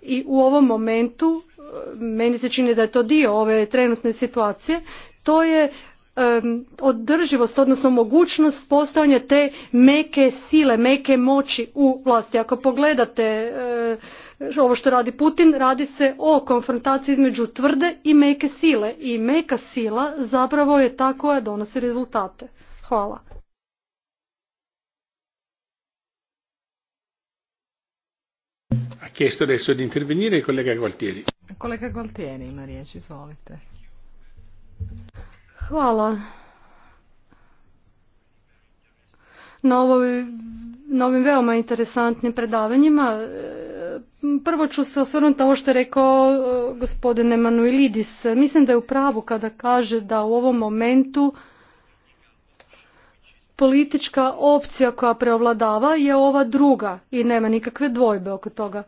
Speaker 2: i u ovom momentu e, meni se čini da je to dio ove trenutne situacije to je e, održivost odnosno mogućnost postojanja te meke sile meke moći u vlasti ako pogledate e, ovo što radi Putin radi se o konfrontaciji između tvrde i meke sile i meka sila zapravo je ta koja donosi rezultate hvala
Speaker 3: Ha chiesto adesso di intervenire il collega Gualtieri.
Speaker 2: Collega Gualtieri
Speaker 1: Maria, riječ, izvolite.
Speaker 2: Hvala. Na, ovoj, na ovim veoma interesantnim predavanjima e, prvo ću se osvrnuti na ovo što je rekao e, gospodin Emanuelidis. Mislim da je u pravu kada kaže da u ovom momentu politička opcija koja preovladava je ova druga i nema nikakve dvojbe oko toga.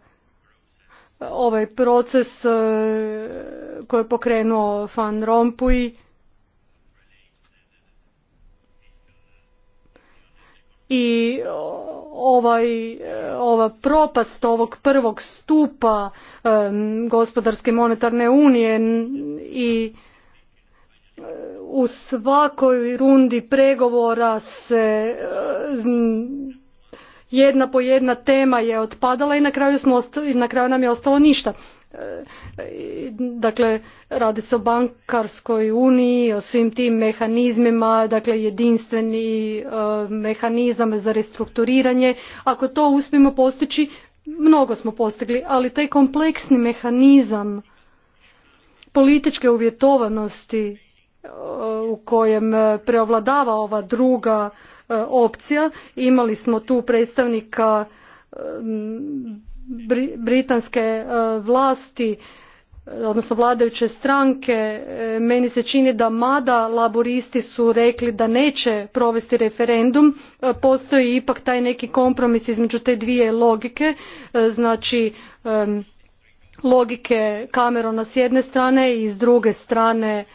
Speaker 2: Ovaj proces e, koji je pokrenuo Van Rompuy i ovaj, e, ova propast ovog prvog stupa e, gospodarske monetarne unije i u svakoj rundi pregovora se e, jedna po jedna tema je otpadala i na kraju, smo, na kraju nam je ostalo ništa. E, dakle, radi se o bankarskoj uniji, o svim tim mehanizmima, dakle jedinstveni e, mehanizam za restrukturiranje. Ako to uspijemo postići, mnogo smo postigli, ali taj kompleksni mehanizam političke uvjetovanosti u kojem e, preovladava ova druga e, opcija. Imali smo tu predstavnika e, britanske vlasti odnosno vladajuće stranke meni se čini da mada laboristi su rekli da neće provesti referendum postoji ipak taj neki kompromis između te dvije logike znači logike Camerona s jedne strane i s druge strane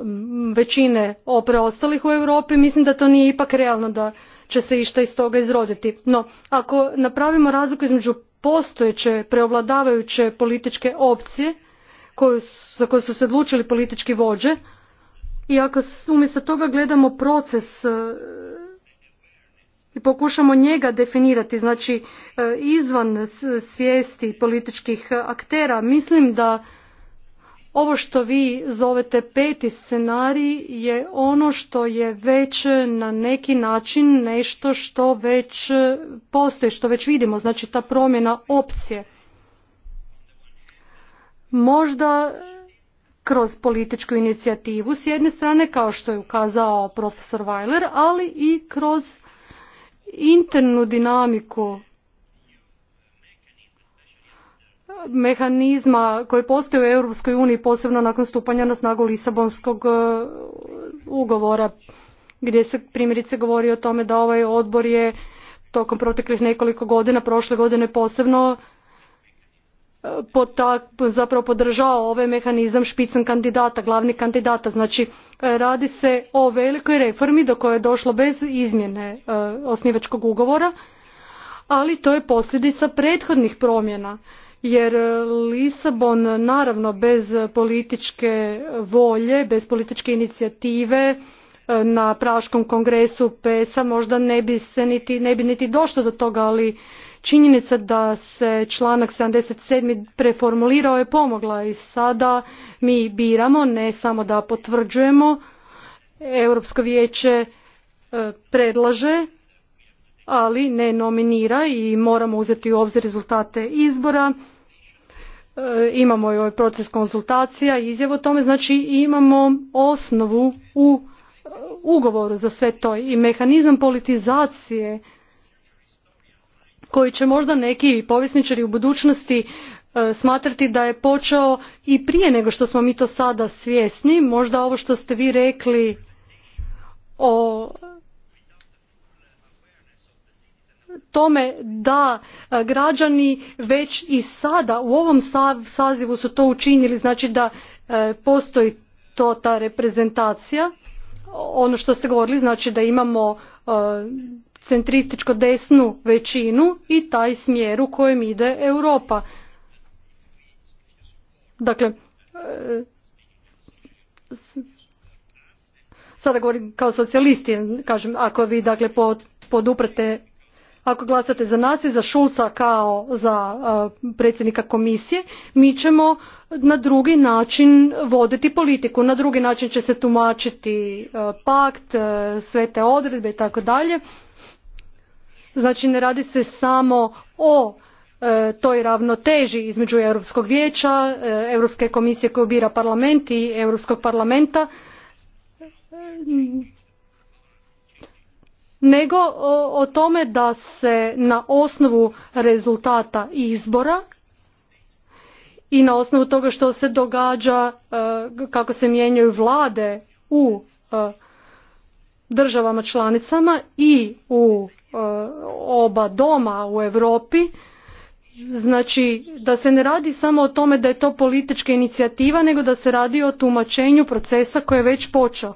Speaker 2: Um, većine preostalih u Europi, mislim da to nije ipak realno da će se išta iz toga izroditi. No, ako napravimo razliku između postojeće preovladavajuće političke opcije za koju su se odlučili politički vođe i ako umjesto toga gledamo proces e, i pokušamo njega definirati, znači e, izvan svijesti političkih aktera, mislim da ovo što vi zovete peti scenarij je ono što je već na neki način nešto što već postoji, što već vidimo, znači ta promjena opcije. Možda kroz političku inicijativu s jedne strane, kao što je ukazao profesor Weiler, ali i kroz internu dinamiku mehanizma koji postoji u Europskoj uniji posebno nakon stupanja na snagu Lisabonskog e, ugovora gdje se primjerice govori o tome da ovaj odbor je tokom proteklih nekoliko godina, prošle godine posebno e, potak, zapravo podržao ovaj mehanizam špicen kandidata, glavni kandidata. Znači e, radi se o velikoj reformi do koje je došlo bez izmjene osnivačkog ugovora, ali to je posljedica prethodnih promjena jer e, Lisabon naravno bez političke volje, bez političke inicijative e, na Praškom kongresu PESA možda ne bi se niti, ne bi niti došlo do toga, ali činjenica da se članak 77. preformulirao je pomogla i sada mi biramo, ne samo da potvrđujemo, Europsko vijeće e, predlaže ali ne nominira i moramo uzeti u obzir rezultate izbora E, imamo i ovaj proces konsultacija i izjavu o tome, znači imamo osnovu u e, ugovoru za sve to i mehanizam politizacije koji će možda neki povjesničari u budućnosti e, smatrati da je počeo i prije nego što smo mi to sada svjesni možda ovo što ste vi rekli o tome da e, građani već i sada u ovom sazivu su to učinili, znači da e, postoji to ta reprezentacija, ono što ste govorili, znači da imamo e, centrističko desnu većinu i taj smjer u kojem ide Europa. Dakle, sada govorim kao socijalisti, kažem, ako vi dakle poduprate ako glasate za nas i za Šulca kao za e, predsjednika komisije, mi ćemo na drugi način voditi politiku. Na drugi način će se tumačiti e, pakt, e, sve te odredbe i tako dalje. Znači ne radi se samo o toj ravnoteži između Europskog vijeća, Europske komisije koju bira parlament i Europskog parlamenta nego o, tome da se na osnovu rezultata izbora i na osnovu toga što se događa e, kako se mijenjaju vlade u e, državama članicama i u e, oba doma u Europi znači da se ne radi samo o tome da je to politička inicijativa nego da se radi o tumačenju procesa koji je već počeo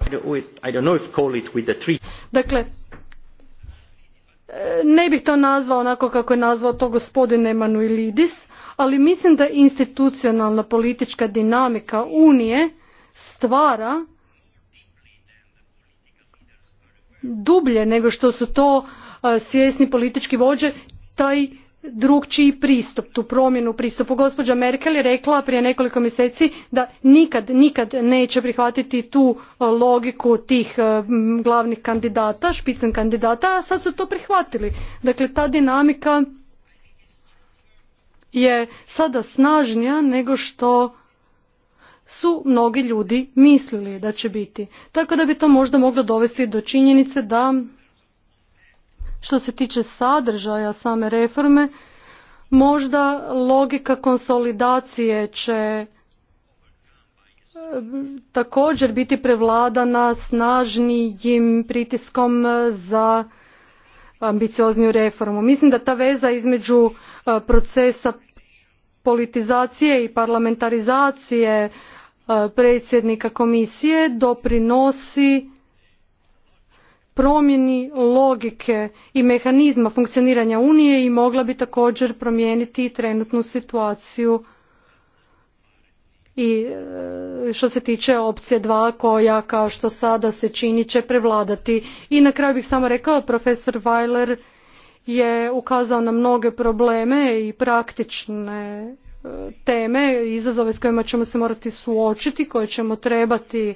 Speaker 2: dakle ne bih to nazvao onako kako je nazvao to gospodin Emanuelidis, ali mislim da institucionalna politička dinamika Unije stvara dublje nego što su to svjesni politički vođe taj drukčiji pristup, tu promjenu pristupu. Gospođa Merkel je rekla prije nekoliko mjeseci da nikad, nikad neće prihvatiti tu e, logiku tih e, glavnih kandidata, špicen kandidata, a sad su to prihvatili. Dakle, ta dinamika je sada snažnija nego što su mnogi ljudi mislili da će biti. Tako da bi to možda moglo dovesti do činjenice da što se tiče sadržaja same reforme, možda logika konsolidacije će e, također biti prevladana snažnijim pritiskom e, za ambiciozniju reformu. Mislim da ta veza između e, procesa politizacije i parlamentarizacije predsjednika komisije doprinosi promjeni logike i mehanizma funkcioniranja unije i mogla bi također promijeniti i trenutnu situaciju i e, što se tiče opcije dva koja kao što sada se čini će prevladati. I na kraju bih samo rekao profesor Weiler je ukazao na mnoge probleme i praktične e, teme, izazove s kojima ćemo se morati suočiti, koje ćemo trebati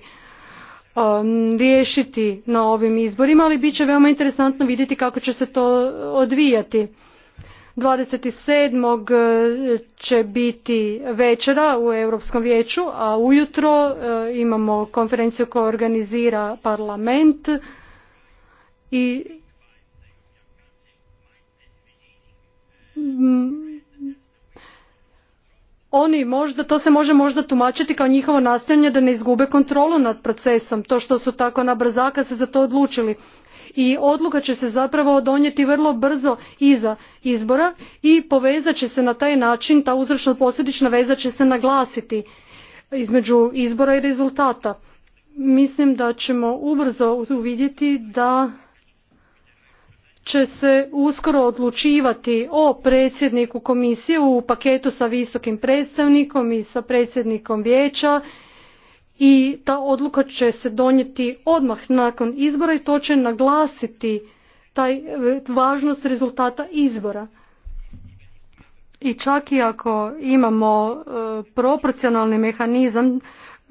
Speaker 2: Um, riješiti na ovim izborima, ali bit će veoma interesantno vidjeti kako će se to odvijati. 27. Uh, će biti večera u Europskom vijeću, a ujutro uh, imamo konferenciju koja organizira parlament i oni možda, to se može možda tumačiti kao njihovo nastojanje da ne izgube kontrolu nad procesom, to što su tako na brzaka se za to odlučili. I odluka će se zapravo donijeti vrlo brzo iza izbora i povezat će se na taj način, ta uzročno posljedična veza će se naglasiti između izbora i rezultata. Mislim da ćemo ubrzo uvidjeti da će se uskoro odlučivati o predsjedniku komisije u paketu sa visokim predstavnikom i sa predsjednikom vijeća i ta odluka će se donijeti odmah nakon izbora i to će naglasiti taj e, važnost rezultata izbora. I čak i ako imamo e, proporcionalni mehanizam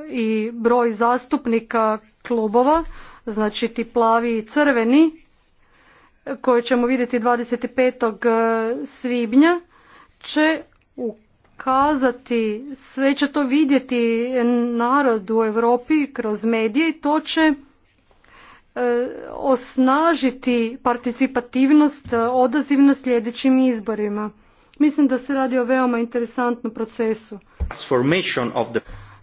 Speaker 2: i broj zastupnika klubova, znači ti plavi i crveni, koju ćemo vidjeti 25. svibnja će ukazati, sve će to vidjeti narod u Europi kroz medije i to će e, osnažiti participativnost e, odaziv na sljedećim izborima. Mislim da se radi o veoma interesantnom procesu.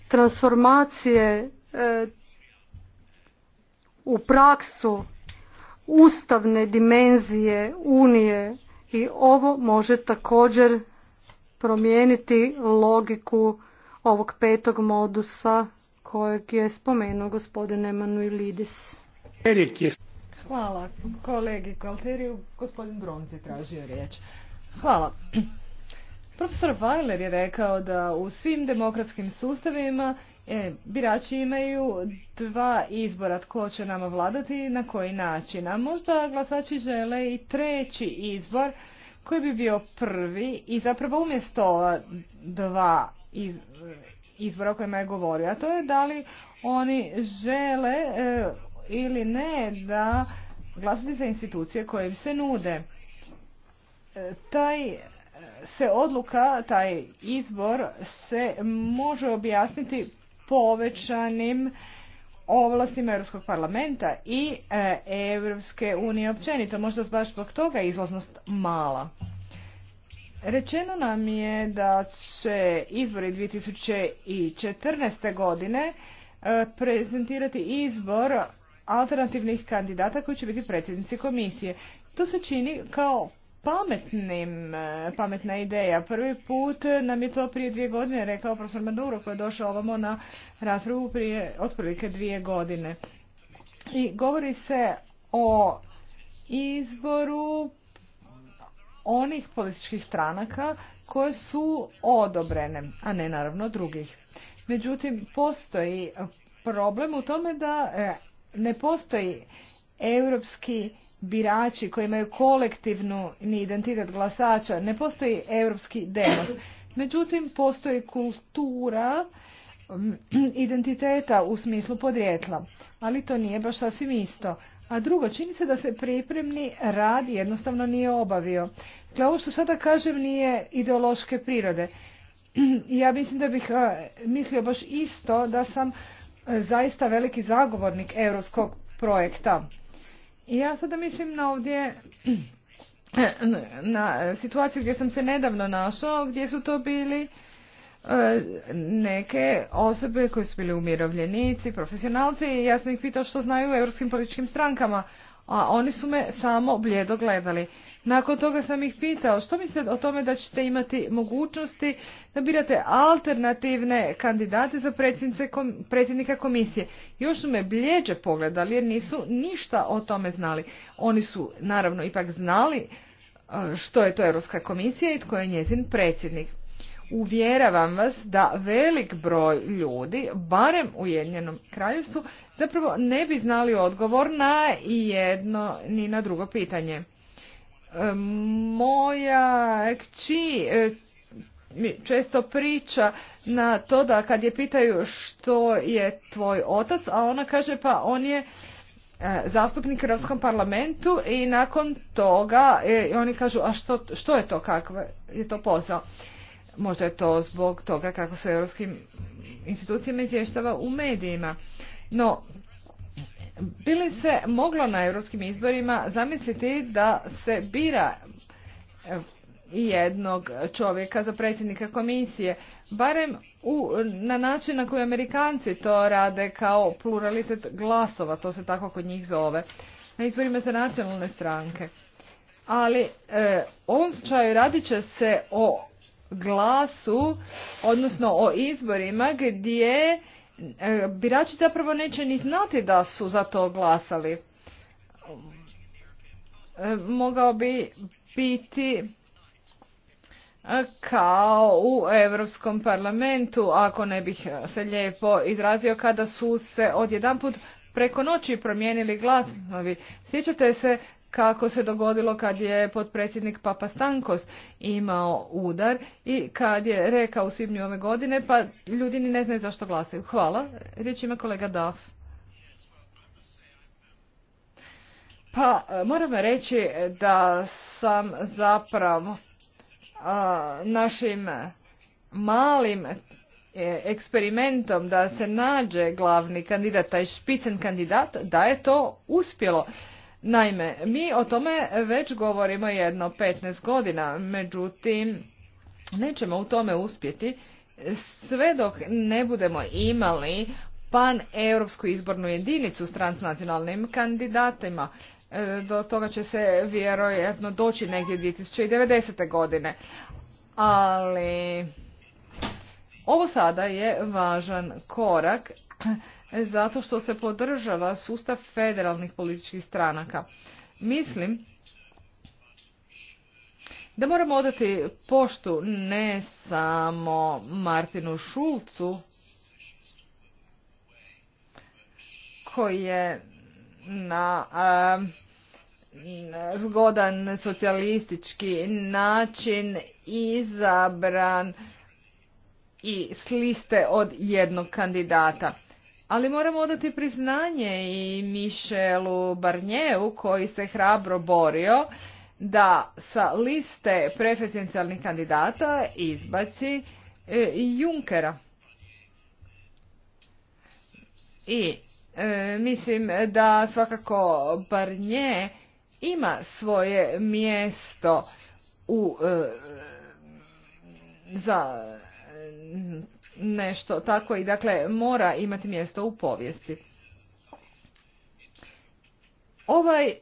Speaker 2: Transformacije e, u praksu ustavne dimenzije Unije i ovo može također promijeniti logiku ovog petog modusa kojeg je spomenuo gospodin Emanuelidis.
Speaker 1: Hvala kolegi Kalteriju. Gospodin Bronz je tražio riječ. Hvala. (clears throat) Profesor Weiler je rekao da u svim demokratskim sustavima E, birači imaju dva izbora tko će nama vladati i na koji način. A možda glasači žele i treći izbor koji bi bio prvi i zapravo umjesto dva izbora o kojima je govorio. A to je da li oni žele e, ili ne da glasati za institucije koje im se nude. E, taj se odluka, taj izbor se može objasniti povećanim ovlastima Europskog parlamenta i Europske unije općenito. Možda baš zbog toga izlaznost mala. Rečeno nam je da će izbori 2014. godine e, prezentirati izbor alternativnih kandidata koji će biti predsjednici komisije. To se čini kao pametnim, e, pametna ideja. Prvi put nam je to prije dvije godine rekao profesor Maduro koji je došao ovamo na raspravu prije otprilike dvije godine. I govori se o izboru onih političkih stranaka koje su odobrene, a ne naravno drugih. Međutim, postoji problem u tome da e, ne postoji europski birači koji imaju kolektivnu identitet glasača, ne postoji europski demos. Međutim, postoji kultura mm, identiteta u smislu podrijetla, ali to nije baš sasvim isto. A drugo, čini se da se pripremni rad jednostavno nije obavio. Dakle, ovo što sada kažem nije ideološke prirode. (clears throat) Ja mislim da bih e, mislio baš isto da sam e, zaista veliki zagovornik europskog projekta. Ja sada mislim na ovdje (clears throat) na situaciju gdje sam se nedavno našao, gdje su to bili e, neke osobe koje su bili umirovljenici, profesionalci i ja sam ih pitao što znaju u europskim političkim strankama a oni su me samo bljedo gledali. Nakon toga sam ih pitao što mislite o tome da ćete imati mogućnosti da birate alternativne kandidate za predsjednika komisije. Još su me bljeđe pogledali jer nisu ništa o tome znali. Oni su naravno ipak znali što je to Europska komisija i tko je njezin predsjednik. Uvjeravam vas da velik broj ljudi, barem u Jedinjenom kraljevstvu, zapravo ne bi znali odgovor na jedno ni na drugo pitanje. E, moja kći e, često priča na to da kad je pitaju što je tvoj otac, a ona kaže pa on je e, zastupnik u Europskom parlamentu i nakon toga oni kažu a što, je to, kakva je to posao. Možda je to zbog toga kako se europskim institucijama izvještava u medijima. No, bili se moglo na europskim izborima zamisliti da se bira i jednog čovjeka za predsjednika komisije, barem u, na način na koji Amerikanci to rade kao pluralitet glasova, to se tako kod njih zove, na izborima za nacionalne stranke. Ali e, ovom slučaju radit će se o glasu, odnosno o izborima gdje e, birači zapravo neće ni znati da su za to glasali. E, mogao bi biti e, kao u Europskom parlamentu, ako ne bih se lijepo izrazio, kada su se odjedanput preko noći promijenili glasovi. Sjećate se kako se dogodilo kad je potpredsjednik Papa Stankos imao udar i kad je rekao u svibnju ove godine, pa ljudi ni ne znaju zašto glasaju. Hvala. Riječ ima kolega Daf. Pa moram reći da sam zapravo našim malim e, eksperimentom da se nađe glavni kandidat, taj špicen kandidat, da je to uspjelo. Naime, mi o tome već govorimo jedno 15 godina, međutim nećemo u tome uspjeti sve dok ne budemo imali pan europsku izbornu jedinicu s transnacionalnim kandidatima. E, do toga će se vjerojatno doći negdje 2090. godine. Ali ovo sada je važan korak zato što se podržava sustav federalnih političkih stranaka. Mislim da moramo odati poštu ne samo Martinu Šulcu, koji je na zgodan socijalistički način izabran i sliste od jednog kandidata. Ali moramo odati priznanje i Mišelu Barnjevu koji se hrabro borio da sa liste preferencijalnih kandidata izbaci e, Junkera. I e, mislim da svakako Barnje ima svoje mjesto u e, za nešto tako i dakle mora imati mjesto u povijesti. Ovaj e,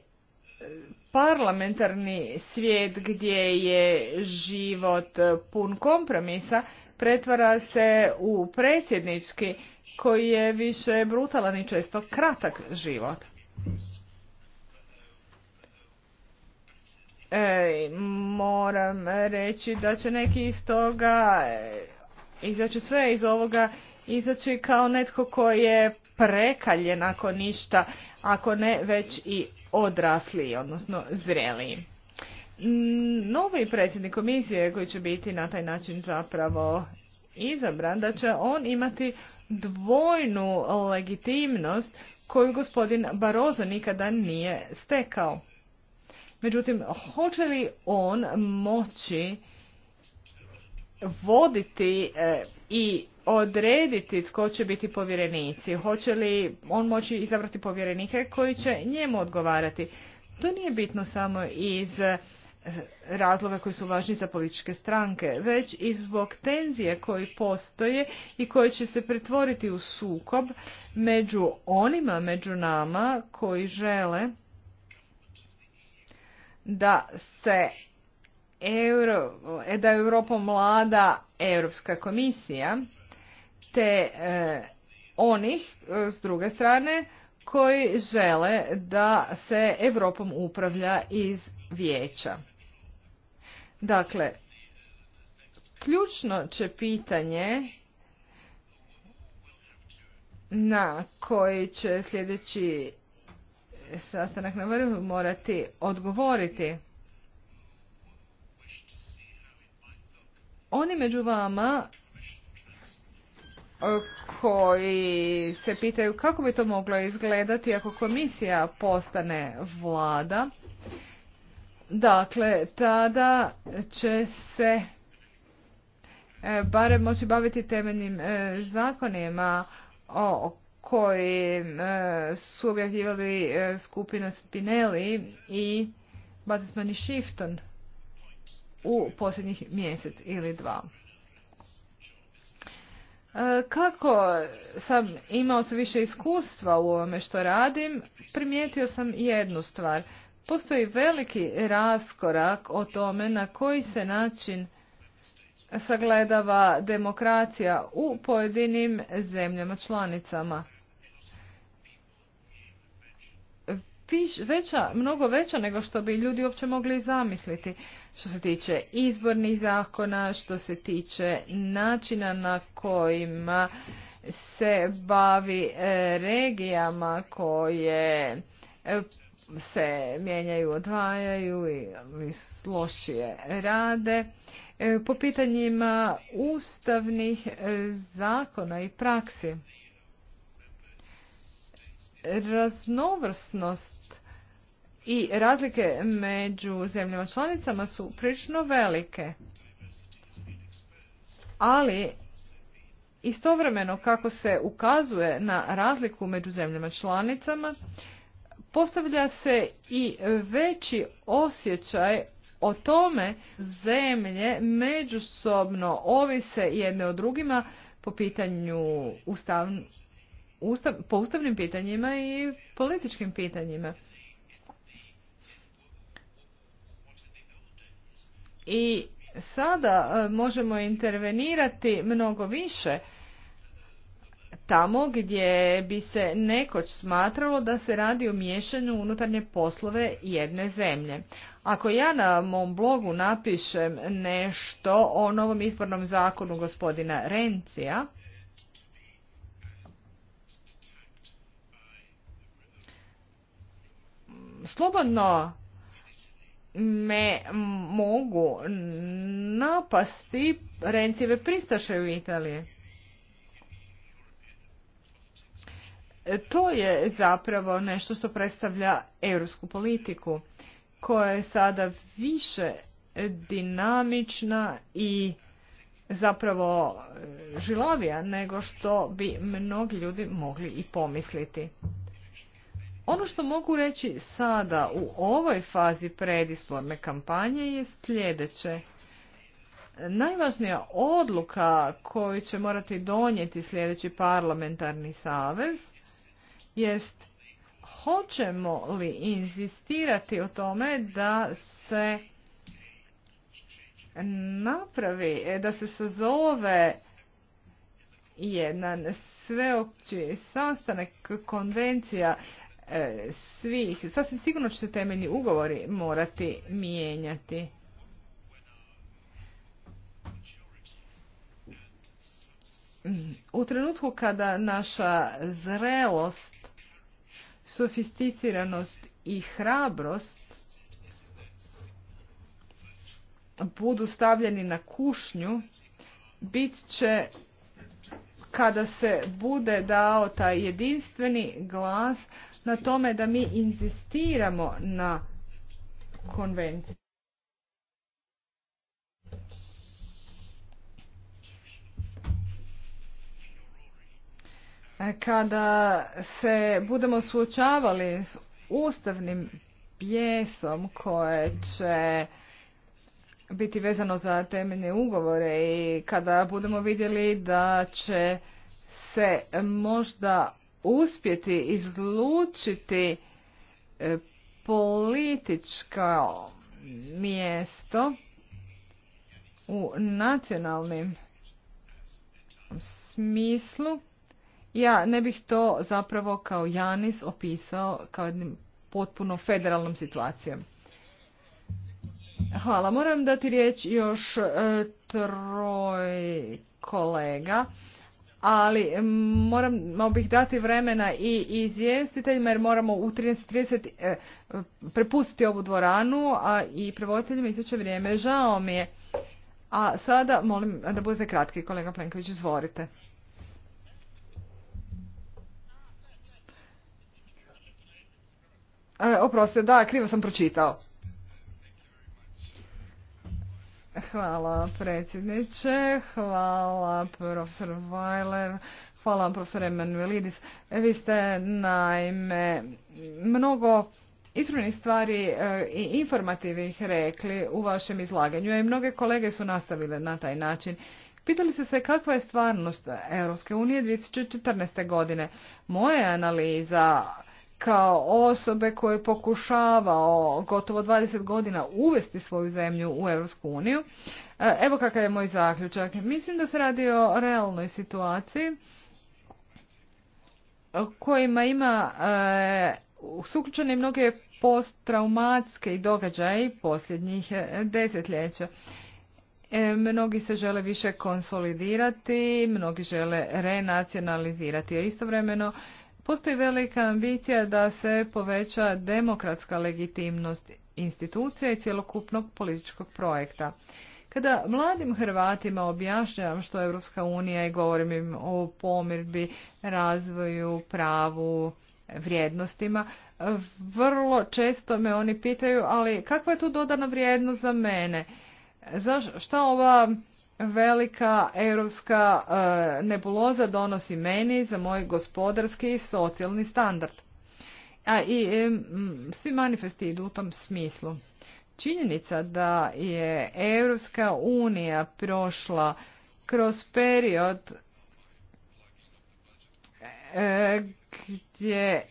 Speaker 1: parlamentarni svijet gdje je život pun kompromisa pretvara se u predsjednički koji je više brutalan i često kratak život. moram reći da će neki iz toga e, izaći sve iz ovoga, izaći kao netko koji je prekaljen ako ništa, ako ne već i odrasliji, odnosno zreliji. Mm, novi predsjednik komisije koji će biti na taj način zapravo izabran, da će on imati dvojnu legitimnost koju gospodin Barozo nikada nije stekao. Međutim, hoće li on moći voditi e, i odrediti tko će biti povjerenici, hoće li on moći izabrati povjerenike koji će njemu odgovarati. To nije bitno samo iz e, razloga koji su važni za političke stranke, već i zbog tenzije koji postoje i koji će se pretvoriti u sukob među onima među nama koji žele da se Euro, e, da je Europom mlada Europska komisija, te e, onih e, s druge strane koji žele da se Europom upravlja iz vijeća. Dakle, ključno će pitanje na koji će sljedeći sastanak na vrhu morati odgovoriti Oni među vama e, koji se pitaju kako bi to moglo izgledati ako komisija postane vlada. Dakle, tada će se e, barem moći baviti temeljnim e, zakonima o su objavljivali skupina Spinelli i Batisman i Shifton u posljednjih mjesec ili dva. E, kako sam imao sve više iskustva u ovome što radim, primijetio sam jednu stvar. Postoji veliki raskorak o tome na koji se način sagledava demokracija u pojedinim zemljama članicama. veća, mnogo veća nego što bi ljudi uopće mogli zamisliti. Što se tiče izbornih zakona, što se tiče načina na kojima se bavi e, regijama koje e, se mijenjaju, odvajaju i lošije rade. E, po pitanjima ustavnih zakona i praksi raznovrsnost i razlike među zemljama članicama su prilično velike. Ali istovremeno kako se ukazuje na razliku među zemljama članicama, postavlja se i veći osjećaj o tome zemlje međusobno ovise jedne o drugima po pitanju ustavnosti ustav, po ustavnim pitanjima i političkim pitanjima. I sada e, možemo intervenirati mnogo više tamo gdje bi se nekoć smatralo da se radi o miješanju unutarnje poslove jedne zemlje. Ako ja na mom blogu napišem nešto o novom izbornom zakonu gospodina Rencija, slobodno me mogu napasti rencive pristaše u Italiji. To je zapravo nešto što predstavlja europsku politiku koja je sada više dinamična i zapravo žilavija nego što bi mnogi ljudi mogli i pomisliti. Ono što mogu reći sada u ovoj fazi predizborne kampanje je sljedeće. Najvažnija odluka koju će morati donijeti sljedeći parlamentarni savez jest hoćemo li inzistirati o tome da se napravi, da se sazove jedan sveopći sastanak konvencija E, svih, sasvim sigurno će se temeljni ugovori morati mijenjati. U trenutku kada naša zrelost, sofisticiranost i hrabrost budu stavljeni na kušnju, bit će kada se bude dao taj jedinstveni glas na tome da mi inzistiramo na konvenciji. E, kada se budemo suočavali s ustavnim pjesom koje će biti vezano za temeljne ugovore i kada budemo vidjeli da će se možda uspjeti izlučiti e, političko mjesto u nacionalnim smislu, ja ne bih to zapravo kao Janis opisao kao jednim potpuno federalnom situacijom. Hvala. Moram dati riječ još e, troj kolega ali moramo bih dati vremena i izvjestiteljima jer moramo u 13.30 e, prepustiti ovu dvoranu, a i prevoditeljima izaće vrijeme. Žao mi je. A sada molim da budete kratki, kolega Plenković, izvolite. E, oprostite, da, krivo sam pročitao. Hvala predsjedniče, hvala profesor Weiler, hvala vam profesor Emanuelidis. E, vi ste naime mnogo ispravnih stvari e, i informativnih rekli u vašem izlaganju, i mnoge kolege su nastavile na taj način. Pitali ste se kakva je stvarnost Europske unije 2014. godine. Moja analiza kao osobe koje je pokušavao gotovo 20 godina uvesti svoju zemlju u Europsku uniju. E, evo kakav je moj zaključak. Mislim da se radi o realnoj situaciji kojima ima e, suključene mnoge posttraumatske i događaje posljednjih e, desetljeća. Mnogi se žele više konsolidirati, mnogi žele renacionalizirati, a istovremeno Postoji velika ambicija da se poveća demokratska legitimnost institucija i cjelokupnog političkog projekta. Kada mladim Hrvatima objašnjavam što je Europska unija i govorim im o pomirbi, razvoju, pravu, vrijednostima, vrlo često me oni pitaju, ali kakva je tu dodana vrijednost za mene? šta ova velika europska e, nebuloza donosi meni za moj gospodarski i socijalni standard. A i e, svi manifesti idu u tom smislu. Činjenica da je Europska unija prošla kroz period e, gdje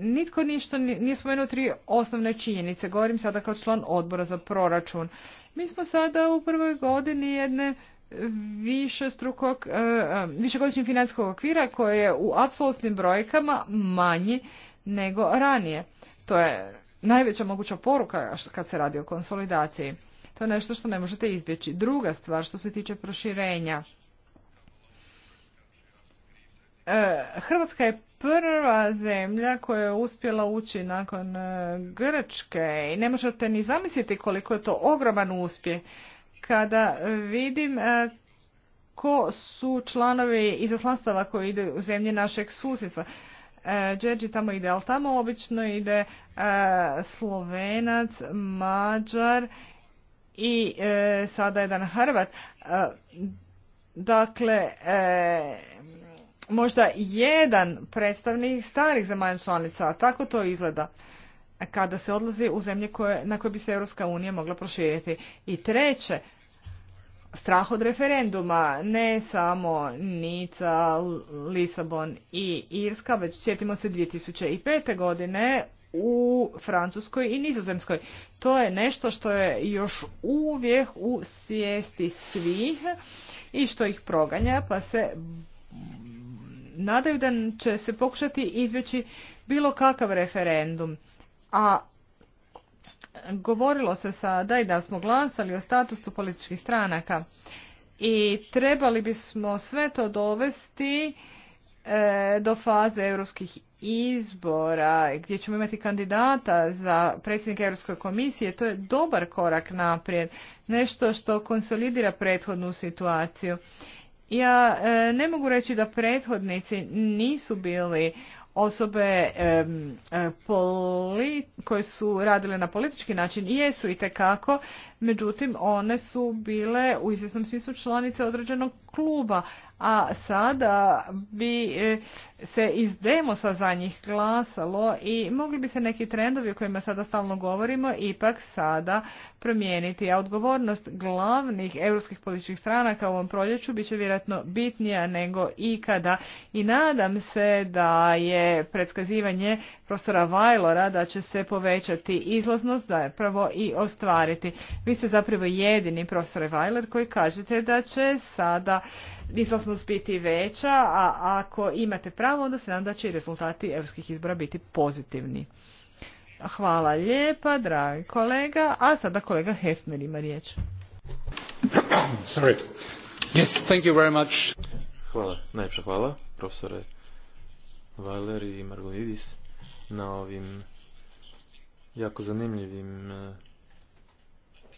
Speaker 1: nitko ništa nije spomenuo tri osnovne činjenice. Govorim sada kao član odbora za proračun. Mi smo sada u prvoj godini jedne više strukog, e, e, višegodišnjeg financijskog okvira koje je u apsolutnim brojkama manji nego ranije. To je najveća moguća poruka kad se radi o konsolidaciji. To je nešto što ne možete izbjeći. Druga stvar što se tiče proširenja. E, Hrvatska je prva zemlja koja je uspjela ući nakon e, Grčke i ne možete ni zamisliti koliko je to ogroman uspjeh. Kada vidim e, ko su članovi izaslanstava koji idu u zemlje našeg susjedstva, Đerđi tamo ide, ali tamo obično ide Slovenac, Mađar i sada jedan Hrvat. Dakle, možda jedan predstavnik starih zemalja članica, a tako to izgleda kada se odlazi u zemlje koje, na koje bi se Europska unija mogla proširiti. I treće, strah od referenduma, ne samo Nica, Lisabon i Irska, već sjetimo se 2005. godine u Francuskoj i Nizozemskoj. To je nešto što je još uvijek u svijesti svih i što ih proganja, pa se nadaju da će se pokušati izbjeći bilo kakav referendum. A govorilo se sada i da smo glasali o statusu političkih stranaka i trebali bismo sve to dovesti e, do faze europskih izbora gdje ćemo imati kandidata za predsjednika Europske komisije, to je dobar korak naprijed, nešto što konsolidira prethodnu situaciju. Ja e, ne mogu reći da prethodnici nisu bili osobe e, poli, koje su radile na politički način i jesu i tekako, međutim one su bile u izvjesnom smislu članice određenog kluba, a sada bi e, se iz demosa za njih glasalo i mogli bi se neki trendovi o kojima sada stalno govorimo ipak sada promijeniti. A odgovornost glavnih europskih političkih stranaka u ovom proljeću bit će vjerojatno bitnija nego ikada. I nadam se da je predskazivanje profesora Vajlora da će se povećati izlaznost da je pravo i ostvariti. Vi ste zapravo jedini profesor Vajler koji kažete da će sada izlaznost biti veća, a ako imate pravo, onda se nadam da će i rezultati europskih izbora biti pozitivni. Hvala lijepa, dragi kolega. A sada kolega Hefner ima riječ.
Speaker 3: (coughs) Sorry. Yes, Hvala, najljepša hvala, profesore Valer i Margonidis, na ovim jako zanimljivim e,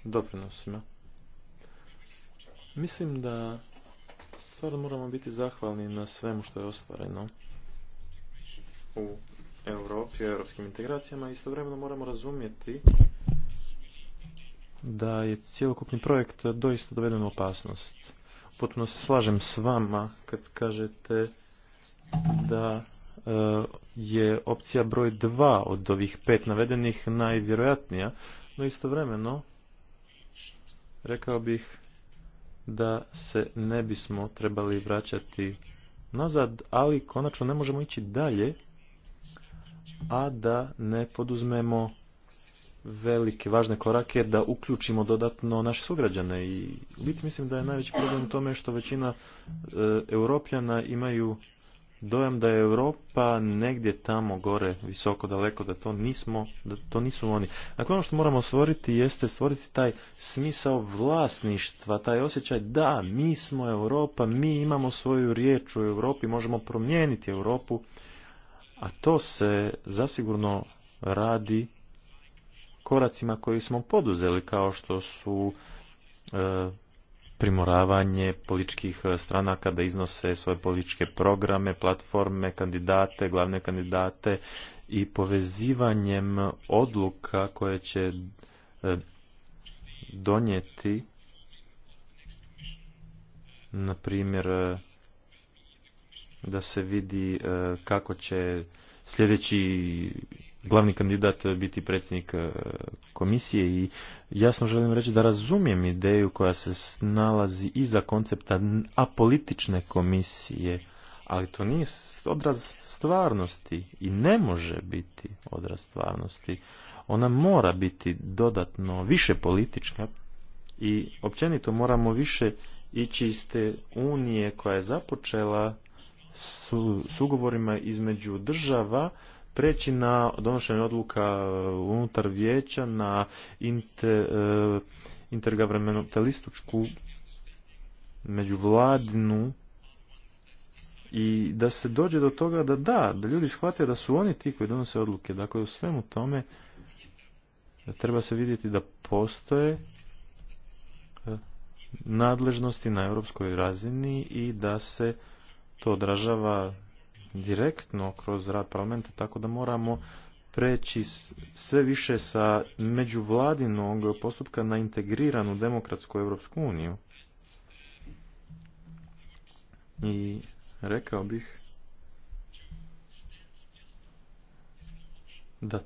Speaker 3: doprinosima. Mislim da Stvarno moramo biti zahvalni na svemu što je ostvareno u Europi, u europskim integracijama i istovremeno moramo razumjeti da je cijelokupni projekt doista doveden u opasnost. Potpuno se slažem s vama kad kažete da e, je opcija broj dva od ovih pet navedenih najvjerojatnija, no istovremeno rekao bih da se ne bismo trebali vraćati nazad, ali konačno ne možemo ići dalje, a da ne poduzmemo velike, važne korake da uključimo dodatno naše sugrađane i biti mislim da je najveći problem u tome što većina e, europljana imaju dojam da je Europa negdje tamo gore, visoko, daleko, da to nismo, da to nisu oni. Dakle, ono što moramo stvoriti jeste stvoriti taj smisao vlasništva, taj osjećaj da, mi smo Europa, mi imamo svoju riječ u Europi, možemo promijeniti Europu, a to se zasigurno radi koracima koji smo poduzeli, kao što su e, primoravanje političkih e, stranaka da iznose svoje političke programe, platforme, kandidate, glavne kandidate i povezivanjem odluka koje će e, donijeti na primjer e, da se vidi kako će sljedeći glavni kandidat eh, biti predsjednik eh, komisije i jasno želim reći da razumijem ideju koja se nalazi iza koncepta apolitične komisije, ali to nije odraz stvarnosti i ne može biti odraz stvarnosti. Ona mora biti dodatno više politička i općenito moramo više ići iz te unije koja je započela s ugovorima između država preći na donošenje odluka uh, unutar vijeća, na inter, uh, intergovernmentalističku međuvladinu i da se dođe do toga da da, da ljudi shvate da su oni ti koji donose odluke. Dakle, u svemu tome treba se vidjeti da postoje uh, nadležnosti na europskoj razini i da se to odražava direktno kroz rad parlamenta, tako da moramo preći sve više sa međuvladinog postupka na integriranu demokratsku Europsku uniju. I rekao bih da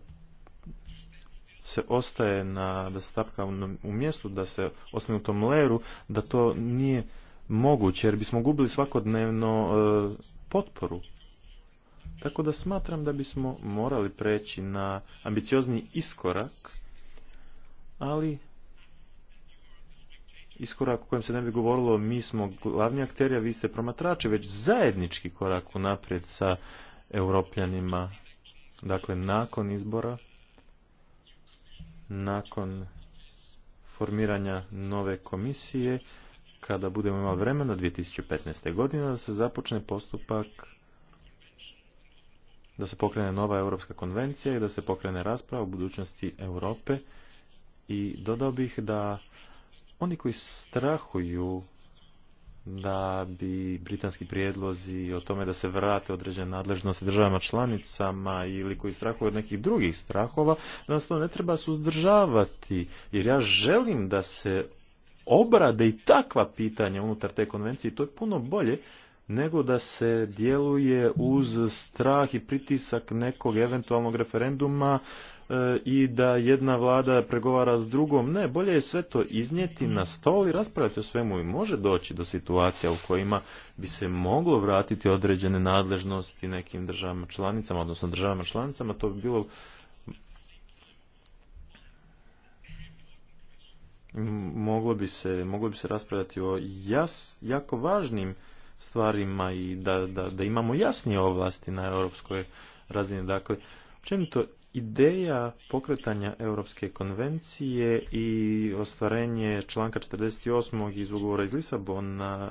Speaker 3: se ostaje na, da se tapka u mjestu, da se ostane u tom leru, da to nije moguće, jer bismo gubili svakodnevno e, potporu tako da smatram da bismo morali preći na ambiciozni iskorak, ali iskorak u kojem se ne bi govorilo mi smo glavni akteri, a vi ste promatrači, već zajednički korak u sa europljanima, dakle nakon izbora, nakon formiranja nove komisije, kada budemo imali vremena 2015. godine da se započne postupak da se pokrene nova europska konvencija i da se pokrene rasprava o budućnosti Europe i dodao bih da oni koji strahuju da bi britanski prijedlozi o tome da se vrate određene nadležnosti državama članicama ili koji strahuju od nekih drugih strahova, da nas to ne treba suzdržavati, jer ja želim da se obrade i takva pitanja unutar te konvencije, to je puno bolje nego da se djeluje uz strah i pritisak nekog eventualnog referenduma e, i da jedna vlada pregovara s drugom. Ne, bolje je sve to iznijeti na stol i raspravljati o svemu i može doći do situacija u kojima bi se moglo vratiti određene nadležnosti nekim državama članicama, odnosno državama članicama, to bi bilo moglo bi se, moglo bi se raspravljati o jas, jako važnim stvarima i da, da, da imamo jasnije ovlasti na europskoj razini. Dakle, općenito ideja pokretanja Europske konvencije i ostvarenje članka 48. iz ugovora iz Lisabona,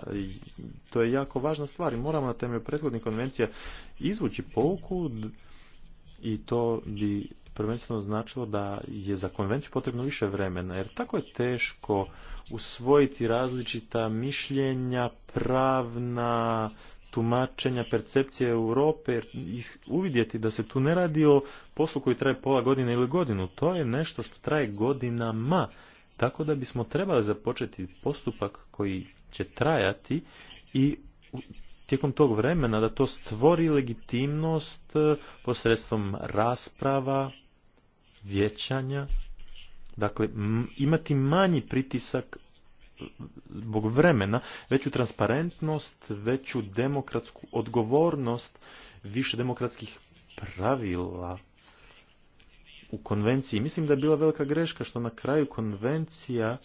Speaker 3: to je jako važna stvar i moramo na temelju prethodnih konvencija izvući pouku i to bi prvenstveno značilo da je za konvenciju potrebno više vremena, jer tako je teško usvojiti različita mišljenja, pravna tumačenja, percepcije Europe i uvidjeti da se tu ne radi o poslu koji traje pola godine ili godinu. To je nešto što traje godinama. Tako da bismo trebali započeti postupak koji će trajati i tijekom tog vremena da to stvori legitimnost e, posredstvom rasprava, vjećanja, dakle imati manji pritisak zbog vremena, veću transparentnost, veću demokratsku odgovornost, više demokratskih pravila u konvenciji. Mislim da je bila velika greška što na kraju konvencija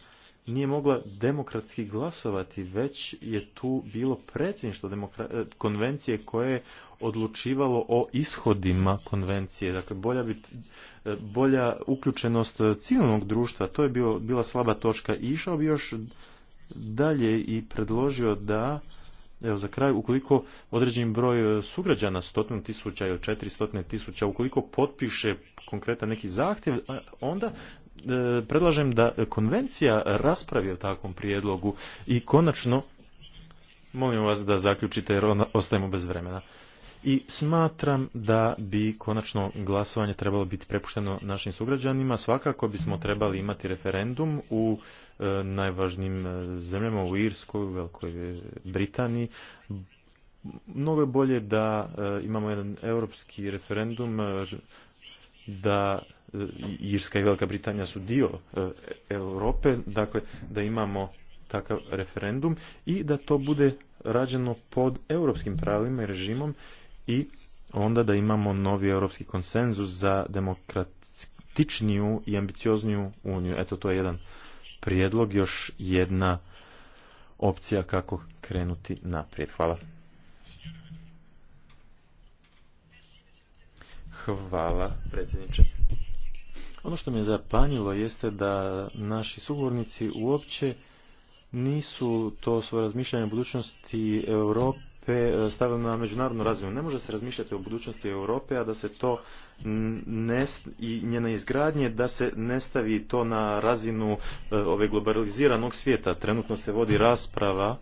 Speaker 3: nije mogla demokratski glasovati, već je tu bilo predsjedništvo e, konvencije koje je odlučivalo o ishodima konvencije. Dakle, bolja, bit, e, bolja uključenost civilnog društva, to je bio, bila slaba točka. I išao bi još dalje i predložio da Evo za kraj, ukoliko određen broj sugrađana, 100 tisuća ili 400 tisuća, ukoliko potpiše konkretan neki zahtjev, onda E, predlažem da konvencija raspravi o takvom prijedlogu i konačno molim vas da zaključite jer ostajemo bez vremena. I smatram da bi konačno glasovanje trebalo biti prepušteno našim sugrađanima. Svakako bismo trebali imati referendum u e, najvažnijim e, zemljama, u Irskoj, u Velikoj e, Britaniji. Mnogo je bolje da imamo jedan europski referendum, da E, Irska i Velika Britanija su dio e, Europe, dakle da imamo takav referendum i da to bude rađeno pod europskim pravilima i režimom i onda da imamo novi europski konsenzus za demokratičniju i ambiciozniju uniju. Eto, to je jedan prijedlog, još jedna opcija kako krenuti naprijed. Hvala. Hvala, predsjedniče. Ono što me zapanjilo jeste da naši sugovornici uopće nisu to svoje razmišljanje o budućnosti Europe e, stavili na međunarodnu razinu. Ne može se razmišljati o budućnosti Europe, a da se to ne, i njene izgradnje, da se ne stavi to na razinu e, ove globaliziranog svijeta. Trenutno se vodi rasprava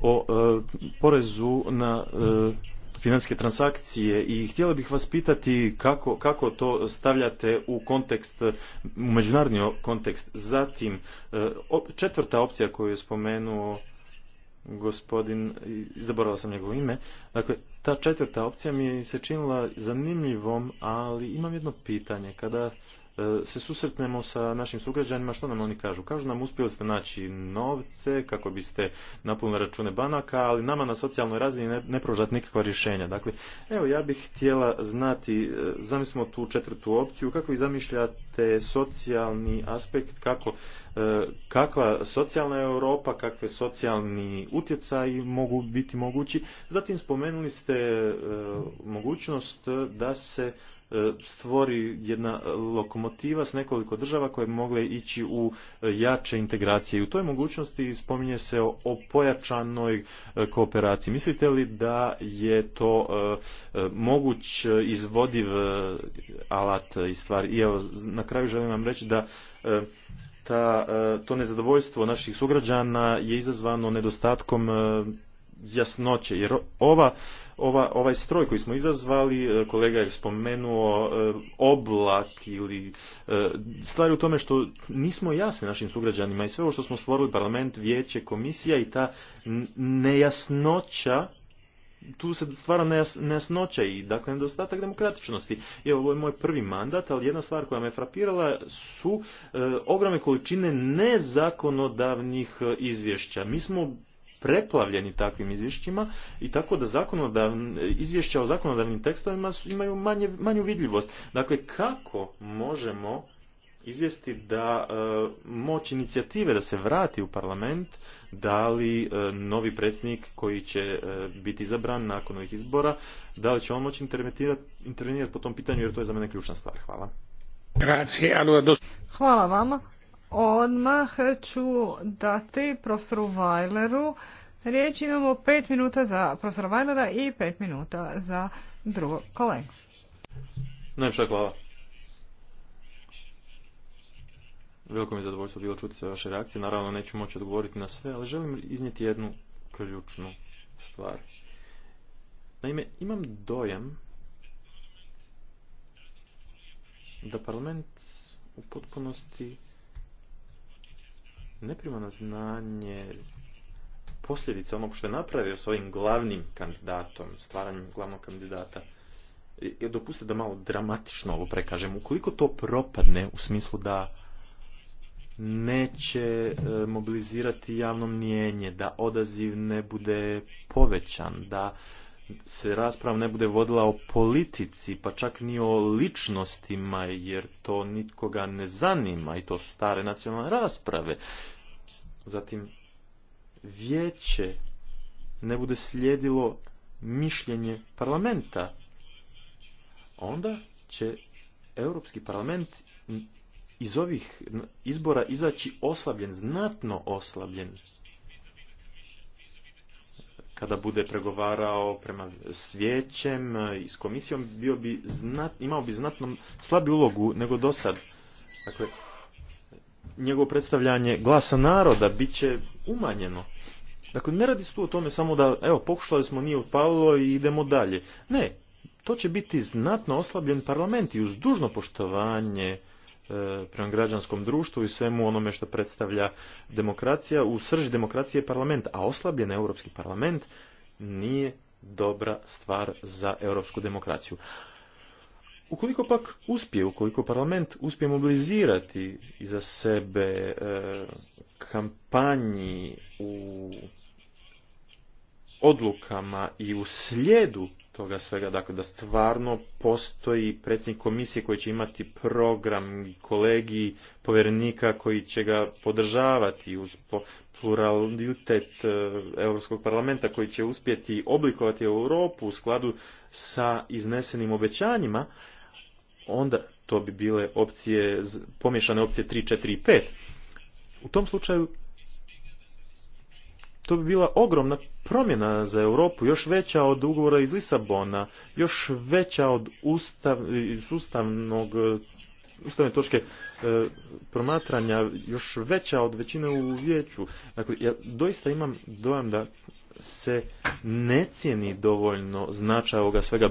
Speaker 3: o e, porezu na e, financijske transakcije i htjela bih vas pitati kako, kako to stavljate u kontekst, u međunarodni kontekst. Zatim, e, četvrta opcija koju je spomenuo gospodin, zaboravio sam njegovo ime, dakle, ta četvrta opcija mi se činila zanimljivom, ali imam jedno pitanje. Kada E, se susretnemo sa našim sugrađanima, što nam oni kažu? Kažu nam uspjeli ste naći novce kako biste napunili račune banaka, ali nama na socijalnoj razini ne, ne pružati nikakva rješenja. Dakle, evo ja bih htjela znati, e, zamislimo tu četvrtu opciju, kako vi zamišljate socijalni aspekt, kako E, kakva socijalna Europa, kakve socijalni utjecaji mogu biti mogući. Zatim spomenuli ste e, mogućnost da se e, stvori jedna lokomotiva s nekoliko država koje bi mogle ići u jače integracije. I u toj mogućnosti spominje se o, o pojačanoj kooperaciji. Mislite li da je to moguć izvodiv alat i stvar? I evo, na kraju želim vam reći da ta, e, to nezadovoljstvo naših sugrađana je izazvano nedostatkom e, jasnoće jer ova, ova, ovaj stroj koji smo izazvali, e, kolega je spomenuo oblak ili stvari u tome što nismo jasni našim sugrađanima i sve ovo što smo stvorili parlament, vijeće, komisija i ta nejasnoća tu se stvara nejasnoća i dakle nedostatak demokratičnosti. I ovo je moj prvi mandat, ali jedna stvar koja me frapirala su e, ogromne količine nezakonodavnih e, izvješća. Mi smo preplavljeni takvim izvješćima i tako da izvješća o zakonodavnim tekstovima imaju manje, manju vidljivost. Dakle, kako možemo izvijesti da e, moć inicijative da se vrati u parlament, da li e, novi predsjednik koji će e, biti izabran nakon ovih izbora, da li će on moći intervenirati po tom pitanju, jer to je za mene ključna stvar. Hvala.
Speaker 1: Hvala vama. Odmah ću dati profesoru Vajleru. Riječ imamo pet minuta za profesora Weilera i pet minuta za drugog kolegu.
Speaker 3: hvala. Veliko mi je zadovoljstvo bilo čuti sve vaše reakcije. Naravno, neću moći odgovoriti na sve, ali želim iznijeti jednu ključnu stvar. Naime, imam dojam da parlament u potpunosti ne prima na znanje posljedice onog što je napravio svojim glavnim kandidatom, stvaranjem glavnog kandidata. Dopustite da malo dramatično ovo prekažem. Ukoliko to propadne u smislu da neće e, mobilizirati javno mnijenje, da odaziv ne bude povećan, da se rasprava ne bude vodila o politici, pa čak ni o ličnostima, jer to nikoga ne zanima i to su stare nacionalne rasprave. Zatim, vijeće ne bude slijedilo mišljenje parlamenta, onda će Europski parlament iz ovih izbora izaći oslabljen, znatno oslabljen kada bude pregovarao prema svijećem i e, s komisijom, bio bi znat, imao bi znatno slabiju ulogu nego do sad. Dakle, njegovo predstavljanje glasa naroda bit će umanjeno. Dakle, ne radi se tu o tome samo da, evo, pokušali smo, nije upalilo i idemo dalje. Ne, to će biti znatno oslabljen parlament i uz dužno poštovanje E, prema građanskom društvu i svemu onome što predstavlja demokracija. U srži demokracije je parlament, a oslabljen Europski parlament nije dobra stvar za europsku demokraciju. Ukoliko pak uspije, ukoliko parlament uspije mobilizirati iza sebe e, kampanji u odlukama i u slijedu toga svega, dakle da stvarno postoji predsjednik komisije koji će imati program kolegi povjerenika koji će ga podržavati uz pluralitet e, Europskog parlamenta koji će uspjeti oblikovati Europu u skladu sa iznesenim obećanjima, onda to bi bile opcije, pomješane opcije 3, 4 i U tom slučaju to bi bila ogromna promjena za Europu, još veća od ugovora iz Lisabona, još veća od ustav, ustavnog, e, ustavne točke e, promatranja, još veća od većine u vijeću. Dakle, ja doista imam dojam da se ne cijeni dovoljno značaj ovoga svega, e,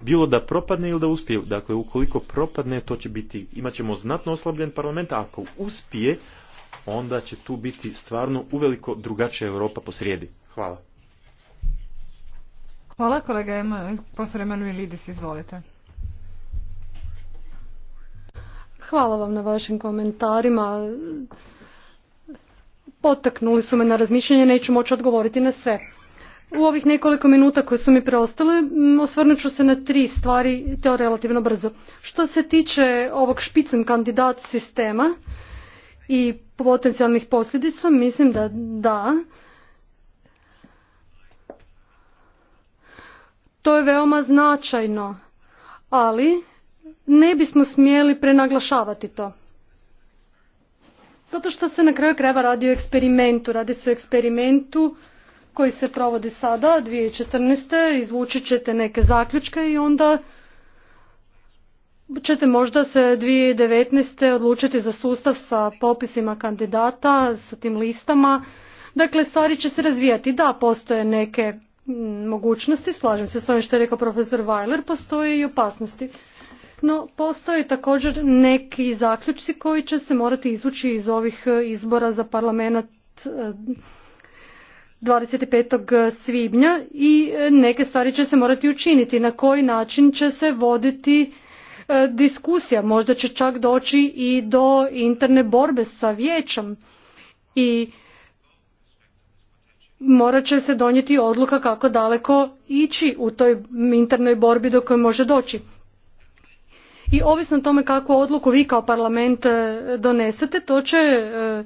Speaker 3: bilo da propadne ili da uspije. Dakle, ukoliko propadne, to će biti, imat ćemo znatno oslabljen parlament, a ako uspije, onda će tu biti stvarno uveliko drugačija Europa srijedi. Hvala.
Speaker 1: Hvala kolega Emanuel Lidis, izvolite.
Speaker 2: Hvala vam na vašim komentarima. Potaknuli su me na razmišljanje, neću moći odgovoriti na sve. U ovih nekoliko minuta koje su mi preostale osvrnut ću se na tri stvari, teo relativno brzo. Što se tiče ovog špicen kandidat sistema i potencijalnih posljedica? Mislim da da. To je veoma značajno, ali ne bismo smjeli prenaglašavati to. Zato što se na kraju krajeva radi o eksperimentu. Radi se o eksperimentu koji se provodi sada, 2014. Izvučit ćete neke zaključke i onda ćete možda se 2019. odlučiti za sustav sa popisima kandidata, sa tim listama. Dakle, stvari će se razvijati. Da, postoje neke mm, mogućnosti, slažem se s ovim što je rekao profesor Weiler, postoje i opasnosti. No, postoje također neki zaključci koji će se morati izvući iz ovih izbora za parlament 25. Eh, svibnja i eh, neke stvari će se morati učiniti. Na koji način će se voditi E, diskusija, možda će čak doći i do interne borbe sa vijećem i morat će se donijeti odluka kako daleko ići u toj internoj borbi do koje može doći. I ovisno o tome kakvu odluku vi kao parlament e, donesete, to će e,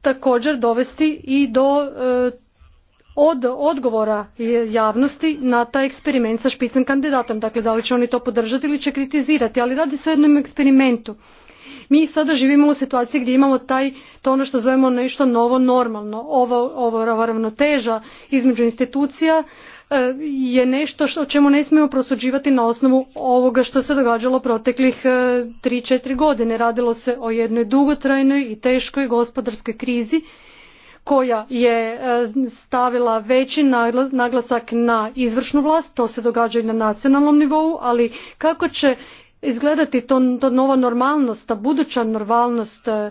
Speaker 2: također dovesti i do od odgovora javnosti na taj eksperiment sa špicom kandidatom. Dakle, da li će oni to podržati ili će kritizirati, ali radi se o jednom eksperimentu. Mi sada živimo u situaciji gdje imamo taj, to ono što zovemo nešto novo normalno. Ova ovo ravnoteža između institucija e, je nešto o čemu ne smijemo prosuđivati na osnovu ovoga što se događalo proteklih 3-4 e, godine. Radilo se o jednoj dugotrajnoj i teškoj gospodarskoj krizi koja je e, stavila veći naglasak na izvršnu vlast, to se događa i na nacionalnom nivou, ali kako će izgledati to, nova normalnost, ta buduća normalnost e,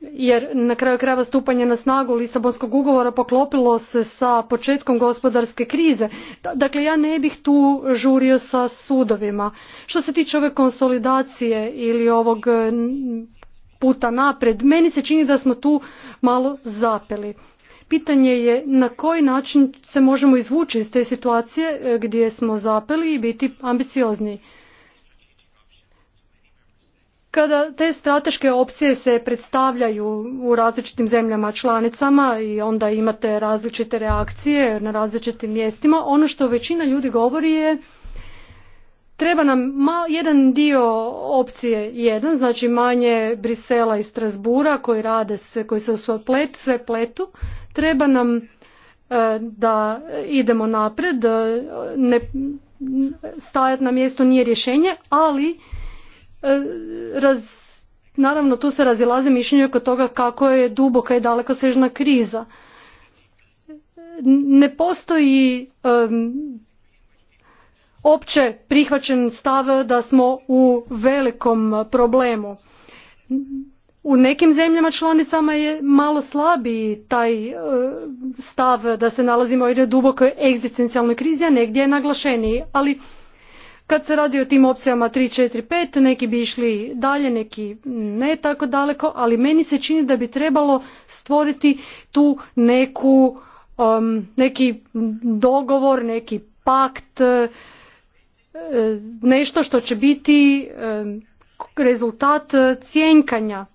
Speaker 2: jer na kraju krajeva stupanje na snagu Lisabonskog ugovora poklopilo se sa početkom gospodarske krize. Dakle, ja ne bih tu žurio sa sudovima. Što se tiče ove konsolidacije ili ovog puta napred. Meni se čini da smo tu malo zapeli. Pitanje je na koji način se možemo izvući iz te situacije e, gdje smo zapeli i biti ambiciozniji. Kada te strateške opcije se predstavljaju u različitim zemljama članicama i onda imate različite reakcije na različitim mjestima, ono što većina ljudi govori je Treba nam jedan dio opcije jedan, znači manje Brisela i Strasbura koji rade sve, koji se u svoj sve pletu. Treba nam e, da idemo napred, e, ne, stajat na mjestu nije rješenje, ali e, raz, Naravno, tu se razilaze mišljenje oko toga kako je duboka i daleko sežna kriza. Ne postoji opće prihvaćen stav da smo u velikom problemu. U nekim zemljama članicama je malo slabiji taj e, stav da se nalazimo u jednoj dubokoj egzistencijalnoj krizi, a negdje je naglašeniji. Ali kad se radi o tim opcijama 3, 4, 5, neki bi išli dalje, neki ne tako daleko, ali meni se čini da bi trebalo stvoriti tu neku, neki dogovor, neki pakt, E, nešto što će biti e, rezultat e, cjenkanja.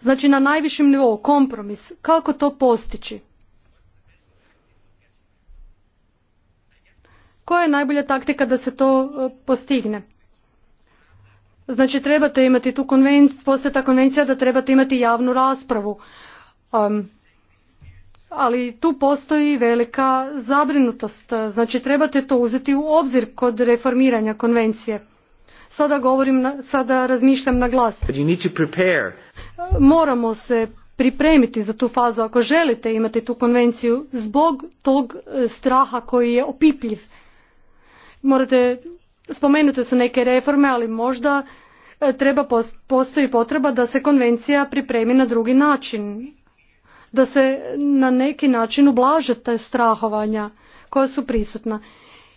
Speaker 2: Znači na najvišem nivou kompromis. Kako to postići? Koja je najbolja taktika da se to postigne? Znači trebate imati tu konvenciju, postoje ta konvencija da trebate imati javnu raspravu ali tu postoji velika zabrinutost. Znači trebate to uzeti u obzir kod reformiranja konvencije. Sada govorim, sada razmišljam na glas. Moramo se pripremiti za tu fazu ako želite imati tu konvenciju zbog tog e, straha koji je opipljiv. Morate, spomenute su neke reforme, ali možda e, treba postoji potreba da se konvencija pripremi na drugi način da se na neki način ublaže te strahovanja koja su prisutna.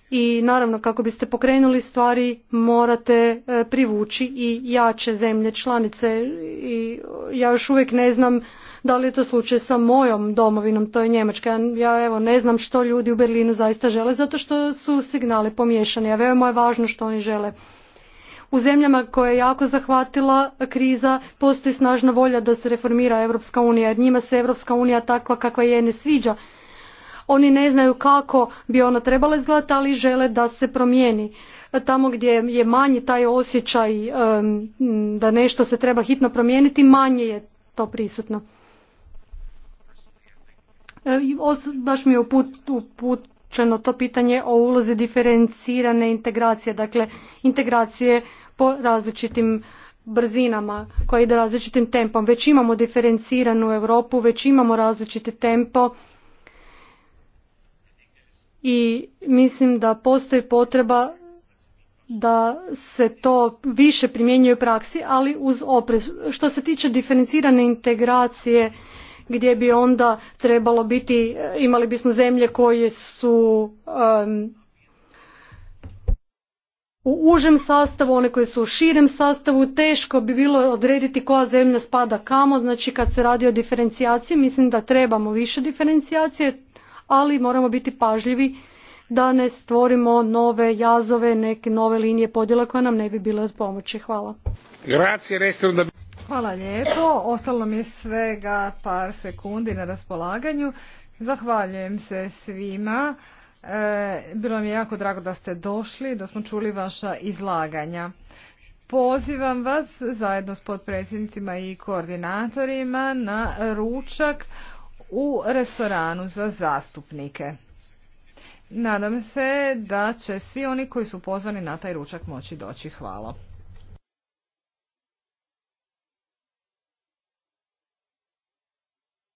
Speaker 2: I naravno kako biste pokrenuli stvari morate e, privući i jače zemlje članice i ja još uvijek ne znam da li je to slučaj sa mojom domovinom, to je Njemačka. Ja evo ne znam što ljudi u Berlinu zaista žele zato što su signali pomiješani, a veoma je važno što oni žele. U zemljama koje je jako zahvatila kriza postoji snažna volja da se reformira Europska unija jer njima se Europska unija takva kakva je ne sviđa. Oni ne znaju kako bi ona trebala izgledati, ali žele da se promijeni tamo gdje je manji taj osjećaj da nešto se treba hitno promijeniti, manje je to prisutno. E, baš mi je uput, obuhvaćeno to pitanje o ulozi diferencirane integracije, dakle integracije po različitim brzinama koja ide različitim tempom. Već imamo diferenciranu Europu, već imamo različiti tempo i mislim da postoji potreba da se to više primjenjuje u praksi, ali uz oprez. Što se tiče diferencirane integracije gdje bi onda trebalo biti, imali bismo zemlje koje su u užem sastavu, one koje su u širem sastavu, teško bi bilo odrediti koja zemlja spada kamo, znači kad se radi o diferencijaciji, mislim da trebamo više diferencijacije, ali moramo biti pažljivi da ne stvorimo nove jazove, neke nove linije podjela koja nam ne bi bile od pomoći. Hvala. Grazie, Hvala lijepo.
Speaker 1: Ostalo mi je svega par sekundi na raspolaganju. Zahvaljujem se svima. E, bilo mi je jako drago da ste došli, da smo čuli vaša izlaganja. Pozivam vas zajedno s potpredsjednicima i koordinatorima na ručak u restoranu za zastupnike. Nadam se da će svi oni koji su pozvani na taj ručak moći doći. Hvala.